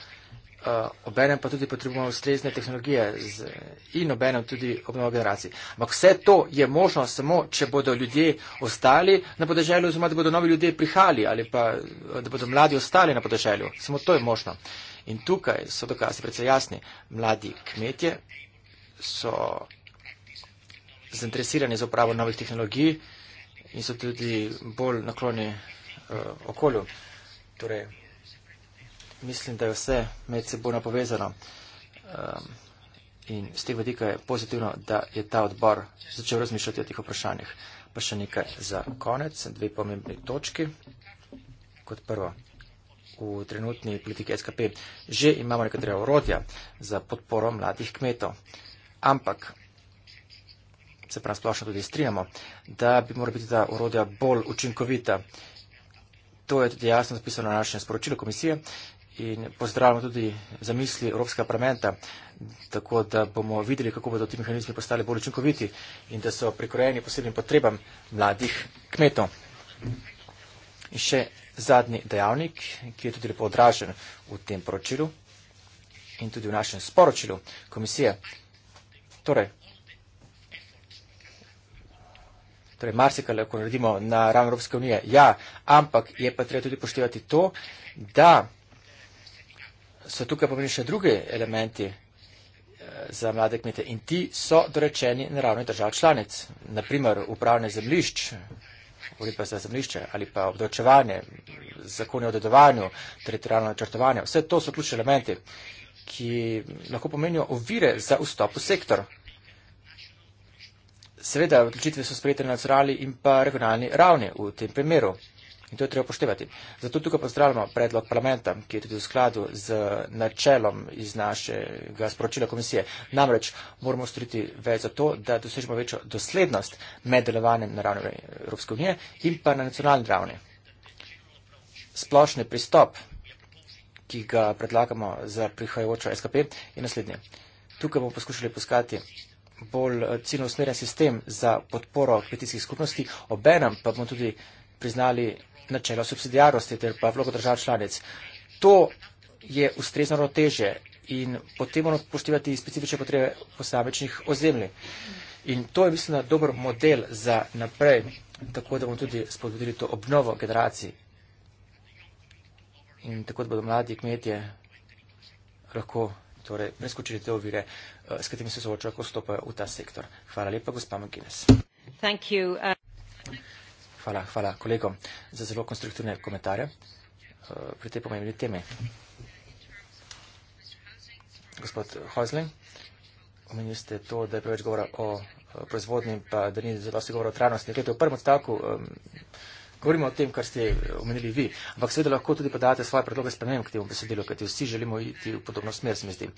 uh, obenem pa tudi potrebujemo ustrezne tehnologije z, in obenem tudi obnovo generacij. Ampak vse to je možno samo, če bodo ljudje ostali na podeželju, oziroma da bodo novi ljudje prihali ali pa eh, da bodo mladi ostali na podeželju. Samo to je možno. In tukaj so dokazi predvsej jasni. Mladi kmetje so zainteresirani za upravo novih tehnologij in so tudi bolj naklonjeni uh, eh, okolju. Torej, mislim, da je vse med seboj napovezano. Um, in z tega vidika je pozitivno, da je ta odbor začel razmišljati o teh vprašanjih. Pa še nekaj za konec, dve pomembni točki. Kot prvo, v trenutni politiki SKP že imamo nekatere orodja za podporo mladih kmetov, ampak se prav splošno tudi strinjamo, da bi morala biti ta orodja bolj učinkovita. To je tudi jasno zapisano na našem sporočilu komisije in pozdravljamo tudi zamisli Evropskega parlamenta, tako da bomo videli, kako bodo ti mehanizmi postali bolj učinkoviti in da so prikrojeni posebnim potrebam mladih kmetov. In še zadnji dejavnik, ki je tudi lepo odražen v tem poročilu in tudi v našem sporočilu komisije. Torej, torej marsikaj lahko naredimo na ravni Evropske unije. Ja, ampak je pa treba tudi poštevati to, da so tukaj pomembni še drugi elementi eh, za mlade kmete in ti so dorečeni na ravni držav članic. Naprimer, upravne zemlišč, uredba za zemlišče ali pa obdočevanje, zakon o dedovanju, teritorijalno načrtovanje. Vse to so ključni elementi, ki lahko pomenijo ovire za vstop v sektor. Seveda, odločitve so sprejete na nacionalni in pa regionalni ravni v tem primeru. In to je treba poštevati. Zato tukaj pozdravljamo predlog parlamenta, ki je tudi v skladu z načelom iz našega sporočila komisije. Namreč moramo storiti več za to, da dosežemo večjo doslednost med delovanjem na ravni Evropske unije in pa na nacionalni ravni. Splošni pristop, ki ga predlagamo za prihajajočo SKP, je naslednji. Tukaj bomo poskušali poskati bolj ciljno usmerjen sistem za podporo kmetijskih skupnosti, obenem pa bomo tudi priznali načelo subsidijarosti ter pa vlogo držav članic. To je ustrezno roteže in potem moramo poštivati specifične potrebe posamečnih ozemlji. In to je, mislim, dober model za naprej, tako da bomo tudi spodbudili to obnovo generacij. In tako da bodo mladi kmetje lahko torej, preskočili te ovire, eh, s katerimi se soočajo, ko stopajo v ta sektor. Hvala lepa, gospa Mankines. Thank you. Uh hvala, hvala kolegom za zelo konstruktivne komentarje eh, pri tej pomembni temi. Gospod Hosling, omenili ste to, da je preveč govora o eh, proizvodnji, pa da ni zelo se govora o trajnosti. Gledajte, v prvem odstavku govorimo o tem, kar ste omenili vi, ampak seveda lahko tudi podate svoje predloge spremem k temu besedilu, kajti vsi želimo iti v podobno smer, se mi zdi.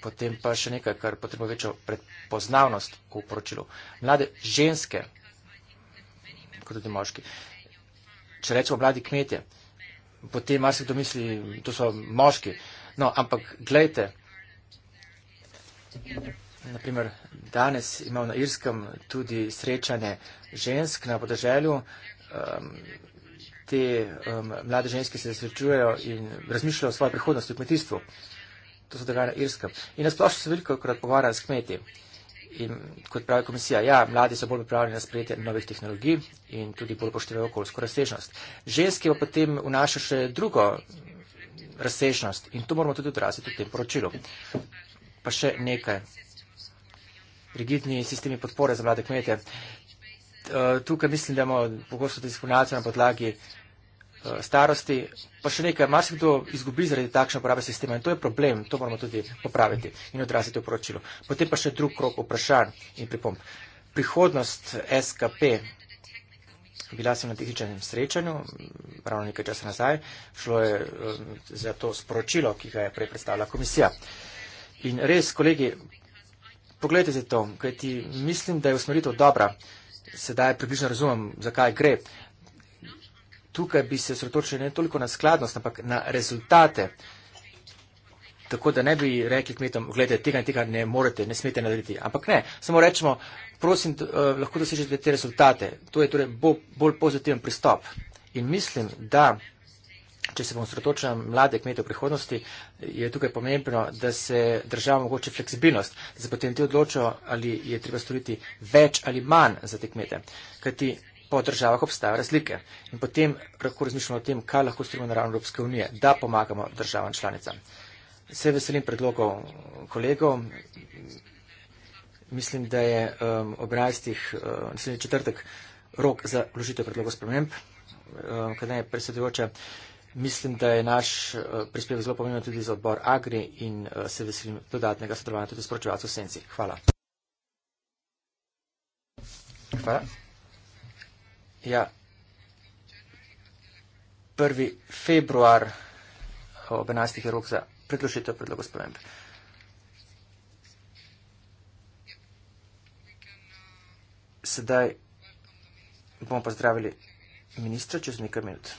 Potem pa še nekaj, kar potrebuje večjo prepoznavnost v poročilu. Mlade ženske, kot tudi moški. Če rečemo mladi kmetje, potem marsikdo misli, to so moški. No, ampak gledajte, naprimer, danes imamo na Irskem tudi srečanje žensk na podeželju. Um, te um, mlade ženske se srečujejo in razmišljajo o svoji prihodnosti v kmetijstvu to se dogaja na Irskem. In nasplošno se veliko krat pogovarjam s kmeti. In kot pravi komisija, ja, mladi so bolj pripravljeni na sprejetje novih tehnologij in tudi bolj poštevajo okoljsko razsežnost. Ženski pa potem vnaša še drugo razsežnost in to moramo tudi odraziti v tem poročilu. Pa še nekaj. Rigidni sistemi podpore za mlade kmete. Eh, tukaj mislim, da imamo pogosto diskriminacijo na podlagi uh, Eh, starosti, pa še nekaj, marsikdo izgubi zaradi takšne uporabe sistema in to je problem, to moramo tudi popraviti in odraziti v poročilu. Potem pa še drug krok vprašanj in pripomb. Prihodnost SKP, bila sem na tehničnem srečanju, ravno nekaj časa nazaj, šlo je eh, za to sporočilo, ki ga je prej predstavila komisija. In res, kolegi, pogledajte to, kajti mislim, da je usmeritev dobra, sedaj približno razumem, zakaj gre tukaj bi se sretočili ne toliko na skladnost, ampak na rezultate. Tako da ne bi rekli kmetom, gledaj, tega in tega ne morete, ne smete narediti. Ampak ne, samo rečemo, prosim, uh, lahko dosežete te rezultate. To je torej bo, bolj pozitiven pristop. In mislim, da če se bom sretočil na mlade kmete v prihodnosti, je tukaj pomembno, da se država mogoče fleksibilnost, da se potem ti odločijo, ali je treba storiti več ali manj za te kmete. Kajti po državah obstajajo razlike. In potem lahko razmišljamo o tem, kaj lahko storimo na ravni Evropske unije, da pomagamo državam članicam. Se veselim predlogov kolegov. Mislim, da je um, obrajstih um, uh, naslednji četrtek rok za vložitev predlogov sprememb. Um, kaj je predsedujoča, mislim, da je naš uh, prispevek zelo pomemben tudi za odbor Agri in uh, se veselim dodatnega sodelovanja tudi s poročevalcem Senci. Hvala. Hvala. Ja, prvi februar ob 11. je rok za predložitev predlogov sprememb. Sedaj bomo pozdravili ministra čez nekaj minut.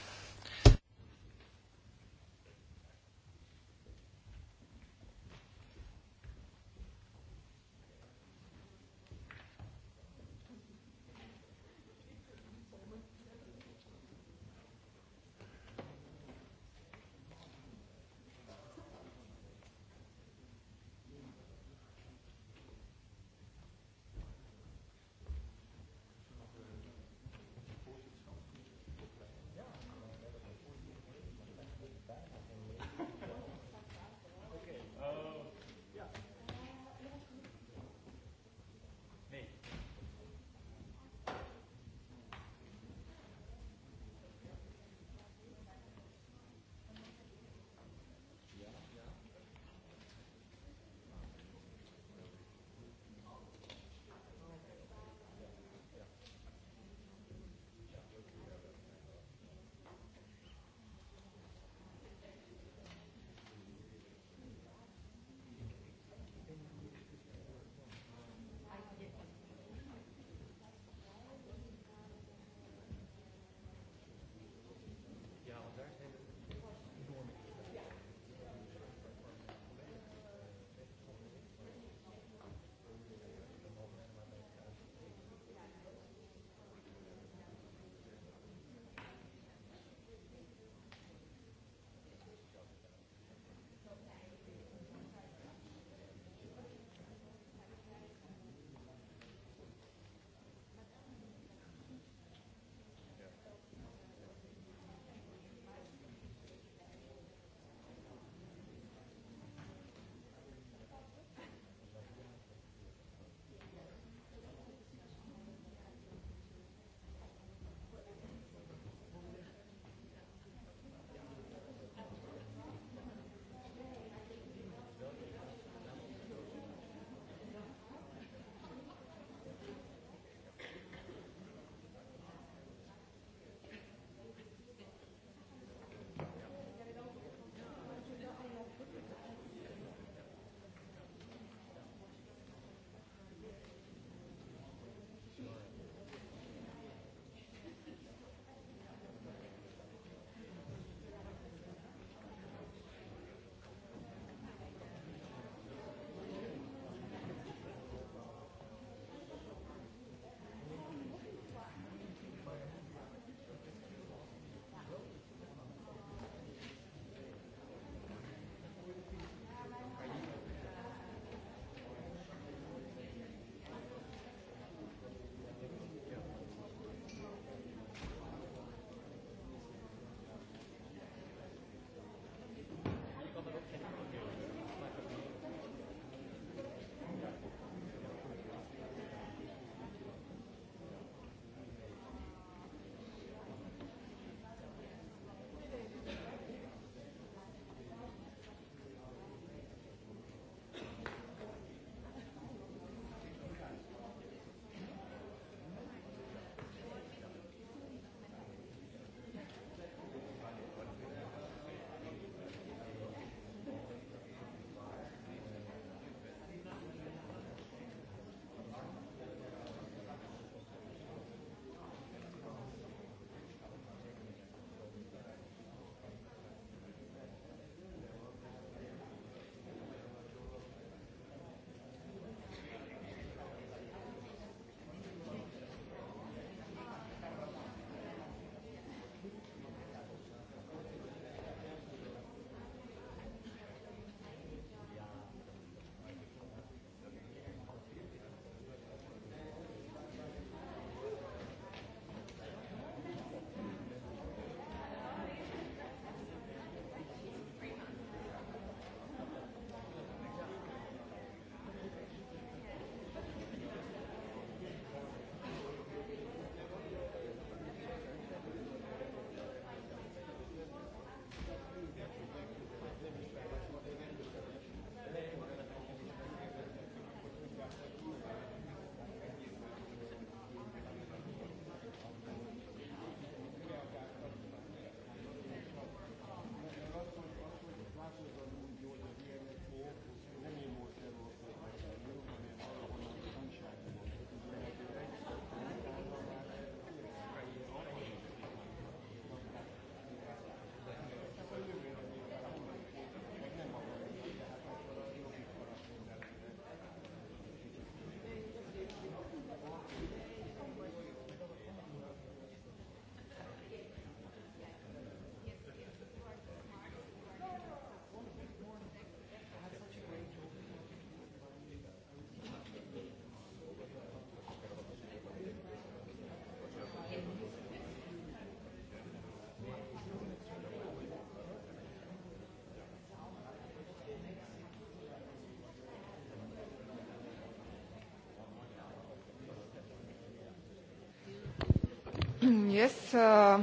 Yes. Uh,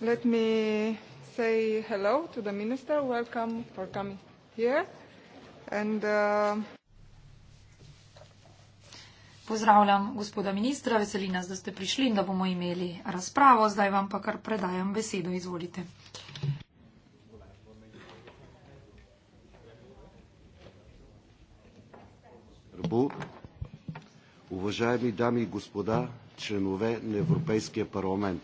let me say hello to the minister. Welcome for coming here. Uh, Pozdravljam gospoda ministra. Veseli nas, da ste prišli in da bomo imeli razpravo. Zdaj vam pa kar predajam besedo. Izvolite. Uvažajemi dami in gospoda, členove na Evropski parlament.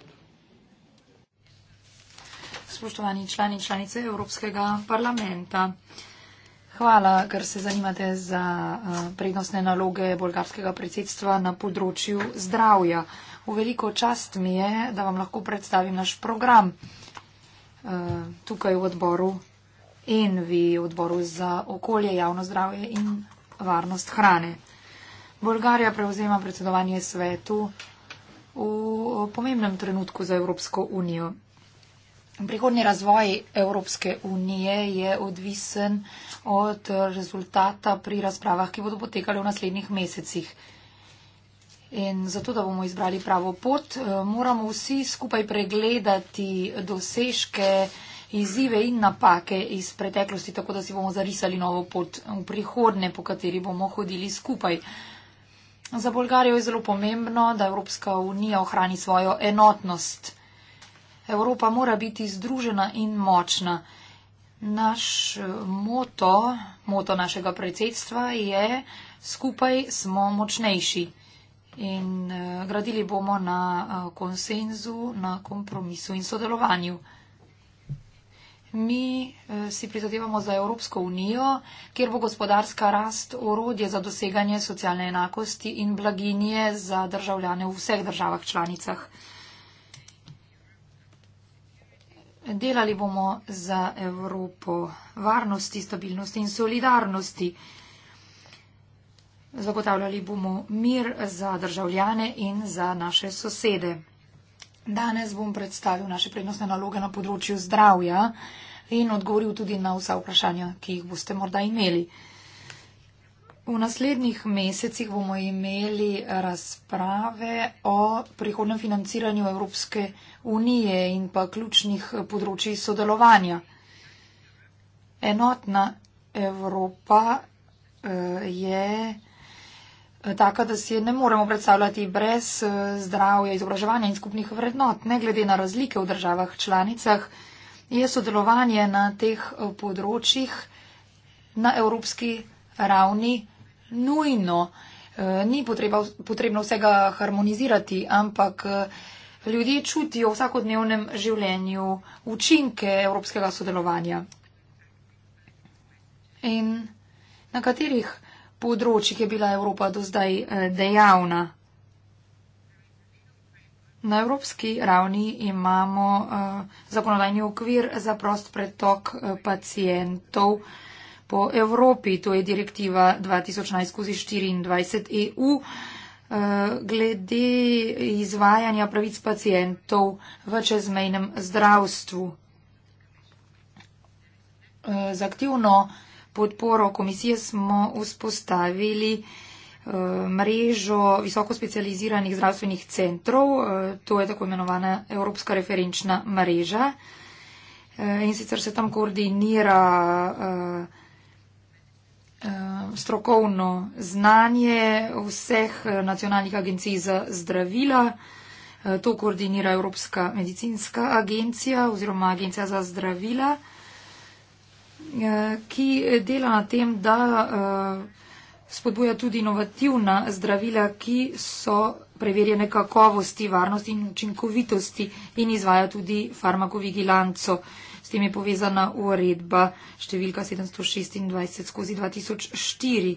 Spoštovani člani in članice Evropskega parlamenta. Hvala, ker se zanimate za eh, prednostne naloge bolgarskega predsedstva na področju zdravja. V veliko čast mi je, da vam lahko predstavim naš program eh, tukaj v odboru in vi v odboru za okolje, javno zdravje in varnost hrane. Bolgarija prevzema predsedovanje svetu v pomembnem trenutku za Evropsko unijo. Prihodni razvoj Evropske unije je odvisen od rezultata pri razpravah, ki bodo potekale v naslednjih mesecih. In zato, da bomo izbrali pravo pot, eh, moramo vsi skupaj pregledati dosežke, izzive in napake iz preteklosti, tako da si bomo zarisali novo pot v prihodne, po kateri bomo hodili skupaj. Za Bolgarijo je zelo pomembno, da Evropska unija ohrani svojo enotnost. Evropa mora biti združena in močna. Naš moto, moto našega predsedstva je skupaj smo močnejši in eh, gradili bomo na eh, konsenzu, na kompromisu in sodelovanju mi eh, si prizadevamo za Evropsko unijo, kjer bo gospodarska rast orodje za doseganje socialne enakosti in blaginje za državljane v vseh državah članicah. Delali bomo za Evropo varnosti, stabilnosti in solidarnosti. Zagotavljali bomo mir za državljane in za naše sosede. Danes bom predstavil naše prednostne naloge na področju zdravja in odgovoril tudi na vsa vprašanja, ki jih boste morda imeli. V naslednjih mesecih bomo imeli razprave o prihodnem financiranju Evropske unije in pa ključnih področji sodelovanja. Enotna Evropa eh, je eh, taka, da si je ne moremo predstavljati brez eh, zdravja, izobraževanja in skupnih vrednot, ne glede na razlike v državah članicah je sodelovanje na teh eh, področjih na evropski ravni nujno. Eh, ni potreba, potrebno vsega harmonizirati, ampak eh, ljudje čutijo v vsakodnevnem življenju učinke evropskega sodelovanja. In na katerih področjih je bila Evropa do zdaj dejavna? Na evropski ravni imamo uh, zakonodajni okvir za prost pretok uh, eh, pacijentov po Evropi, to je direktiva 2014-24 EU. E eh, glede izvajanja pravic pacijentov v čezmejnem zdravstvu. Z aktivno podporo komisije smo vzpostavili mrežo visoko specializiranih zdravstvenih centrov, eh, to je tako imenovana Evropska referenčna mreža. Eh, in sicer se tam koordinira eh, strokovno znanje vseh nacionalnih agencij za zdravila. To koordinira Evropska medicinska agencija oziroma Agencija za zdravila, ki dela na tem, da spodbuja tudi inovativna zdravila, ki so preverjene kakovosti, varnosti in učinkovitosti in izvaja tudi farmakovigilanco. S tem je povezana uredba številka 726 skozi 2004.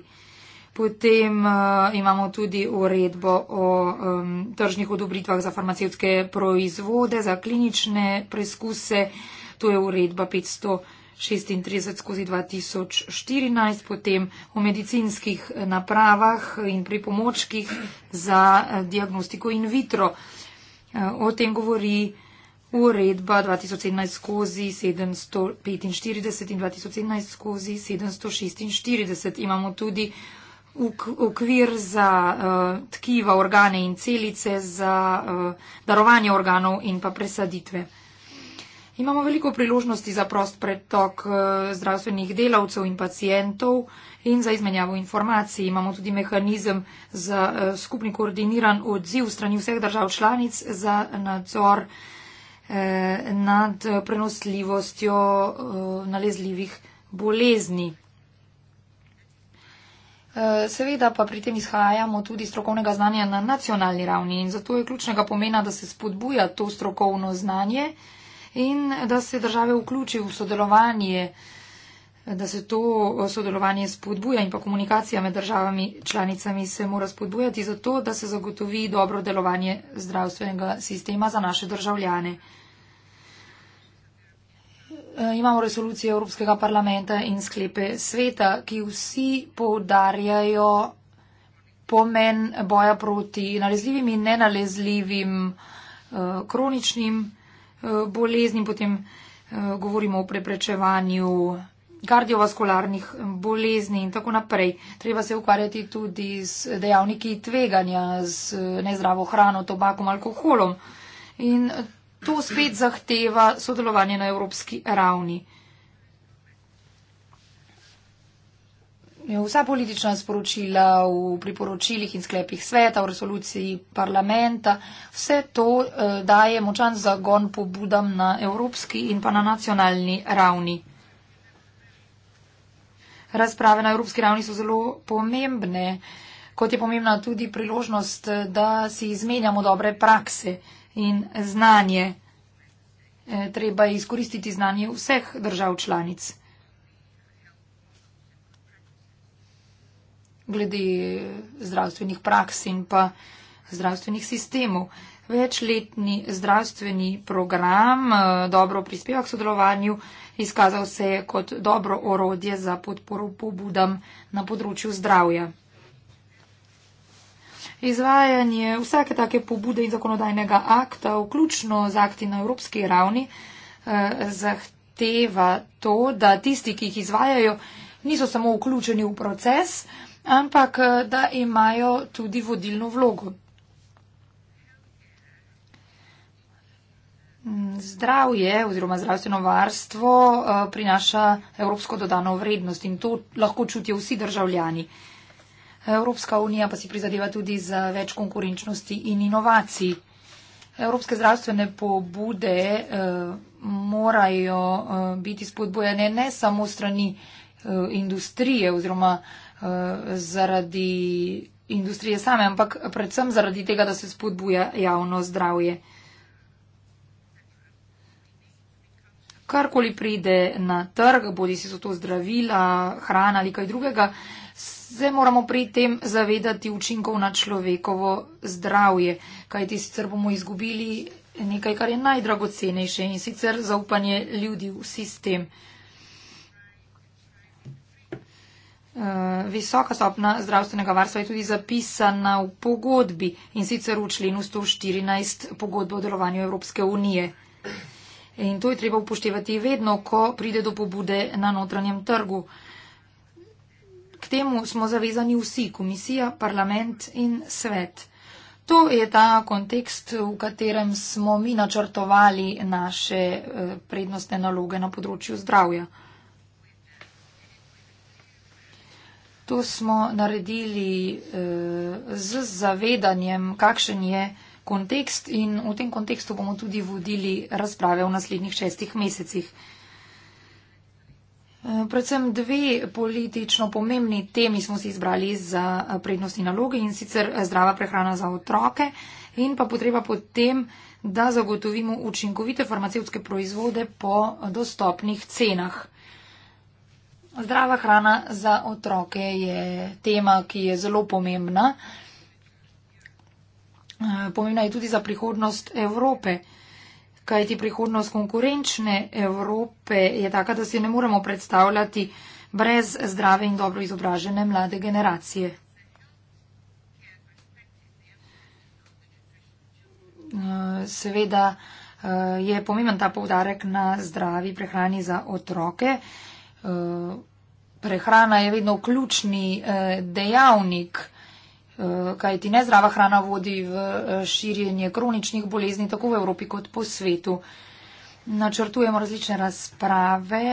Potem uh, imamo tudi uredbo o um, tržnih odobritvah za farmacevtske proizvode, za klinične preskuse. To je uredba 500. 36 skozi 2014, potem o medicinskih eh, napravah eh, in pripomočkih za eh, diagnostiko in vitro. O tem govori uredba 2017 skozi 745 in 2017 skozi 746. Imamo tudi okvir za uh, tkiva, organe in celice, za uh, darovanje organov in pa presaditve. Imamo veliko priložnosti za prost pretok eh, zdravstvenih delavcev in pacijentov in za izmenjavo informacij. Imamo tudi mehanizem za eh, skupni koordiniran odziv strani vseh držav članic za nadzor eh, nad prenosljivostjo nalezljivih bolezni. Seveda pa pri tem izhajamo tudi strokovnega znanja na nacionalni ravni in zato je ključnega pomena, da se spodbuja to strokovno znanje, in da se države vključijo v sodelovanje, da se to sodelovanje spodbuja in pa komunikacija med državami članicami se mora spodbujati zato, da se zagotovi dobro delovanje zdravstvenega sistema za naše državljane. E, imamo resolucije Evropskega parlamenta in sklepe sveta, ki vsi poudarjajo pomen boja proti nalezljivim in nenalezljivim e, kroničnim bolezni, potem eh, govorimo o preprečevanju kardiovaskularnih eh, bolezni in tako naprej. Treba se ukvarjati tudi z dejavniki tveganja, z eh, nezdravo hrano, tobakom, alkoholom. In to spet zahteva sodelovanje na evropski ravni. Eh, vsa politična sporočila v priporočilih in sklepih sveta, v resoluciji parlamenta, vse to eh, daje močan zagon pobudam na evropski in pa na nacionalni ravni. Razprave na evropski ravni so zelo pomembne, kot je pomembna tudi priložnost, eh, da si izmenjamo dobre prakse in znanje. Treba izkoristiti znanje vseh držav članic. glede zdravstvenih praks in pa zdravstvenih sistemov. Večletni zdravstveni program eh, dobro prispeva k sodelovanju, izkazal se je kot dobro orodje za podporo pobudam na področju zdravja. Izvajanje vsake take pobude in zakonodajnega akta, vključno z akti na evropski ravni, eh, zahteva to, da tisti, ki jih izvajajo, niso samo vključeni v proces, ampak eh, da imajo tudi vodilno vlogo. Mm, zdravje oziroma zdravstveno varstvo eh, prinaša evropsko dodano vrednost in to lahko čutijo vsi državljani. Evropska unija pa si prizadeva tudi za več konkurenčnosti in inovacij. Evropske zdravstvene pobude eh, morajo biti spodbojene ne samo strani industrije oziroma Eh, zaradi industrije same, ampak predvsem zaradi tega, da se spodbuja javno zdravje. Karkoli pride na trg, bodi si so to zdravila, hrana ali kaj drugega, se moramo pri tem zavedati učinkov na človekovo zdravje, kajti sicer bomo izgubili nekaj, kar je najdragocenejše in sicer zaupanje ljudi v sistem. Eh, visoka stopna zdravstvenega varstva je tudi zapisana v pogodbi in sicer v členu 114 pogodbe o delovanju Evropske unije. In to je treba upoštevati vedno, ko pride do pobude na notranjem trgu. K temu smo zavezani vsi, komisija, parlament in svet. To je ta kontekst, v katerem smo mi načrtovali naše eh, prednostne naloge na področju zdravja. To smo naredili eh, z zavedanjem, kakšen je kontekst in v tem kontekstu bomo tudi vodili razprave v naslednjih šestih mesecih. Eh, predvsem dve politično pomembni temi smo si izbrali za eh, prednostni naloge in sicer eh, zdrava prehrana za otroke in pa potreba po tem, da zagotovimo učinkovite farmacevtske proizvode po dostopnih cenah. Zdrava hrana za otroke je tema, ki je zelo pomembna. Eh, pomembna je tudi za prihodnost Evrope, kajti prihodnost konkurenčne Evrope je taka, da si ne moremo predstavljati brez zdrave in dobro izobražene mlade generacije. Eh, seveda eh, je pomemben ta povdarek na zdravi prehrani za otroke. Eh, prehrana je vedno ključni eh, dejavnik, eh, kaj ti nezdrava hrana vodi v širjenje kroničnih bolezni tako v Evropi kot po svetu. Načrtujemo različne razprave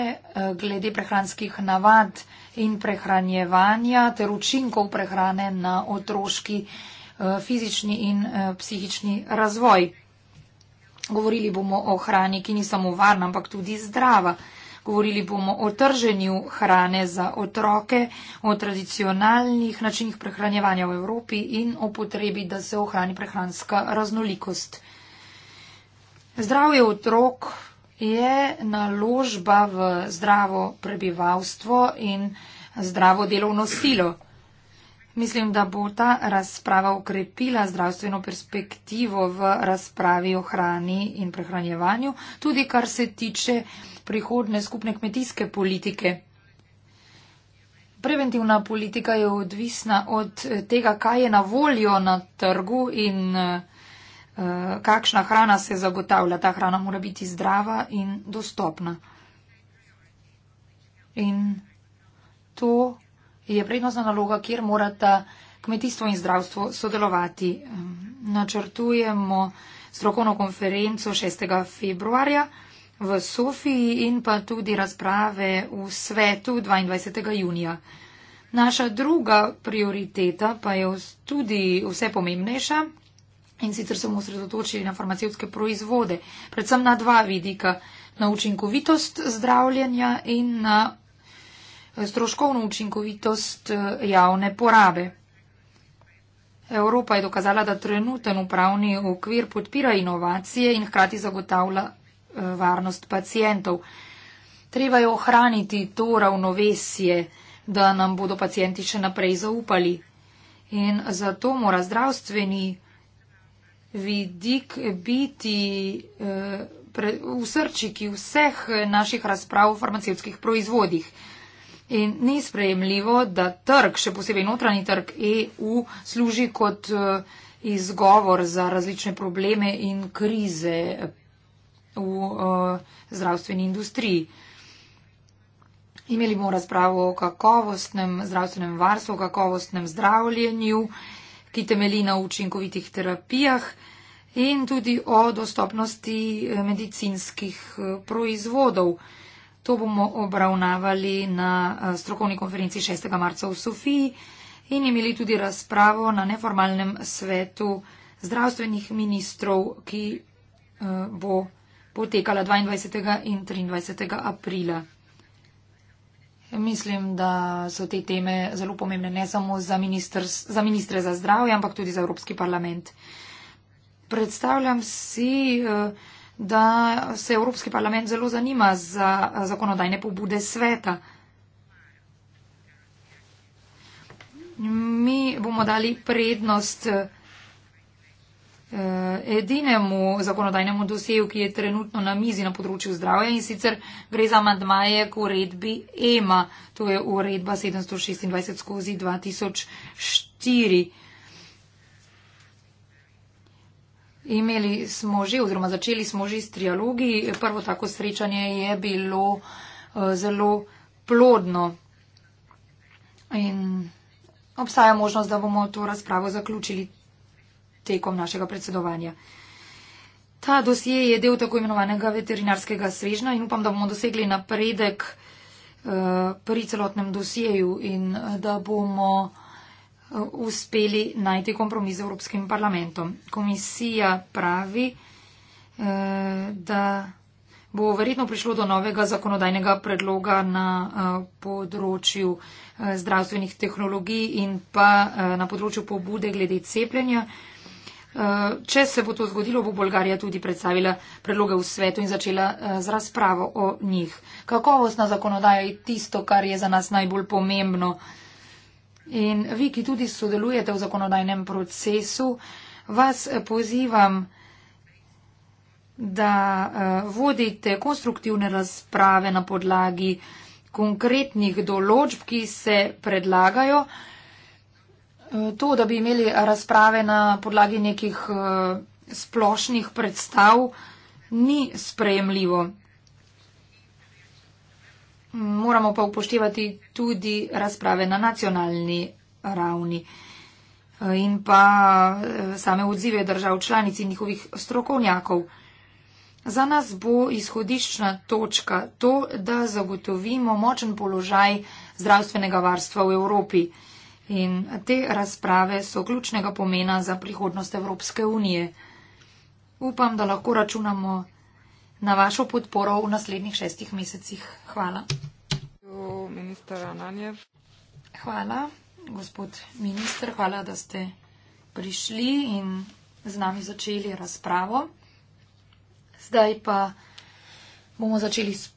glede prehranskih navad in prehranjevanja ter učinkov prehrane na otroški fizični in psihični razvoj. Govorili bomo o hrani, ki ni samo varna, ampak tudi zdrava. Govorili bomo o trženju hrane za otroke, o tradicionalnih načinih prehranjevanja v Evropi in o potrebi, da se ohrani prehranska raznolikost. Zdravje otrok je naložba v zdravo prebivalstvo in zdravo delovno silo. Mislim, da bo ta razprava okrepila zdravstveno perspektivo v razpravi o hrani in prehranjevanju, tudi kar se tiče prihodne skupne kmetijske politike. Preventivna politika je odvisna od eh, tega, kaj je na voljo na trgu in eh, eh, kakšna hrana se zagotavlja. Ta hrana mora biti zdrava in dostopna. In to je prednostna naloga, kjer morata kmetijstvo in zdravstvo sodelovati. Ehm, načrtujemo strokovno konferenco 6. februarja v Sofiji in pa tudi razprave v svetu 22. junija. Naša druga prioriteta pa je tudi vse pomembnejša in sicer smo osredotočili na farmacevtske proizvode, predvsem na dva vidika, na učinkovitost zdravljenja in na eh, stroškovno učinkovitost eh, javne porabe. Evropa je dokazala, da trenuten upravni okvir podpira inovacije in hkrati zagotavlja varnost pacijentov. Treba je ohraniti to ravnovesje, da nam bodo pacijenti še naprej zaupali. In zato mora zdravstveni vidik biti eh, v srčiki vseh naših razprav o farmacevskih proizvodih. In ni sprejemljivo, da trg, še posebej notranji trg EU, služi kot eh, izgovor za različne probleme in krize v uh, zdravstveni industriji. Imeli bomo razpravo o kakovostnem zdravstvenem varstvu, o kakovostnem zdravljenju, ki temeli na učinkovitih terapijah in tudi o dostopnosti eh, medicinskih eh, proizvodov. To bomo obravnavali na strokovni konferenci 6. marca v Sofiji in imeli tudi razpravo na neformalnem svetu zdravstvenih ministrov, ki bo potekala 22. in 23. aprila. Mislim, da so te teme zelo pomembne ne samo za, minister, za ministre za zdravje, ampak tudi za Evropski parlament. Predstavljam si, eh, da se Evropski parlament zelo zanima za eh, zakonodajne pobude sveta. Mi bomo dali prednost eh, Eh, edinemu zakonodajnemu dosegu, ki je trenutno na mizi na področju zdravja in sicer gre za mandmaje k uredbi EMA, to je uredba 726 skozi 2004. Imeli smo že oziroma začeli smo že s trialogi, prvo tako srečanje je bilo eh, zelo plodno. In obstaja možnost, da bomo to razpravo zaključili tekom našega predsedovanja. Ta dosje je del tako imenovanega veterinarskega svežna in upam, da bomo dosegli napredek eh, pri celotnem dosjeju in eh, da bomo eh, uspeli najti kompromis z Evropskim parlamentom. Komisija pravi, da bo verjetno prišlo do novega zakonodajnega predloga na področju zdravstvenih tehnologij in pa na področju pobude glede cepljenja. Eh, če se bo to zgodilo, bo Bolgarija tudi predstavila predloge v svetu in začela eh, z razpravo o njih. Kakovostna zakonodaja je tisto, kar je za nas najbolj pomembno. In vi, ki tudi sodelujete v zakonodajnem procesu, vas eh, pozivam, da vodite konstruktivne razprave na podlagi konkretnih določb, ki se predlagajo to, da bi imeli razprave na podlagi nekih eh, splošnih predstav, ni sprejemljivo. Moramo pa upoštevati tudi razprave na nacionalni ravni eh, in pa eh, same odzive držav članic in njihovih strokovnjakov. Za nas bo izhodiščna točka to, da zagotovimo močen položaj zdravstvenega varstva v Evropi. In te razprave so ključnega pomena za prihodnost Evropske unije. Upam, da lahko računamo na vašo podporo v naslednjih šestih mesecih. Hvala. Hvala, gospod minister. Hvala, da ste prišli in z nami začeli razpravo. Zdaj pa bomo začeli s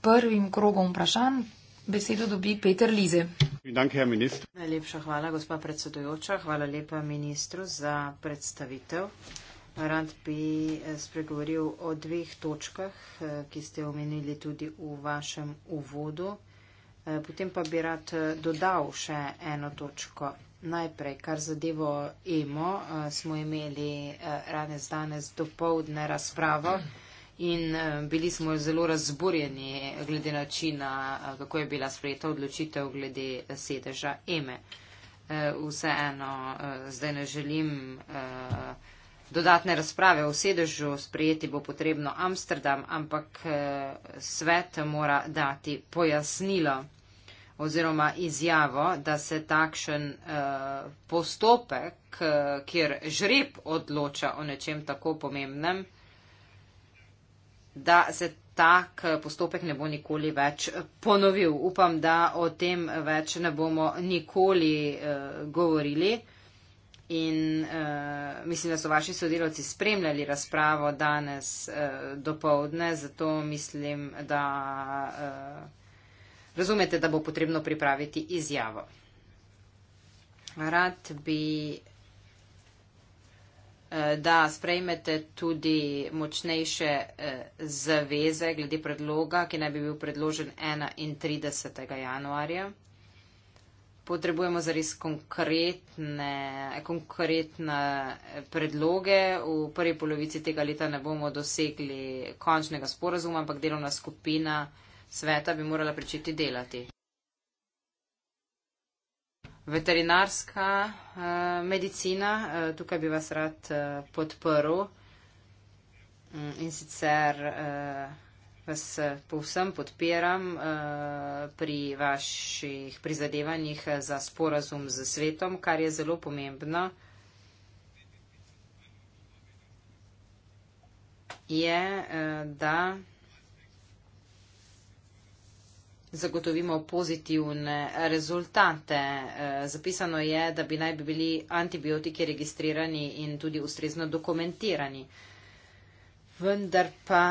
prvim krogom vprašanj. Besedo dobi Peter Lize. Najlepša hvala, gospa predsedujoča. Hvala lepa ministru za predstavitev. Rad bi eh, spregovoril o dveh točkah, eh, ki ste omenili tudi v vašem uvodu. Eh, potem pa bi rad dodal še eno točko. Najprej, kar zadevo EMO, smo imeli danes, danes dopovdne razpravo. Mm in eh, bili smo zelo razburjeni glede načina, eh, kako je bila sprejeta odločitev glede eh, sedeža Eme. Vseeno, zdaj ne želim dodatne razprave o sedežu, sprejeti bo potrebno Amsterdam, ampak svet mora dati pojasnilo oziroma izjavo, da se takšen postopek, kjer žreb odloča o nečem tako pomembnem, da se tak eh, postopek ne bo nikoli več eh, ponovil. Upam, da o tem več ne bomo nikoli uh, govorili. In uh, mislim, da so vaši sodelavci spremljali razpravo danes uh, do povdne, zato mislim, da uh, razumete, da bo potrebno pripraviti izjavo. Rad bi Eh, da sprejmete tudi močnejše eh, zaveze glede predloga, ki naj bi bil predložen 31. januarja. Potrebujemo zares konkretne, konkretne eh, predloge. V prvi polovici tega leta ne bomo dosegli končnega sporazuma, ampak delovna skupina sveta bi morala pričeti delati veterinarska uh, medicina, uh, tukaj bi vas rad uh, podprl um, in sicer uh, vas povsem podpiram uh, pri vaših prizadevanjih za sporazum z svetom, kar je zelo pomembno. Je, uh, da zagotovimo pozitivne rezultate. E, zapisano je, da bi naj bi bili antibiotiki registrirani in tudi ustrezno dokumentirani. Vendar pa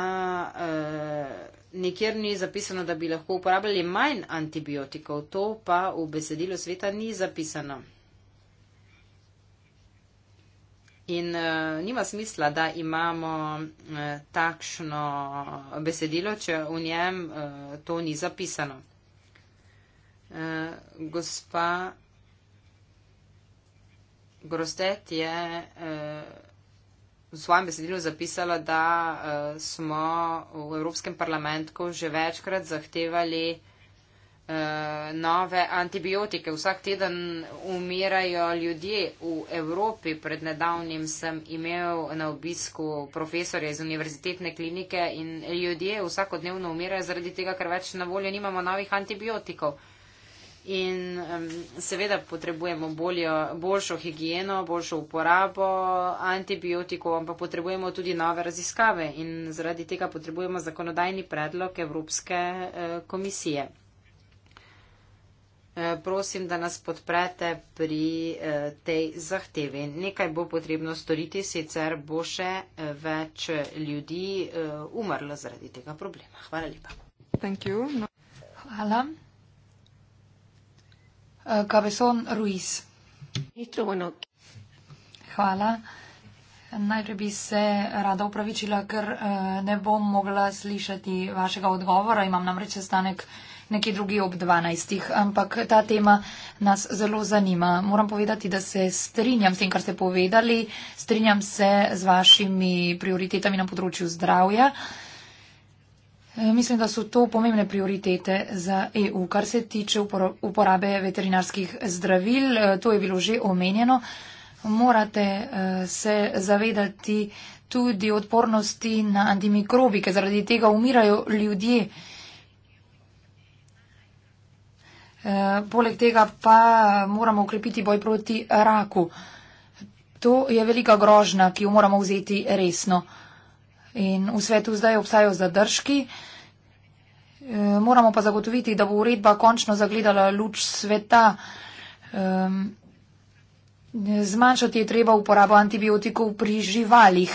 eh, nikjer ni zapisano, da bi lahko uporabljali manj antibiotikov, to pa v besedilu sveta ni zapisano. In uh, nima smisla, da imamo uh, takšno besedilo, če v njem uh, to ni zapisano. Uh, gospa Grostet je uh, v svojem besedilu zapisala, da uh, smo v Evropskem parlamentu že večkrat zahtevali uh, Eh, nove antibiotike. Vsak teden umirajo ljudje v Evropi. Pred nedavnim sem imel na obisku profesorja iz univerzitetne klinike in ljudje vsakodnevno umirajo zaradi tega, ker več na voljo nimamo novih antibiotikov. In um, seveda potrebujemo boljo, boljšo higieno, boljšo uporabo antibiotikov, ampak potrebujemo tudi nove raziskave in zaradi tega potrebujemo zakonodajni predlog Evropske uh, komisije. Eh, prosim, da nas podprete pri eh, tej zahtevi. Nekaj bo potrebno storiti, sicer bo še eh, več ljudi umrlo zaradi tega problema. Hvala lepa. No. Hvala. Gabeson Ruiz. Hvala. Najprej bi se rada upravičila, ker ne bom mogla slišati vašega odgovora. Imam namreč sestanek nekje drugi ob 12. Ampak ta tema nas zelo zanima. Moram povedati, da se strinjam s tem, kar ste povedali, strinjam se z vašimi prioritetami na področju zdravja. E, mislim, da so to pomembne prioritete za EU, kar se tiče uporabe veterinarskih zdravil. E, to je bilo že omenjeno. Morate e, se zavedati tudi odpornosti na antimikrobike. Zaradi tega umirajo ljudje. Eh, poleg tega pa moramo ukrepiti boj proti raku. To je velika grožna, ki jo moramo vzeti resno. In v svetu zdaj obstajajo zadržki. Eh, moramo pa zagotoviti, da bo uredba končno zagledala luč sveta. Ehm, zmanjšati je treba uporabo antibiotikov pri živalih.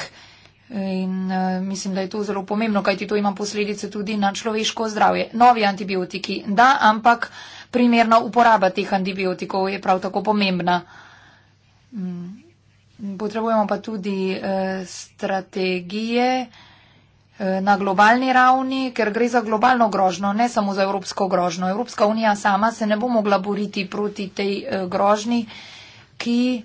In eh, mislim, da je to zelo pomembno, kajti to ima posledice tudi na človeško zdravje. Novi antibiotiki, da, ampak primerna uporaba teh antibiotikov je prav tako pomembna. Mm. Potrebujemo pa tudi eh, strategije eh, na globalni ravni, ker gre za globalno grožno, ne samo za evropsko grožno. Evropska unija sama se ne bo mogla boriti proti tej eh, grožni, ki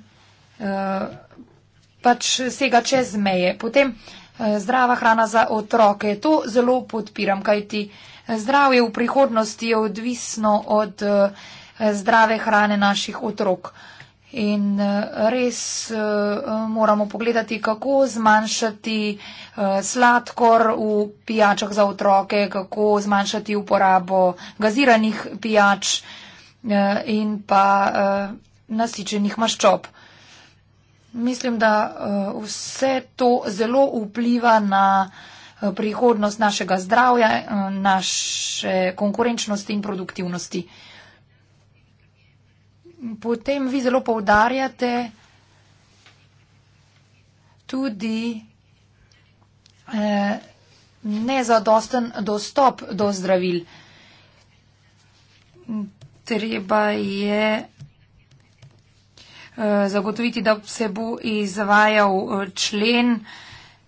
pač sega čez meje. Potem zdrava hrana za otroke. To zelo podpiram, kajti. Zdravje v prihodnosti je odvisno od eh, zdrave hrane naših otrok. In eh, res eh, moramo pogledati, kako zmanjšati sladkor v pijačah za otroke, kako zmanjšati uporabo gaziranih pijač in pa nasičenih maščob. Mislim, da vse to zelo vpliva na Eh, prihodnost našega zdravja, eh, naše konkurenčnosti in produktivnosti. Potem vi zelo poudarjate tudi eh, nezadosten dostop do zdravil. Treba je zagotoviti, da se bo izvajal člen zdravil,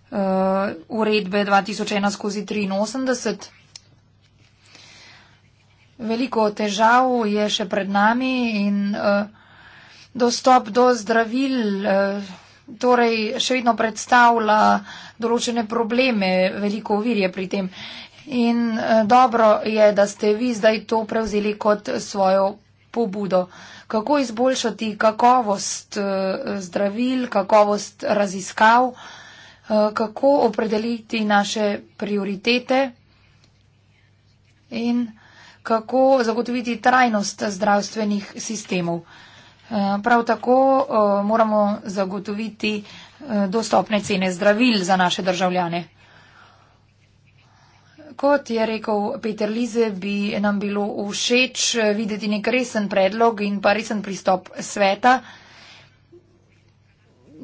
Uh, uredbe 2001 skozi 83. Veliko težav je še pred nami in uh, dostop do zdravil uh, torej še vedno predstavlja določene probleme, veliko ovirje pri tem. In uh, dobro je, da ste vi zdaj to prevzeli kot svojo pobudo. Kako izboljšati kakovost uh, zdravil, kakovost raziskav? Uh, Eh, kako opredeliti naše prioritete in kako zagotoviti trajnost zdravstvenih sistemov. Eh, prav tako eh, moramo zagotoviti dostopne cene zdravil za naše državljane. Kot je rekel Peter Lize, bi nam bilo všeč videti nek resen predlog in pa resen pristop sveta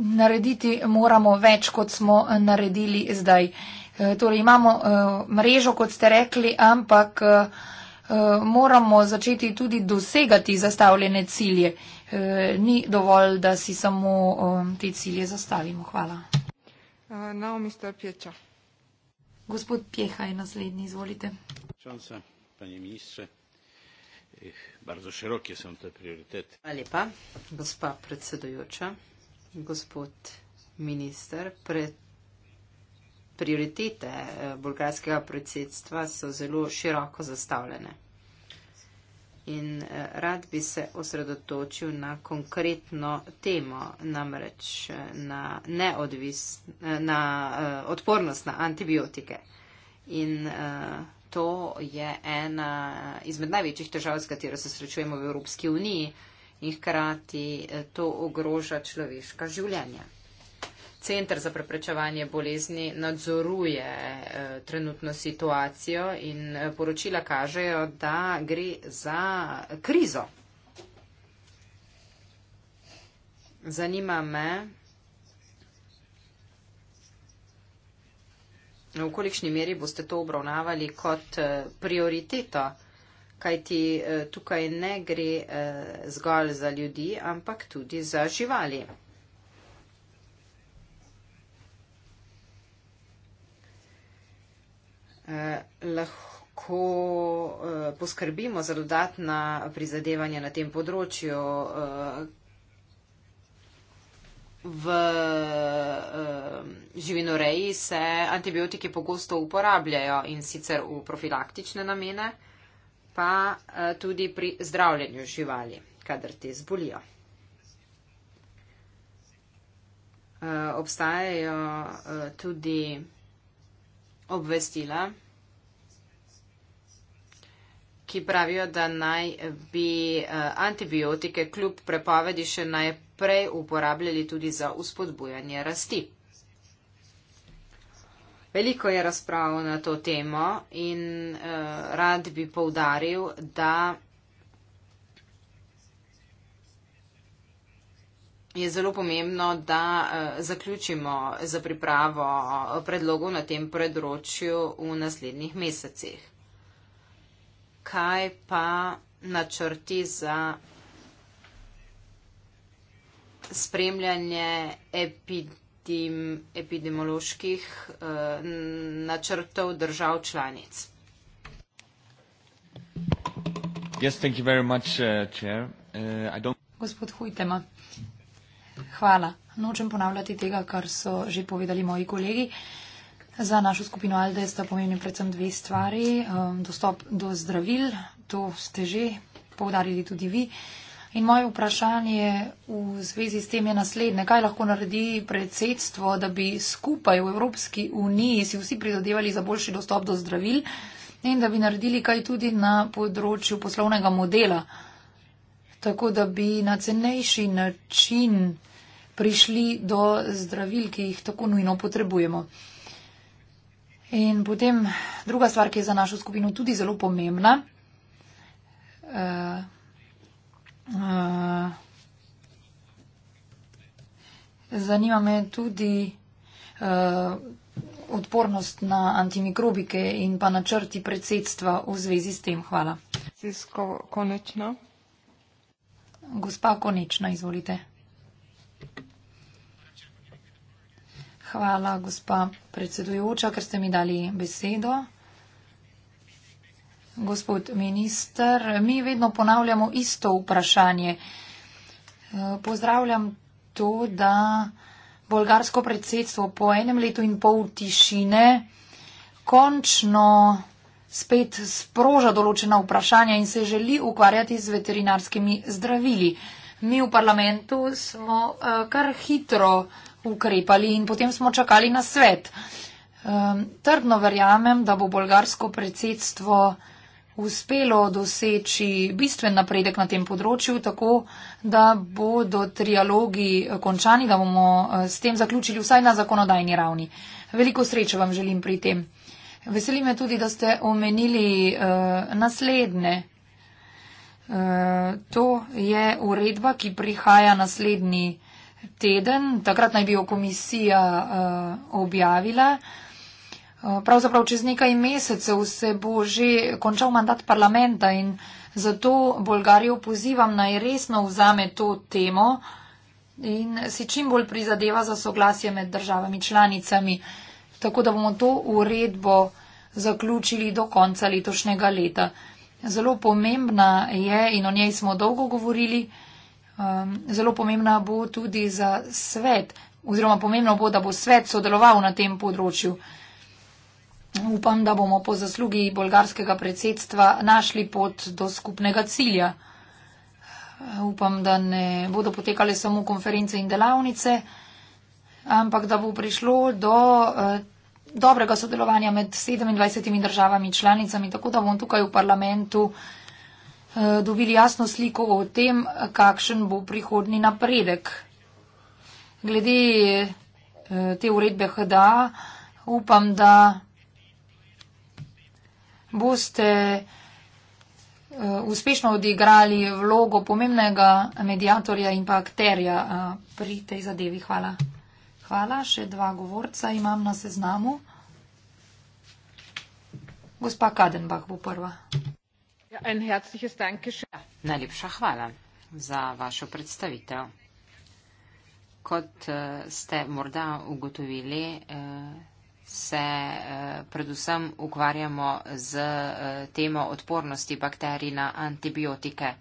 narediti moramo več, kot smo naredili zdaj. E, torej imamo e, mrežo, kot ste rekli, ampak e, moramo začeti tudi dosegati zastavljene cilje. Ni dovolj, da si samo te cilje zastavimo. Hvala. Naomi Starpječa. Gospod Pjeha je naslednji, izvolite. Čansa, panje ministre. Eh, bardzo szerokie są te priorytety. Ale pa, gospa predsedująca gospod minister, pred prioritete eh, bolgarskega predsedstva so zelo široko zastavljene. In eh, rad bi se osredotočil na konkretno temo, namreč eh, na, neodvis, na odpornost na antibiotike. In to je ena izmed največjih težav, s katero se srečujemo v Evropski uniji, in hkrati eh, to ogroža človeška življenja. Centr za preprečevanje bolezni nadzoruje eh, trenutno situacijo in eh, poročila kažejo, da gre za krizo. Zanima me, v kolikšni meri boste to obravnavali kot prioriteto kajti eh, tukaj ne gre eh, zgolj za ljudi, ampak tudi za živali. Eh, lahko poskrbimo za dodatna prizadevanja na tem področju. V živinoreji se antibiotiki pogosto uporabljajo in sicer v profilaktične namene pa eh, tudi pri zdravljenju živali, kadar te zbolijo. Eh, obstajajo eh, tudi obvestila, ki pravijo, da naj bi antibiotike kljub prepovedi še najprej uporabljali tudi za uspodbujanje rasti. Veliko je razprav na to temo in uh, rad bi povdaril, da je zelo pomembno, da uh, zaključimo za pripravo predlogov na tem predročju v naslednjih mesecih. Kaj pa načrti za spremljanje epidemije? tim epidemioloških eh, načrtov držav članic. Yes, thank you very much, uh, chair. Uh, I don't... Gospod Hujtema, hvala. Nočem ponavljati tega, kar so že povedali moji kolegi. Za našo skupino ALDE sta pomembni predvsem dve stvari. Um, dostop do zdravil, to ste že poudarili tudi vi. Uh, In moje vprašanje v zvezi s tem je naslednje. Kaj lahko naredi predsedstvo, da bi skupaj v Evropski uniji si vsi pridodevali za boljši dostop do zdravil in da bi naredili kaj tudi na področju poslovnega modela, tako da bi na cenejši način prišli do zdravil, ki jih tako nujno potrebujemo. In potem druga stvar, ki je za našo skupino tudi zelo pomembna. Uh, Eh, zanima me tudi uh, odpornost na antimikrobike in pa načrti predsedstva v zvezi s tem. Hvala. Sisko konečno. Gospa konečno, izvolite. Hvala, gospa predsedujoča, ker ste mi dali besedo. Gospod minister, mi vedno ponavljamo isto vprašanje. E, pozdravljam to, da bolgarsko predsedstvo po enem letu in pol tišine končno spet sproža določena vprašanja in se želi ukvarjati z veterinarskimi zdravili. Mi v parlamentu smo e, kar hitro ukrepali in potem smo čakali na svet. E, trdno verjamem, da bo bolgarsko predsedstvo uspelo doseči bistven napredek na tem področju, tako da bodo trialogi eh, končani, da bomo eh, s tem zaključili vsaj na zakonodajni ravni. Veliko sreče vam želim pri tem. Veseli me tudi, da ste omenili uh, naslednje. Uh, to je uredba, ki prihaja naslednji teden. Takrat naj bi jo komisija uh, objavila. Uh, Pravzaprav čez nekaj mesecev se bo že končal mandat parlamenta in zato Bolgarijo pozivam naj resno vzame to temo in si čim bolj prizadeva za soglasje med državami članicami, tako da bomo to uredbo zaključili do konca letošnjega leta. Zelo pomembna je in o njej smo dolgo govorili, um, zelo pomembna bo tudi za svet oziroma pomembno bo, da bo svet sodeloval na tem področju. Upam, da bomo po zaslugi bolgarskega predsedstva našli pot do skupnega cilja. Upam, da ne bodo potekale samo konference in delavnice, ampak da bo prišlo do eh, dobrega sodelovanja med 27 državami članicami, tako da bomo tukaj v parlamentu eh, dobili jasno sliko o tem, kakšen bo prihodni napredek. Glede eh, te uredbe HDA, upam, da boste eh, uspešno odigrali vlogo pomembnega medijatorja in pa akterja eh, pri tej zadevi. Hvala. Hvala. Še dva govorca imam na seznamu. Gospa Kadenbach bo prva. Ja, ja, najlepša hvala za vašo predstavitev. Kot eh, ste morda ugotovili, se eh, predvsem ukvarjamo z eh, temo odpornosti bakterij na antibiotike.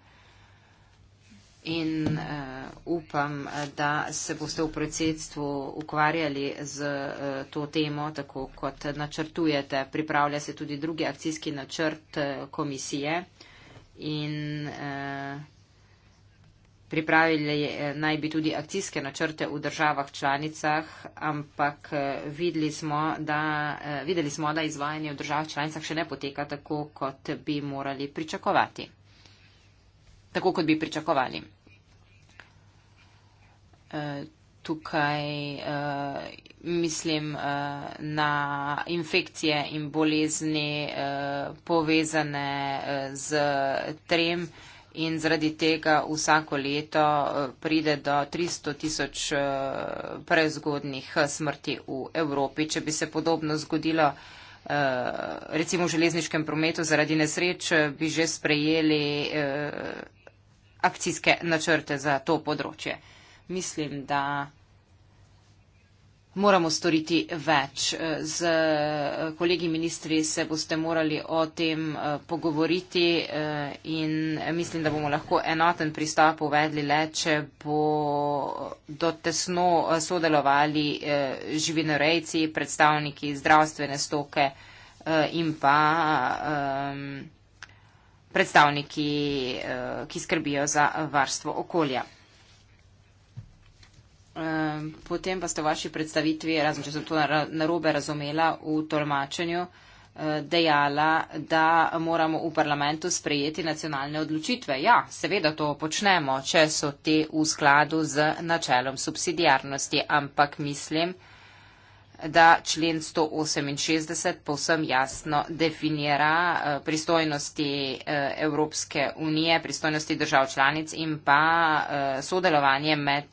In uh, upam, da se boste v predsedstvu ukvarjali z uh, to temo, tako kot načrtujete. Pripravlja se tudi drugi akcijski načrt uh, komisije. In, uh, Pripravili eh, naj bi tudi akcijske načrte v državah članicah, ampak eh, videli smo, da, eh, videli smo, da izvajanje v državah članicah še ne poteka tako, kot bi morali pričakovati. Tako, kot bi pričakovali. Tukaj mislim na infekcije in bolezni povezane z trem in zaradi tega vsako leto eh, pride do 300 tisoč eh, prezgodnih eh, smrti v Evropi. Če bi se podobno zgodilo recimo v železniškem prometu zaradi nesreč, bi že sprejeli akcijske načrte za to področje. Mislim, da moramo storiti več. Eh, Z eh, kolegi ministri se boste morali o tem eh, pogovoriti in mislim, da bomo lahko enoten pristop uvedli le, če bo do tesno sodelovali živinorejci, predstavniki zdravstvene stoke in pa ehm, predstavniki, ki skrbijo za varstvo okolja. Potem pa ste v vaši predstavitvi, razen če sem to narobe razumela, v tolmačenju eh, dejala, da moramo v parlamentu sprejeti nacionalne odločitve. Ja, seveda to počnemo, če so te v skladu z načelom subsidijarnosti, ampak mislim, da člen 168 povsem jasno definira eh, pristojnosti eh, Evropske unije, pristojnosti držav članic in pa eh, sodelovanje med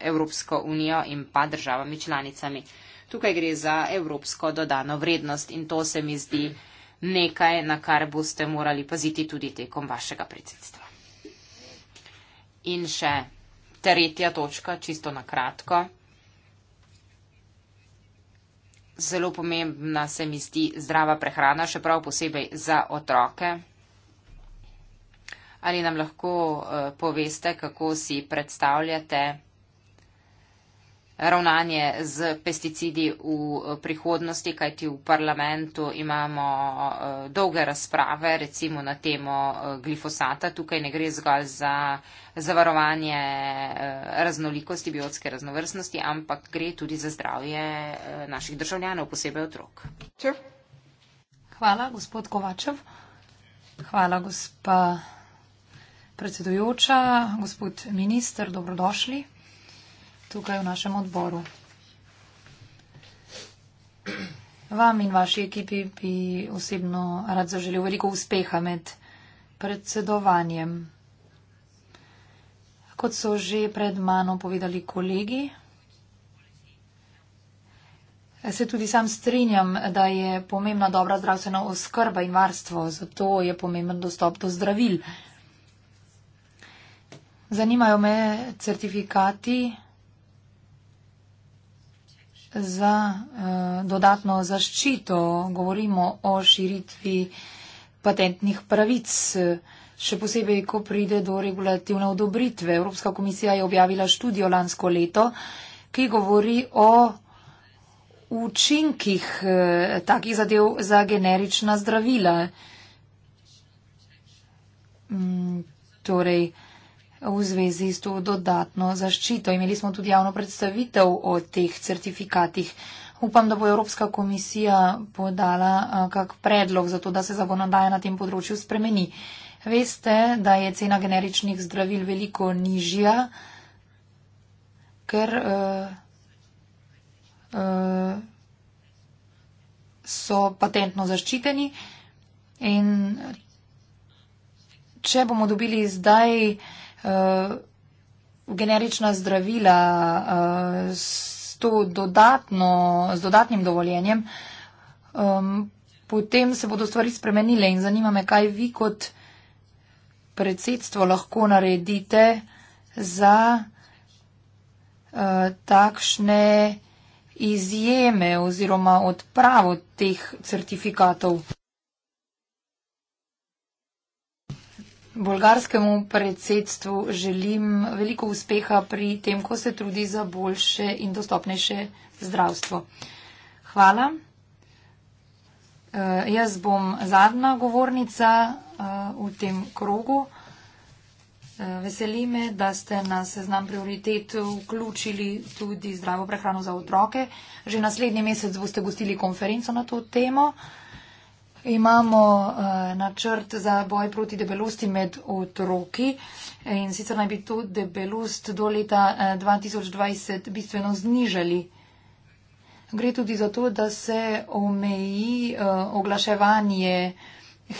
Evropsko unijo in pa državami članicami. Tukaj gre za evropsko dodano vrednost in to se mi zdi nekaj, na kar boste morali paziti tudi tekom vašega predsedstva. In še tretja točka, čisto na kratko zelo pomembna se mi zdi zdrava prehrana, še prav posebej za otroke. Ali nam lahko eh, poveste, kako si predstavljate ravnanje z pesticidi v eh, prihodnosti, kajti v parlamentu imamo eh, dolge razprave, recimo na temo eh, glifosata. Tukaj ne gre zgolj za zavarovanje raznolikosti, biotske raznovrstnosti, ampak gre tudi za zdravje naših državljanov, posebej otrok. Hvala, gospod Kovačev. Hvala, gospa predsedujoča, gospod minister, dobrodošli tukaj v našem odboru. Vam in vaši ekipi bi osebno rad zaželil veliko uspeha med predsedovanjem. Kot so že pred mano povedali kolegi, se tudi sam strinjam, da je pomembna dobra zdravstvena oskrba in varstvo, zato je pomemben dostop do zdravil. Zanimajo me certifikati za uh, dodatno zaščito. Govorimo o širitvi patentnih pravic, še posebej, ko pride do regulativne odobritve. Evropska komisija je objavila študijo lansko leto, ki govori o učinkih uh, takih zadev za generična zdravila. Mm, torej, uh, v zvezi s to dodatno zaščito. Imeli smo tudi javno predstavitev o teh certifikatih. Upam, da bo Evropska komisija podala kak predlog za to, da se zakonodaja na tem področju spremeni. Veste, da je cena generičnih zdravil veliko nižja, ker uh, uh, so patentno zaščiteni. In če bomo dobili zdaj uh, Eh, generična zdravila eh, s, dodatno, s dodatnim dovoljenjem, potem se bodo stvari spremenile in zanima me, kaj vi kot predsedstvo lahko naredite za eh, takšne izjeme oziroma odpravo teh certifikatov. bolgarskemu predsedstvu želim veliko uspeha pri tem, ko se trudi za boljše in dostopnejše zdravstvo. Hvala. Eh, jaz bom zadnja govornica eh, v tem krogu. Eh, veseli me, da ste na seznam prioritet vključili tudi zdravo prehrano za otroke. Že naslednji mesec boste gostili konferenco na to temo. Imamo uh, načrt za boj proti debelosti med otroki in sicer naj bi to debelost do leta uh, eh, 2020 bistveno znižali. Gre tudi za to, da se omeji uh, oglaševanje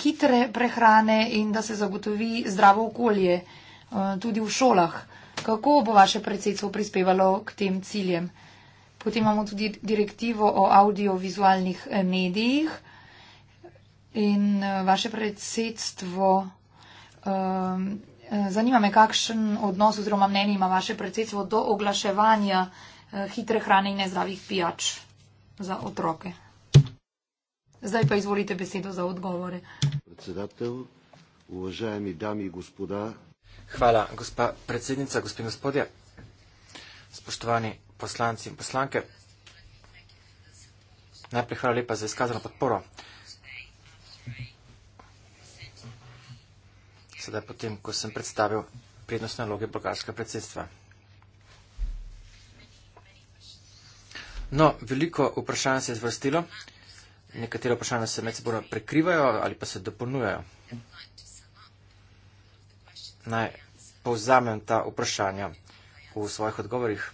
hitre prehrane in da se zagotovi zdravo okolje uh, tudi v šolah. Kako bo vaše predsedstvo prispevalo k tem ciljem? Potem imamo tudi direktivo o audiovizualnih medijih in eh, vaše predsedstvo. Um, zanima me, kakšen odnos oziroma mnenje ima vaše predsedstvo do oglaševanja uh, hitre hrane in nezdravih pijač za otroke. Zdaj pa izvolite besedo za odgovore. Predsedatelj, uvaženi dami in gospoda. Hvala, gospa predsednica, gospod in gospodje, spoštovani poslanci in poslanke. Najprej hvala lepa za izkazano podporo. Uh, sedaj potem, ko sem predstavil prednostne naloge bolgarska predsedstva. No, veliko vprašanj se je zvrstilo, nekatere vprašanja se med seboj prekrivajo ali pa se dopolnjujejo. Naj povzamem ta vprašanja v svojih odgovorih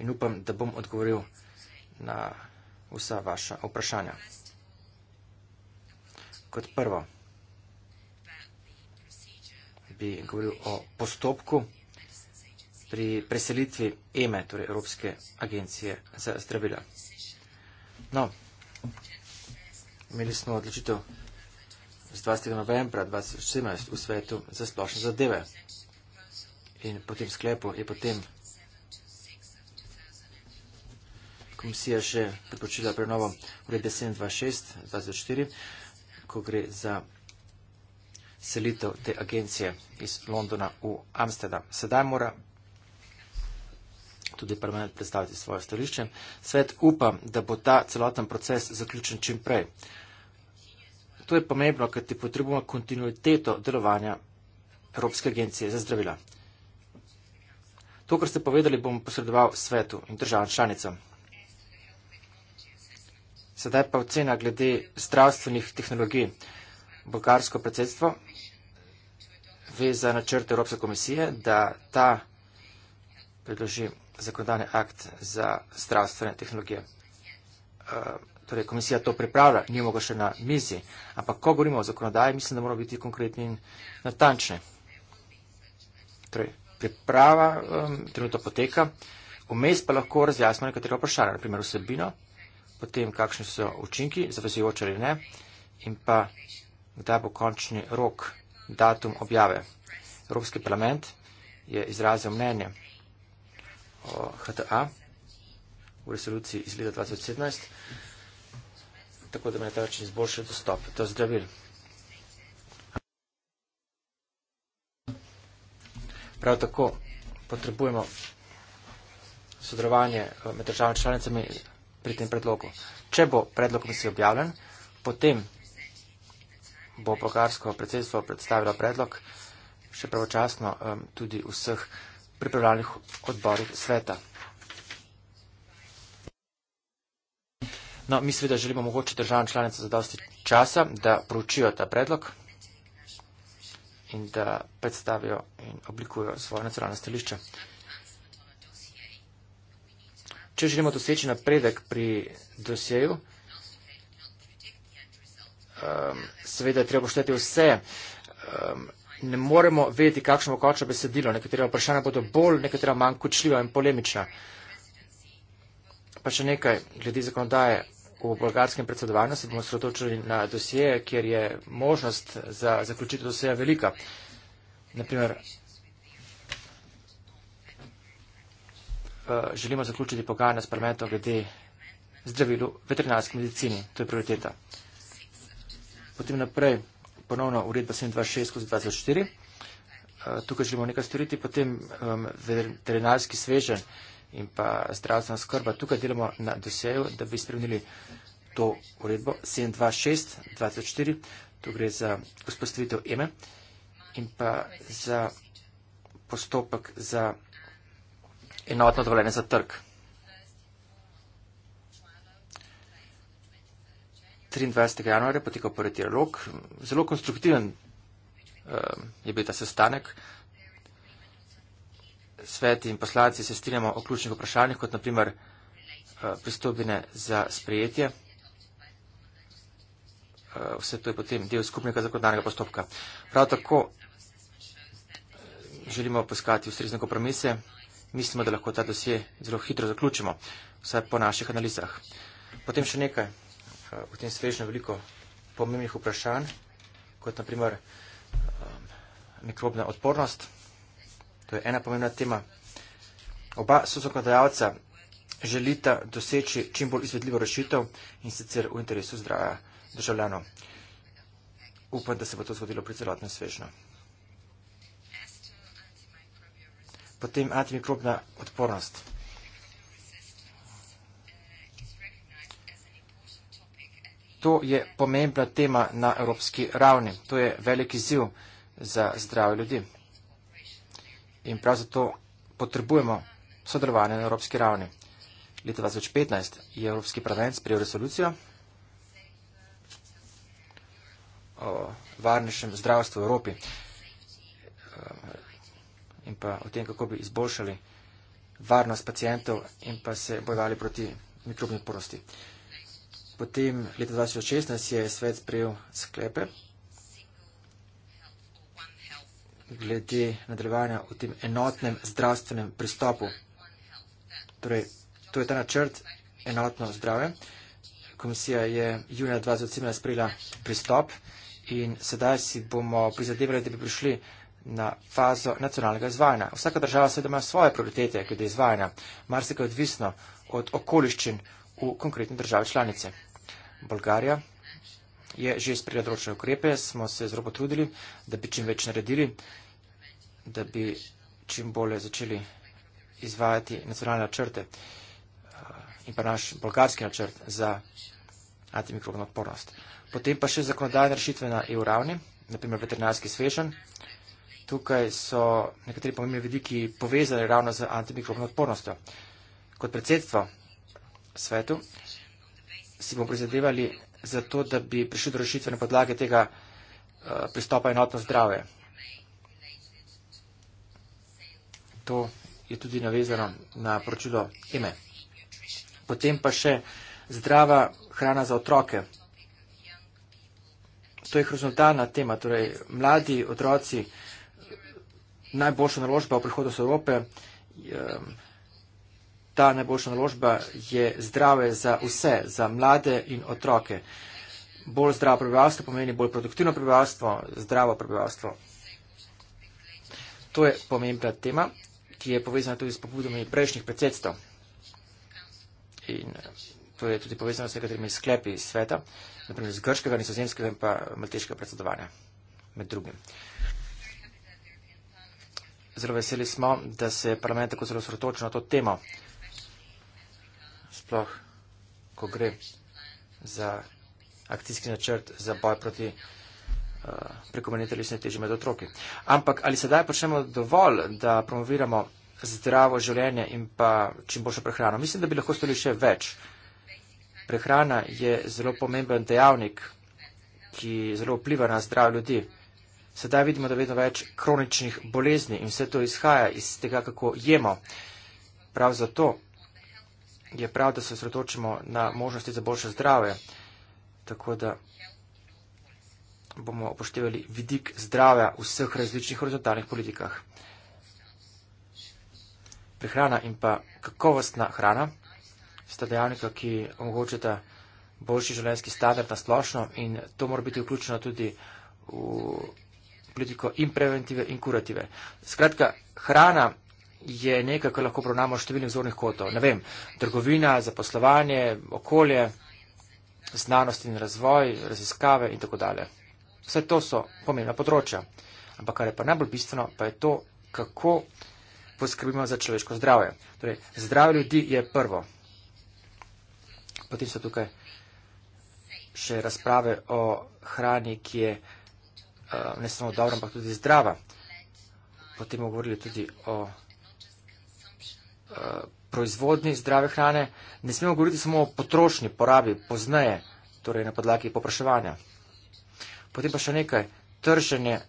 in upam, da bom odgovoril na vsa vaša vprašanja. Kot prvo bi govoril o postopku pri preselitvi EME, e, torej Evropske agencije za zdravila. No, imeli smo odločitev z 20. novembra 2017 v svetu za splošne zadeve. In po tem sklepu je potem komisija še pripočila prenovo ured 726-2024, ko gre za selitev te agencije iz Londona v Amsterdam. Sedaj mora tudi parlament predstaviti svoje stališče. Svet upa, da bo ta celoten proces zaključen čim prej. To je pomembno, ker ti potrebujemo kontinuiteto delovanja Evropske agencije za zdravila. To, kar ste povedali, bom posredoval svetu in državam članicam. Sedaj pa ocena glede zdravstvenih tehnologij. Bolgarsko predsedstvo ve za načrte Evropske komisije, da ta predloži zakonodajni akt za zdravstvene tehnologije. Eh, torej, komisija to pripravlja, ni mogo še na mizi, ampak ko govorimo o zakonodaji, mislim, da moramo biti konkretni in natančni. Torej, priprava trenutno poteka, vmes pa lahko razjasnimo nekatero vprašanje, naprimer vsebino, potem kakšni so učinki, zavezujoče ali ne, in pa kdaj bo končni rok vsebino datum objave. Evropski parlament je izrazil mnenje o HTA v resoluciji iz leta 2017, tako da me je ta račun izboljšal dostop do zdravil. Prav tako potrebujemo sodelovanje eh, med državami članicami pri tem predlogu. Če bo predlog komisije objavljen, potem bo bolgarsko predsedstvo predstavilo predlog še pravočasno um, tudi vseh pripravljalnih odborih sveta. No, mi seveda želimo mogoče državne članice za dosti časa, da proučijo ta predlog in da predstavijo in oblikujo svoje nacionalne stališče. Če želimo doseči napredek pri dosjeju, um, seveda je treba poštejati vse. Um, ne moremo vedeti, kakšno bo končno besedilo. Nekatera vprašanja bodo bolj, nekatera manj kočljiva in polemična. Pa še nekaj glede zakonodaje. V bolgarskem predsedovanju se bomo sredočili na dosije, kjer je možnost za zaključitev dosija velika. Naprimer, eh, želimo zaključiti pogajanja s parlamentom glede zdravilu veterinarske medicine. To je prioriteta. Potem naprej, ponovno uredba 726-2004. Eh, tukaj želimo nekaj storiti. Potem um, veterinarski svežen in pa zdravstvena skrba. Tukaj delamo na doseju, da bi spremenili to uredbo 726-2004. Tu gre za vzpostavitev eme e in pa za postopek za enotno dovoljenje za trg. 23. januarja potekal prvi dialog. Zelo konstruktiven eh, je bil ta sestanek. Svet in poslanci se strinjamo o ključnih vprašanjih, kot naprimer eh, pristopine za sprejetje. Eh, vse to je potem del skupnega zakonodajnega postopka. Prav tako želimo poskati ustrezne kompromise. Mislimo, da lahko ta dosje zelo hitro zaključimo, vsaj po naših analizah. Potem še nekaj. Eh, potem svežno veliko pomembnih vprašanj, kot naprimer mikrobna ehm, odpornost. To je ena pomembna tema. Oba sozakonodajalca želita doseči čim bolj izvedljivo rešitev in sicer v interesu zdravja državljano. Upam, da se bo to zgodilo pri celotnem svežno. Potem antimikrobna odpornost. to je pomembna tema na evropski ravni. To je veliki ziv za zdrave ljudi. In prav zato potrebujemo sodelovanje na evropski ravni. Leta 2015 je Evropski parlament sprejel resolucijo o varnejšem zdravstvu v Evropi eh, in pa o tem, kako bi izboljšali varnost pacijentov in pa se bojevali proti mikrobni porosti. Potem leta 2016 je svet sprejel sklepe glede nadaljevanja v tem enotnem zdravstvenem pristopu. Torej, to je ta načrt enotno zdrave. Komisija je junija 2017 sprejela pristop in sedaj si bomo prizadevali, da bi prišli na fazo nacionalnega izvajanja. Vsaka država seveda ima svoje prioritete glede izvajanja. Mar se je odvisno od okoliščin v konkretni državi članice. Bolgarija je že sprejela določene ukrepe, smo se zelo potrudili, da bi čim več naredili, da bi čim bolje začeli izvajati nacionalne načrte eh, in pa naš bolgarski načrt za antimikrobno odpornost. Potem pa še zakonodajne rešitve na EU ravni, naprimer veterinarski svežen. Tukaj so nekateri pomembni vidiki povezani ravno z antimikrobno odpornostjo. Kot predsedstvo svetu si bomo prizadevali za to, da bi prišli do rešitve na podlage tega eh, pristopa enotno zdrave. To je tudi navezano na poročilo EME. Potem pa še zdrava hrana za otroke. To je horizontalna tema, torej mladi otroci, najboljša naložba v prihodnost Evrope. Eh, ta najboljša naložba je zdrave za vse, za mlade in otroke. Bolj zdravo prebivalstvo pomeni bolj produktivno prebivalstvo, zdravo prebivalstvo. To je pomembna tema, ki je povezana tudi s pobudami prejšnjih predsedstv. In to je tudi povezano s nekaterimi sklepi sveta, naprimer z grškega, nizozemskega in pa maltežkega predsedovanja med drugim. Zelo veseli smo, da se parlament tako zelo srotočno na to temo sploh, ko gre za akcijski načrt za boj proti uh, eh, prekomerni telesni teži med otroki. Ampak ali sedaj počnemo dovolj, da promoviramo zdravo življenje in pa čim boljšo prehrano? Mislim, da bi lahko storili še več. Prehrana je zelo pomemben dejavnik, ki zelo vpliva na zdrav ljudi. Sedaj vidimo, da vedno več kroničnih bolezni in vse to izhaja iz tega, kako jemo. Prav zato je prav, da se osredotočimo na možnosti za boljše zdrave, tako da bomo upoštevali vidik zdravja v vseh različnih horizontalnih politikah. Prihrana in pa kakovostna hrana sta dejavnika, ki omogočata boljši življenjski standard na splošno in to mora biti vključeno tudi v politiko in preventive in kurative. Skratka, hrana je nekaj, kar lahko obravnamo v številnih zornih kotov. Ne vem, trgovina, zaposlovanje, okolje, znanost in razvoj, raziskave in tako dalje. Vse to so pomembna področja. Ampak kar je pa najbolj bistveno, pa je to, kako poskrbimo za človeško zdravje. Torej, zdravje ljudi je prvo. Potem so tukaj še razprave o hrani, ki je uh, ne samo dobra, ampak tudi zdrava. Potem bomo govorili tudi o proizvodnji zdrave hrane, ne smemo govoriti samo o potrošnji, porabi, poznaje, torej na podlagi popraševanja. Potem pa še nekaj, trženje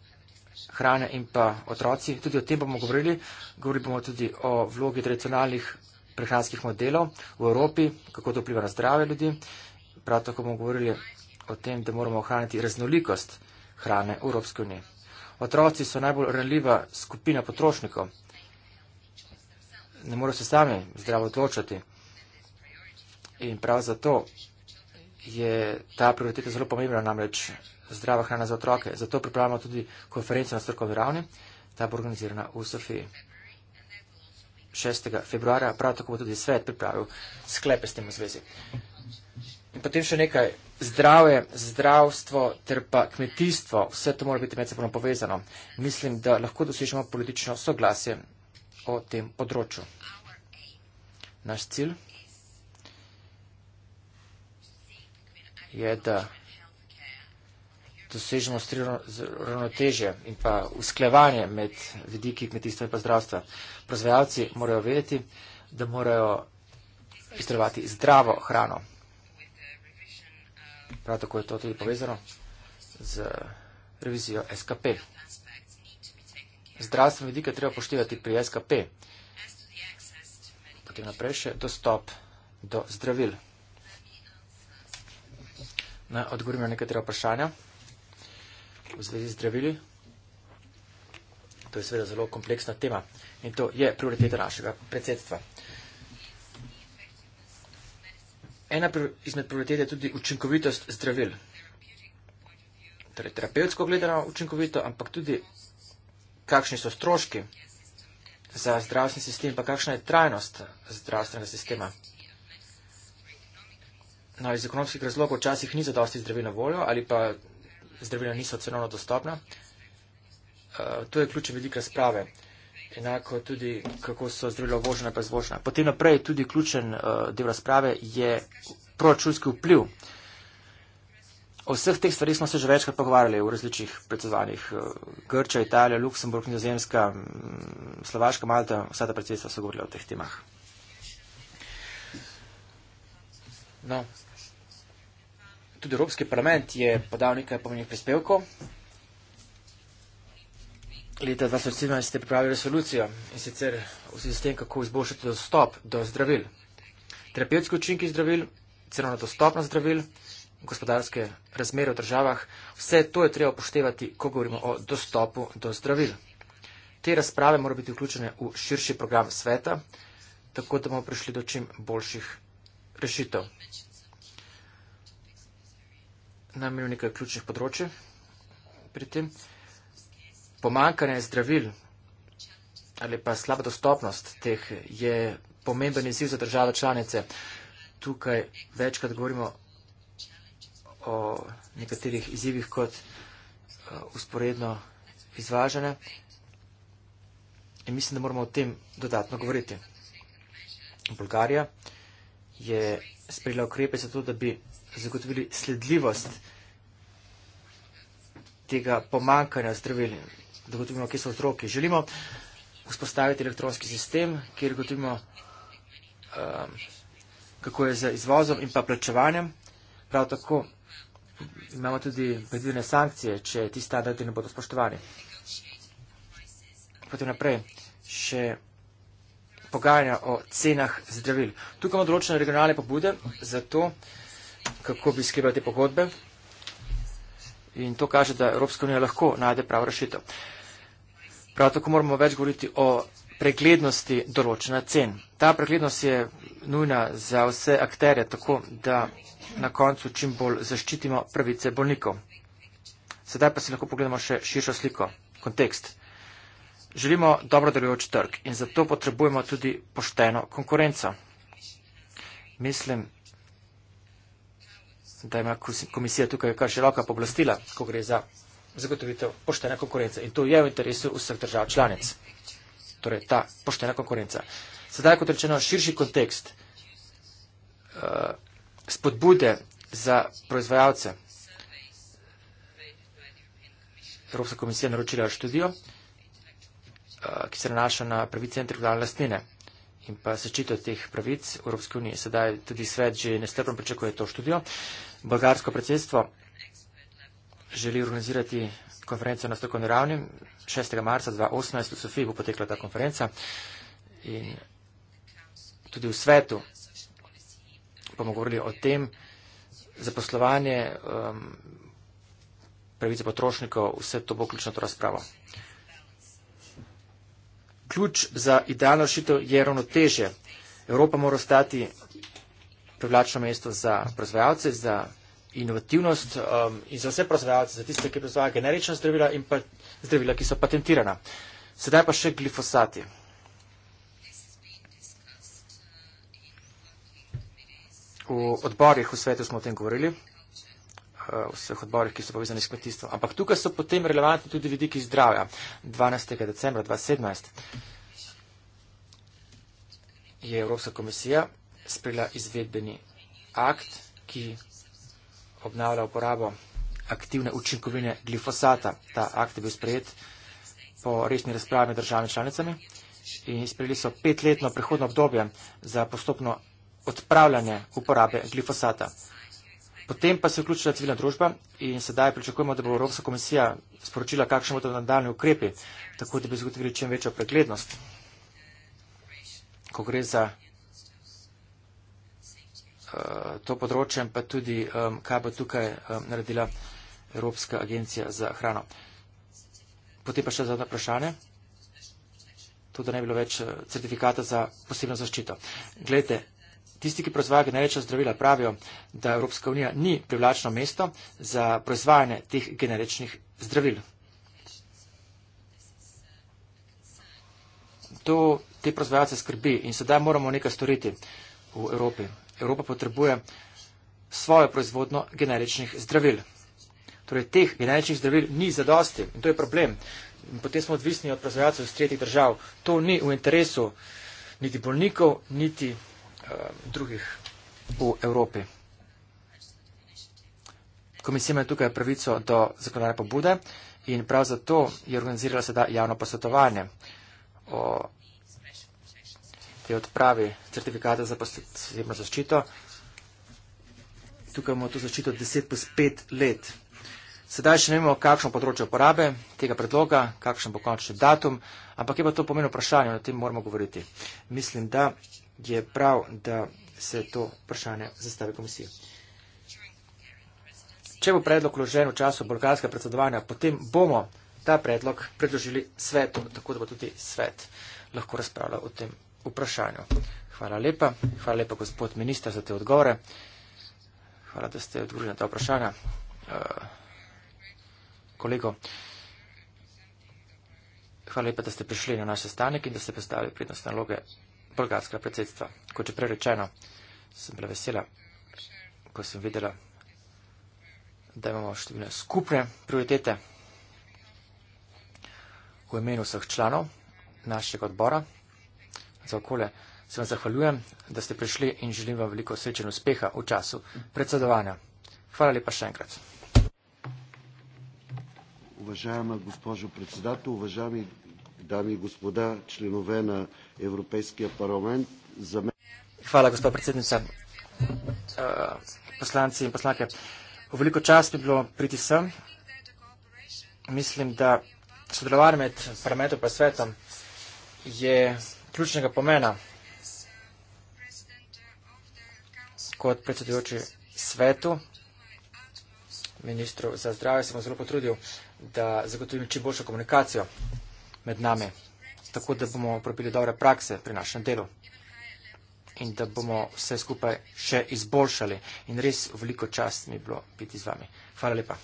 hrane in pa otroci, tudi o tem bomo govorili. Govorili bomo tudi o vlogi tradicionalnih prehranskih modelov v Evropi, kako to vpliva na zdrave ljudi. Prav tako bomo govorili o tem, da moramo ohraniti raznolikost hrane v Evropski uniji. Otroci so najbolj ranljiva skupina potrošnikov ne morajo se sami zdravo odločati. In prav zato je ta prioriteta zelo pomembna, namreč zdrava hrana za otroke. Zato pripravljamo tudi konferenco na strokovni ravni, ta bo organizirana v Sofiji. 6. februarja prav tako bo tudi svet pripravil sklepe s tem v zvezi. In potem še nekaj. Zdrave, zdravstvo ter pa kmetijstvo, vse to mora biti medsebojno povezano. Mislim, da lahko dosežemo politično soglasje o tem področju. Naš cilj je, da dosežemo ravnotežje in pa usklevanje med vidiki kmetijstva in pa zdravstva. Proizvajalci morajo vedeti, da morajo izdelovati zdravo hrano. Prav tako je to tudi povezano z revizijo SKP zdravstvene vidike treba poštivati pri SKP. Potem naprej še dostop do zdravil. Na, odgovorim na nekatera vprašanja v zvezi z zdravili. To je seveda zelo kompleksna tema in to je prioriteta našega predsedstva. Ena izmed prioritet je tudi učinkovitost zdravil. Torej terapevtsko gledano učinkovito, ampak tudi kakšni so stroški za zdravstveni sistem, pa kakšna je trajnost zdravstvenega sistema. No, iz ekonomskih razlogov včasih ni zadosti zdravil na voljo ali pa zdravila niso cenovno dostopna. Uh, to je ključen vidik razprave. Enako tudi, kako so zdravila uvožena pa izvožena. Potem naprej tudi ključen uh, del razprave je proračunski vpliv. Uh, O vseh teh stvarih smo se že večkrat pogovarjali v različnih predsedovanjih. Eh, Grča, Italija, Luksemburg, Nizozemska, Slovaška, Malta, vsa ta predsedstva so govorila o teh temah. No. Tudi Evropski parlament je podal nekaj pomenih prispevkov. Leta 2017 ste pripravili resolucijo in sicer v zvezi s tem, kako izboljšati dostop do zdravil. Terapevtski učinki zdravil, cenovna dostopnost zdravil gospodarske razmere v državah, vse to je treba upoštevati, ko govorimo o dostopu do zdravil. Te razprave morajo biti vključene v širši program sveta, tako da bomo prišli do čim boljših rešitev. Namenim nekaj ključnih področji. Pri tem pomankanje zdravil ali pa slaba dostopnost teh je pomemben izziv za države članice. Tukaj večkrat govorimo o nekaterih izzivih kot usporedno izvažene. In mislim, da moramo o tem dodatno govoriti. Bolgarija je sprejela ukrepe za to, da bi zagotovili sledljivost tega pomankanja zdravil, da gotovimo, kje so otroki. Želimo vzpostaviti elektronski sistem, kjer gotovimo, um, kako je z izvozom in pa plačevanjem. Prav tako imamo tudi predvidene sankcije, če ti standardi ne bodo spoštovani. Potem naprej še pogajanja o cenah zdravil. Tukaj imamo določene regionalne pobude za to, kako bi sklepali te pogodbe. In to kaže, da Evropska unija lahko najde pravo rešitev. Prav tako moramo več govoriti o preglednosti določena cen. Ta preglednost je nujna za vse akterje, tako da na koncu čim bolj zaščitimo pravice bolnikov. Sedaj pa si lahko pogledamo še širšo sliko, kontekst. Želimo dobro delujoč trg in zato potrebujemo tudi pošteno konkurenco. Mislim, da ima komisija tukaj kar široka poblastila, ko gre za zagotovitev poštene konkurence. In to je v interesu vseh držav članic. Torej, ta poštena konkurenca. Sedaj, kot rečeno, širši kontekst uh, spodbude za proizvajalce. Evropska komisija naročila študijo, uh, ki se nanaša na pravice intelektualne lastnine in pa sečito teh pravic Evropske unije. Sedaj tudi svet že nestrpno pričakuje to študijo. Bolgarsko predsedstvo želi organizirati konferenco na strokovni ravni. 6. marca 2018 v Sofiji bo potekla ta konferenca. In tudi v svetu. Bomo govorili o tem zaposlovanje, um, pravice potrošnikov, vse to bo ključno to razpravo. Ključ za idealno rešitev je ravnotežje. Evropa mora ostati privlačno mesto za proizvajalce, za inovativnost um, in za vse proizvajalce, za tiste, ki proizvajajo generična zdravila in pa zdravila, ki so patentirana. Sedaj pa še glifosati. v odborih, v svetu smo o tem govorili, v eh, vseh odborih, ki so povezani s kmetijstvom. Ampak tukaj so potem relevantni tudi vidiki zdravja. 12. decembra 2017 je Evropska komisija sprejela izvedbeni akt, ki obnavlja uporabo aktivne učinkovine glifosata. Ta akt je bil sprejet po resni razpravi med državami članicami in sprejeli so petletno prehodno obdobje za postopno odpravljanje uporabe glifosata. Potem pa se je vključila civilna družba in sedaj pričakujemo, da bo Evropska komisija sporočila, kakšne bodo nadaljne ukrepi, tako da bi zagotovili čim večjo preglednost, ko gre za uh, to področje, pa tudi, um, kaj bo tukaj um, naredila Evropska agencija za hrano. Potem pa še zadnje vprašanje. To, da ne bi bilo več eh, certifikata za posebno zaščito. Glejte, tisti, ki proizvajajo generična zdravila, pravijo, da Evropska unija ni privlačno mesto za proizvajanje teh generičnih zdravil. To te proizvajalce skrbi in sedaj moramo nekaj storiti v Evropi. Evropa potrebuje svojo proizvodno generičnih zdravil. Torej, teh generičnih zdravil ni zadosti in to je problem. In potem smo odvisni od proizvajalcev iz tretjih držav. To ni v interesu niti bolnikov, niti Um, drugih v Evropi. Komisija ima tukaj pravico do zakonodajne pobude in prav zato je organizirala sedaj javno posvetovanje o te odpravi certifikata za posebno zaščito. Tukaj imamo to zaščito 10 plus 5 let. Sedaj še ne vemo, kakšno področje uporabe tega predloga, kakšen bo končni datum, ampak je pa to pomeno vprašanje, o tem moramo govoriti. Mislim, da je prav, da se to vprašanje zastavi komisiji. Če bo predlog vložen v času bolgarskega predsedovanja, potem bomo ta predlog predložili svetu, tako da bo tudi svet lahko razpravljal o tem vprašanju. Hvala lepa. Hvala lepa, gospod minister, za te odgovore. Hvala, da ste odgovorili na ta vprašanja. Uh, kolego, hvala lepa, da ste prišli na naš sestanek in da ste predstavili prednostne naloge bolgarska predsedstva. Kot že prerečeno, sem bila vesela, ko sem videla, da imamo številne skupne prioritete v imenu vseh članov našega odbora. Za okolje se vam zahvaljujem, da ste prišli in želim vam veliko sreče in uspeha v času predsedovanja. Hvala lepa še enkrat. Uvažajama gospožo predsedatelj, uvažami dami gospoda, členove na predsedovanje, Evropski parlament. Hvala, gospod predsednica. Eh, poslanci in poslanke, veliko čast mi bilo priti sem. Mislim, da sodelovanje med parlamentom in pa svetom je ključnega pomena kot predsedujoči svetu, ministru za zdravje, sem zelo potrudil, da zagotovim čim boljšo komunikacijo med nami tako da bomo propili dobre prakse pri našem delu in da bomo vse skupaj še izboljšali. In res veliko čast mi je bilo biti z vami. Hvala lepa.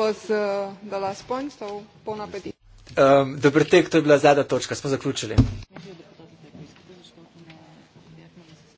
Uh, um, Dobro tek, to je bila zadnja točka, smo zaključili.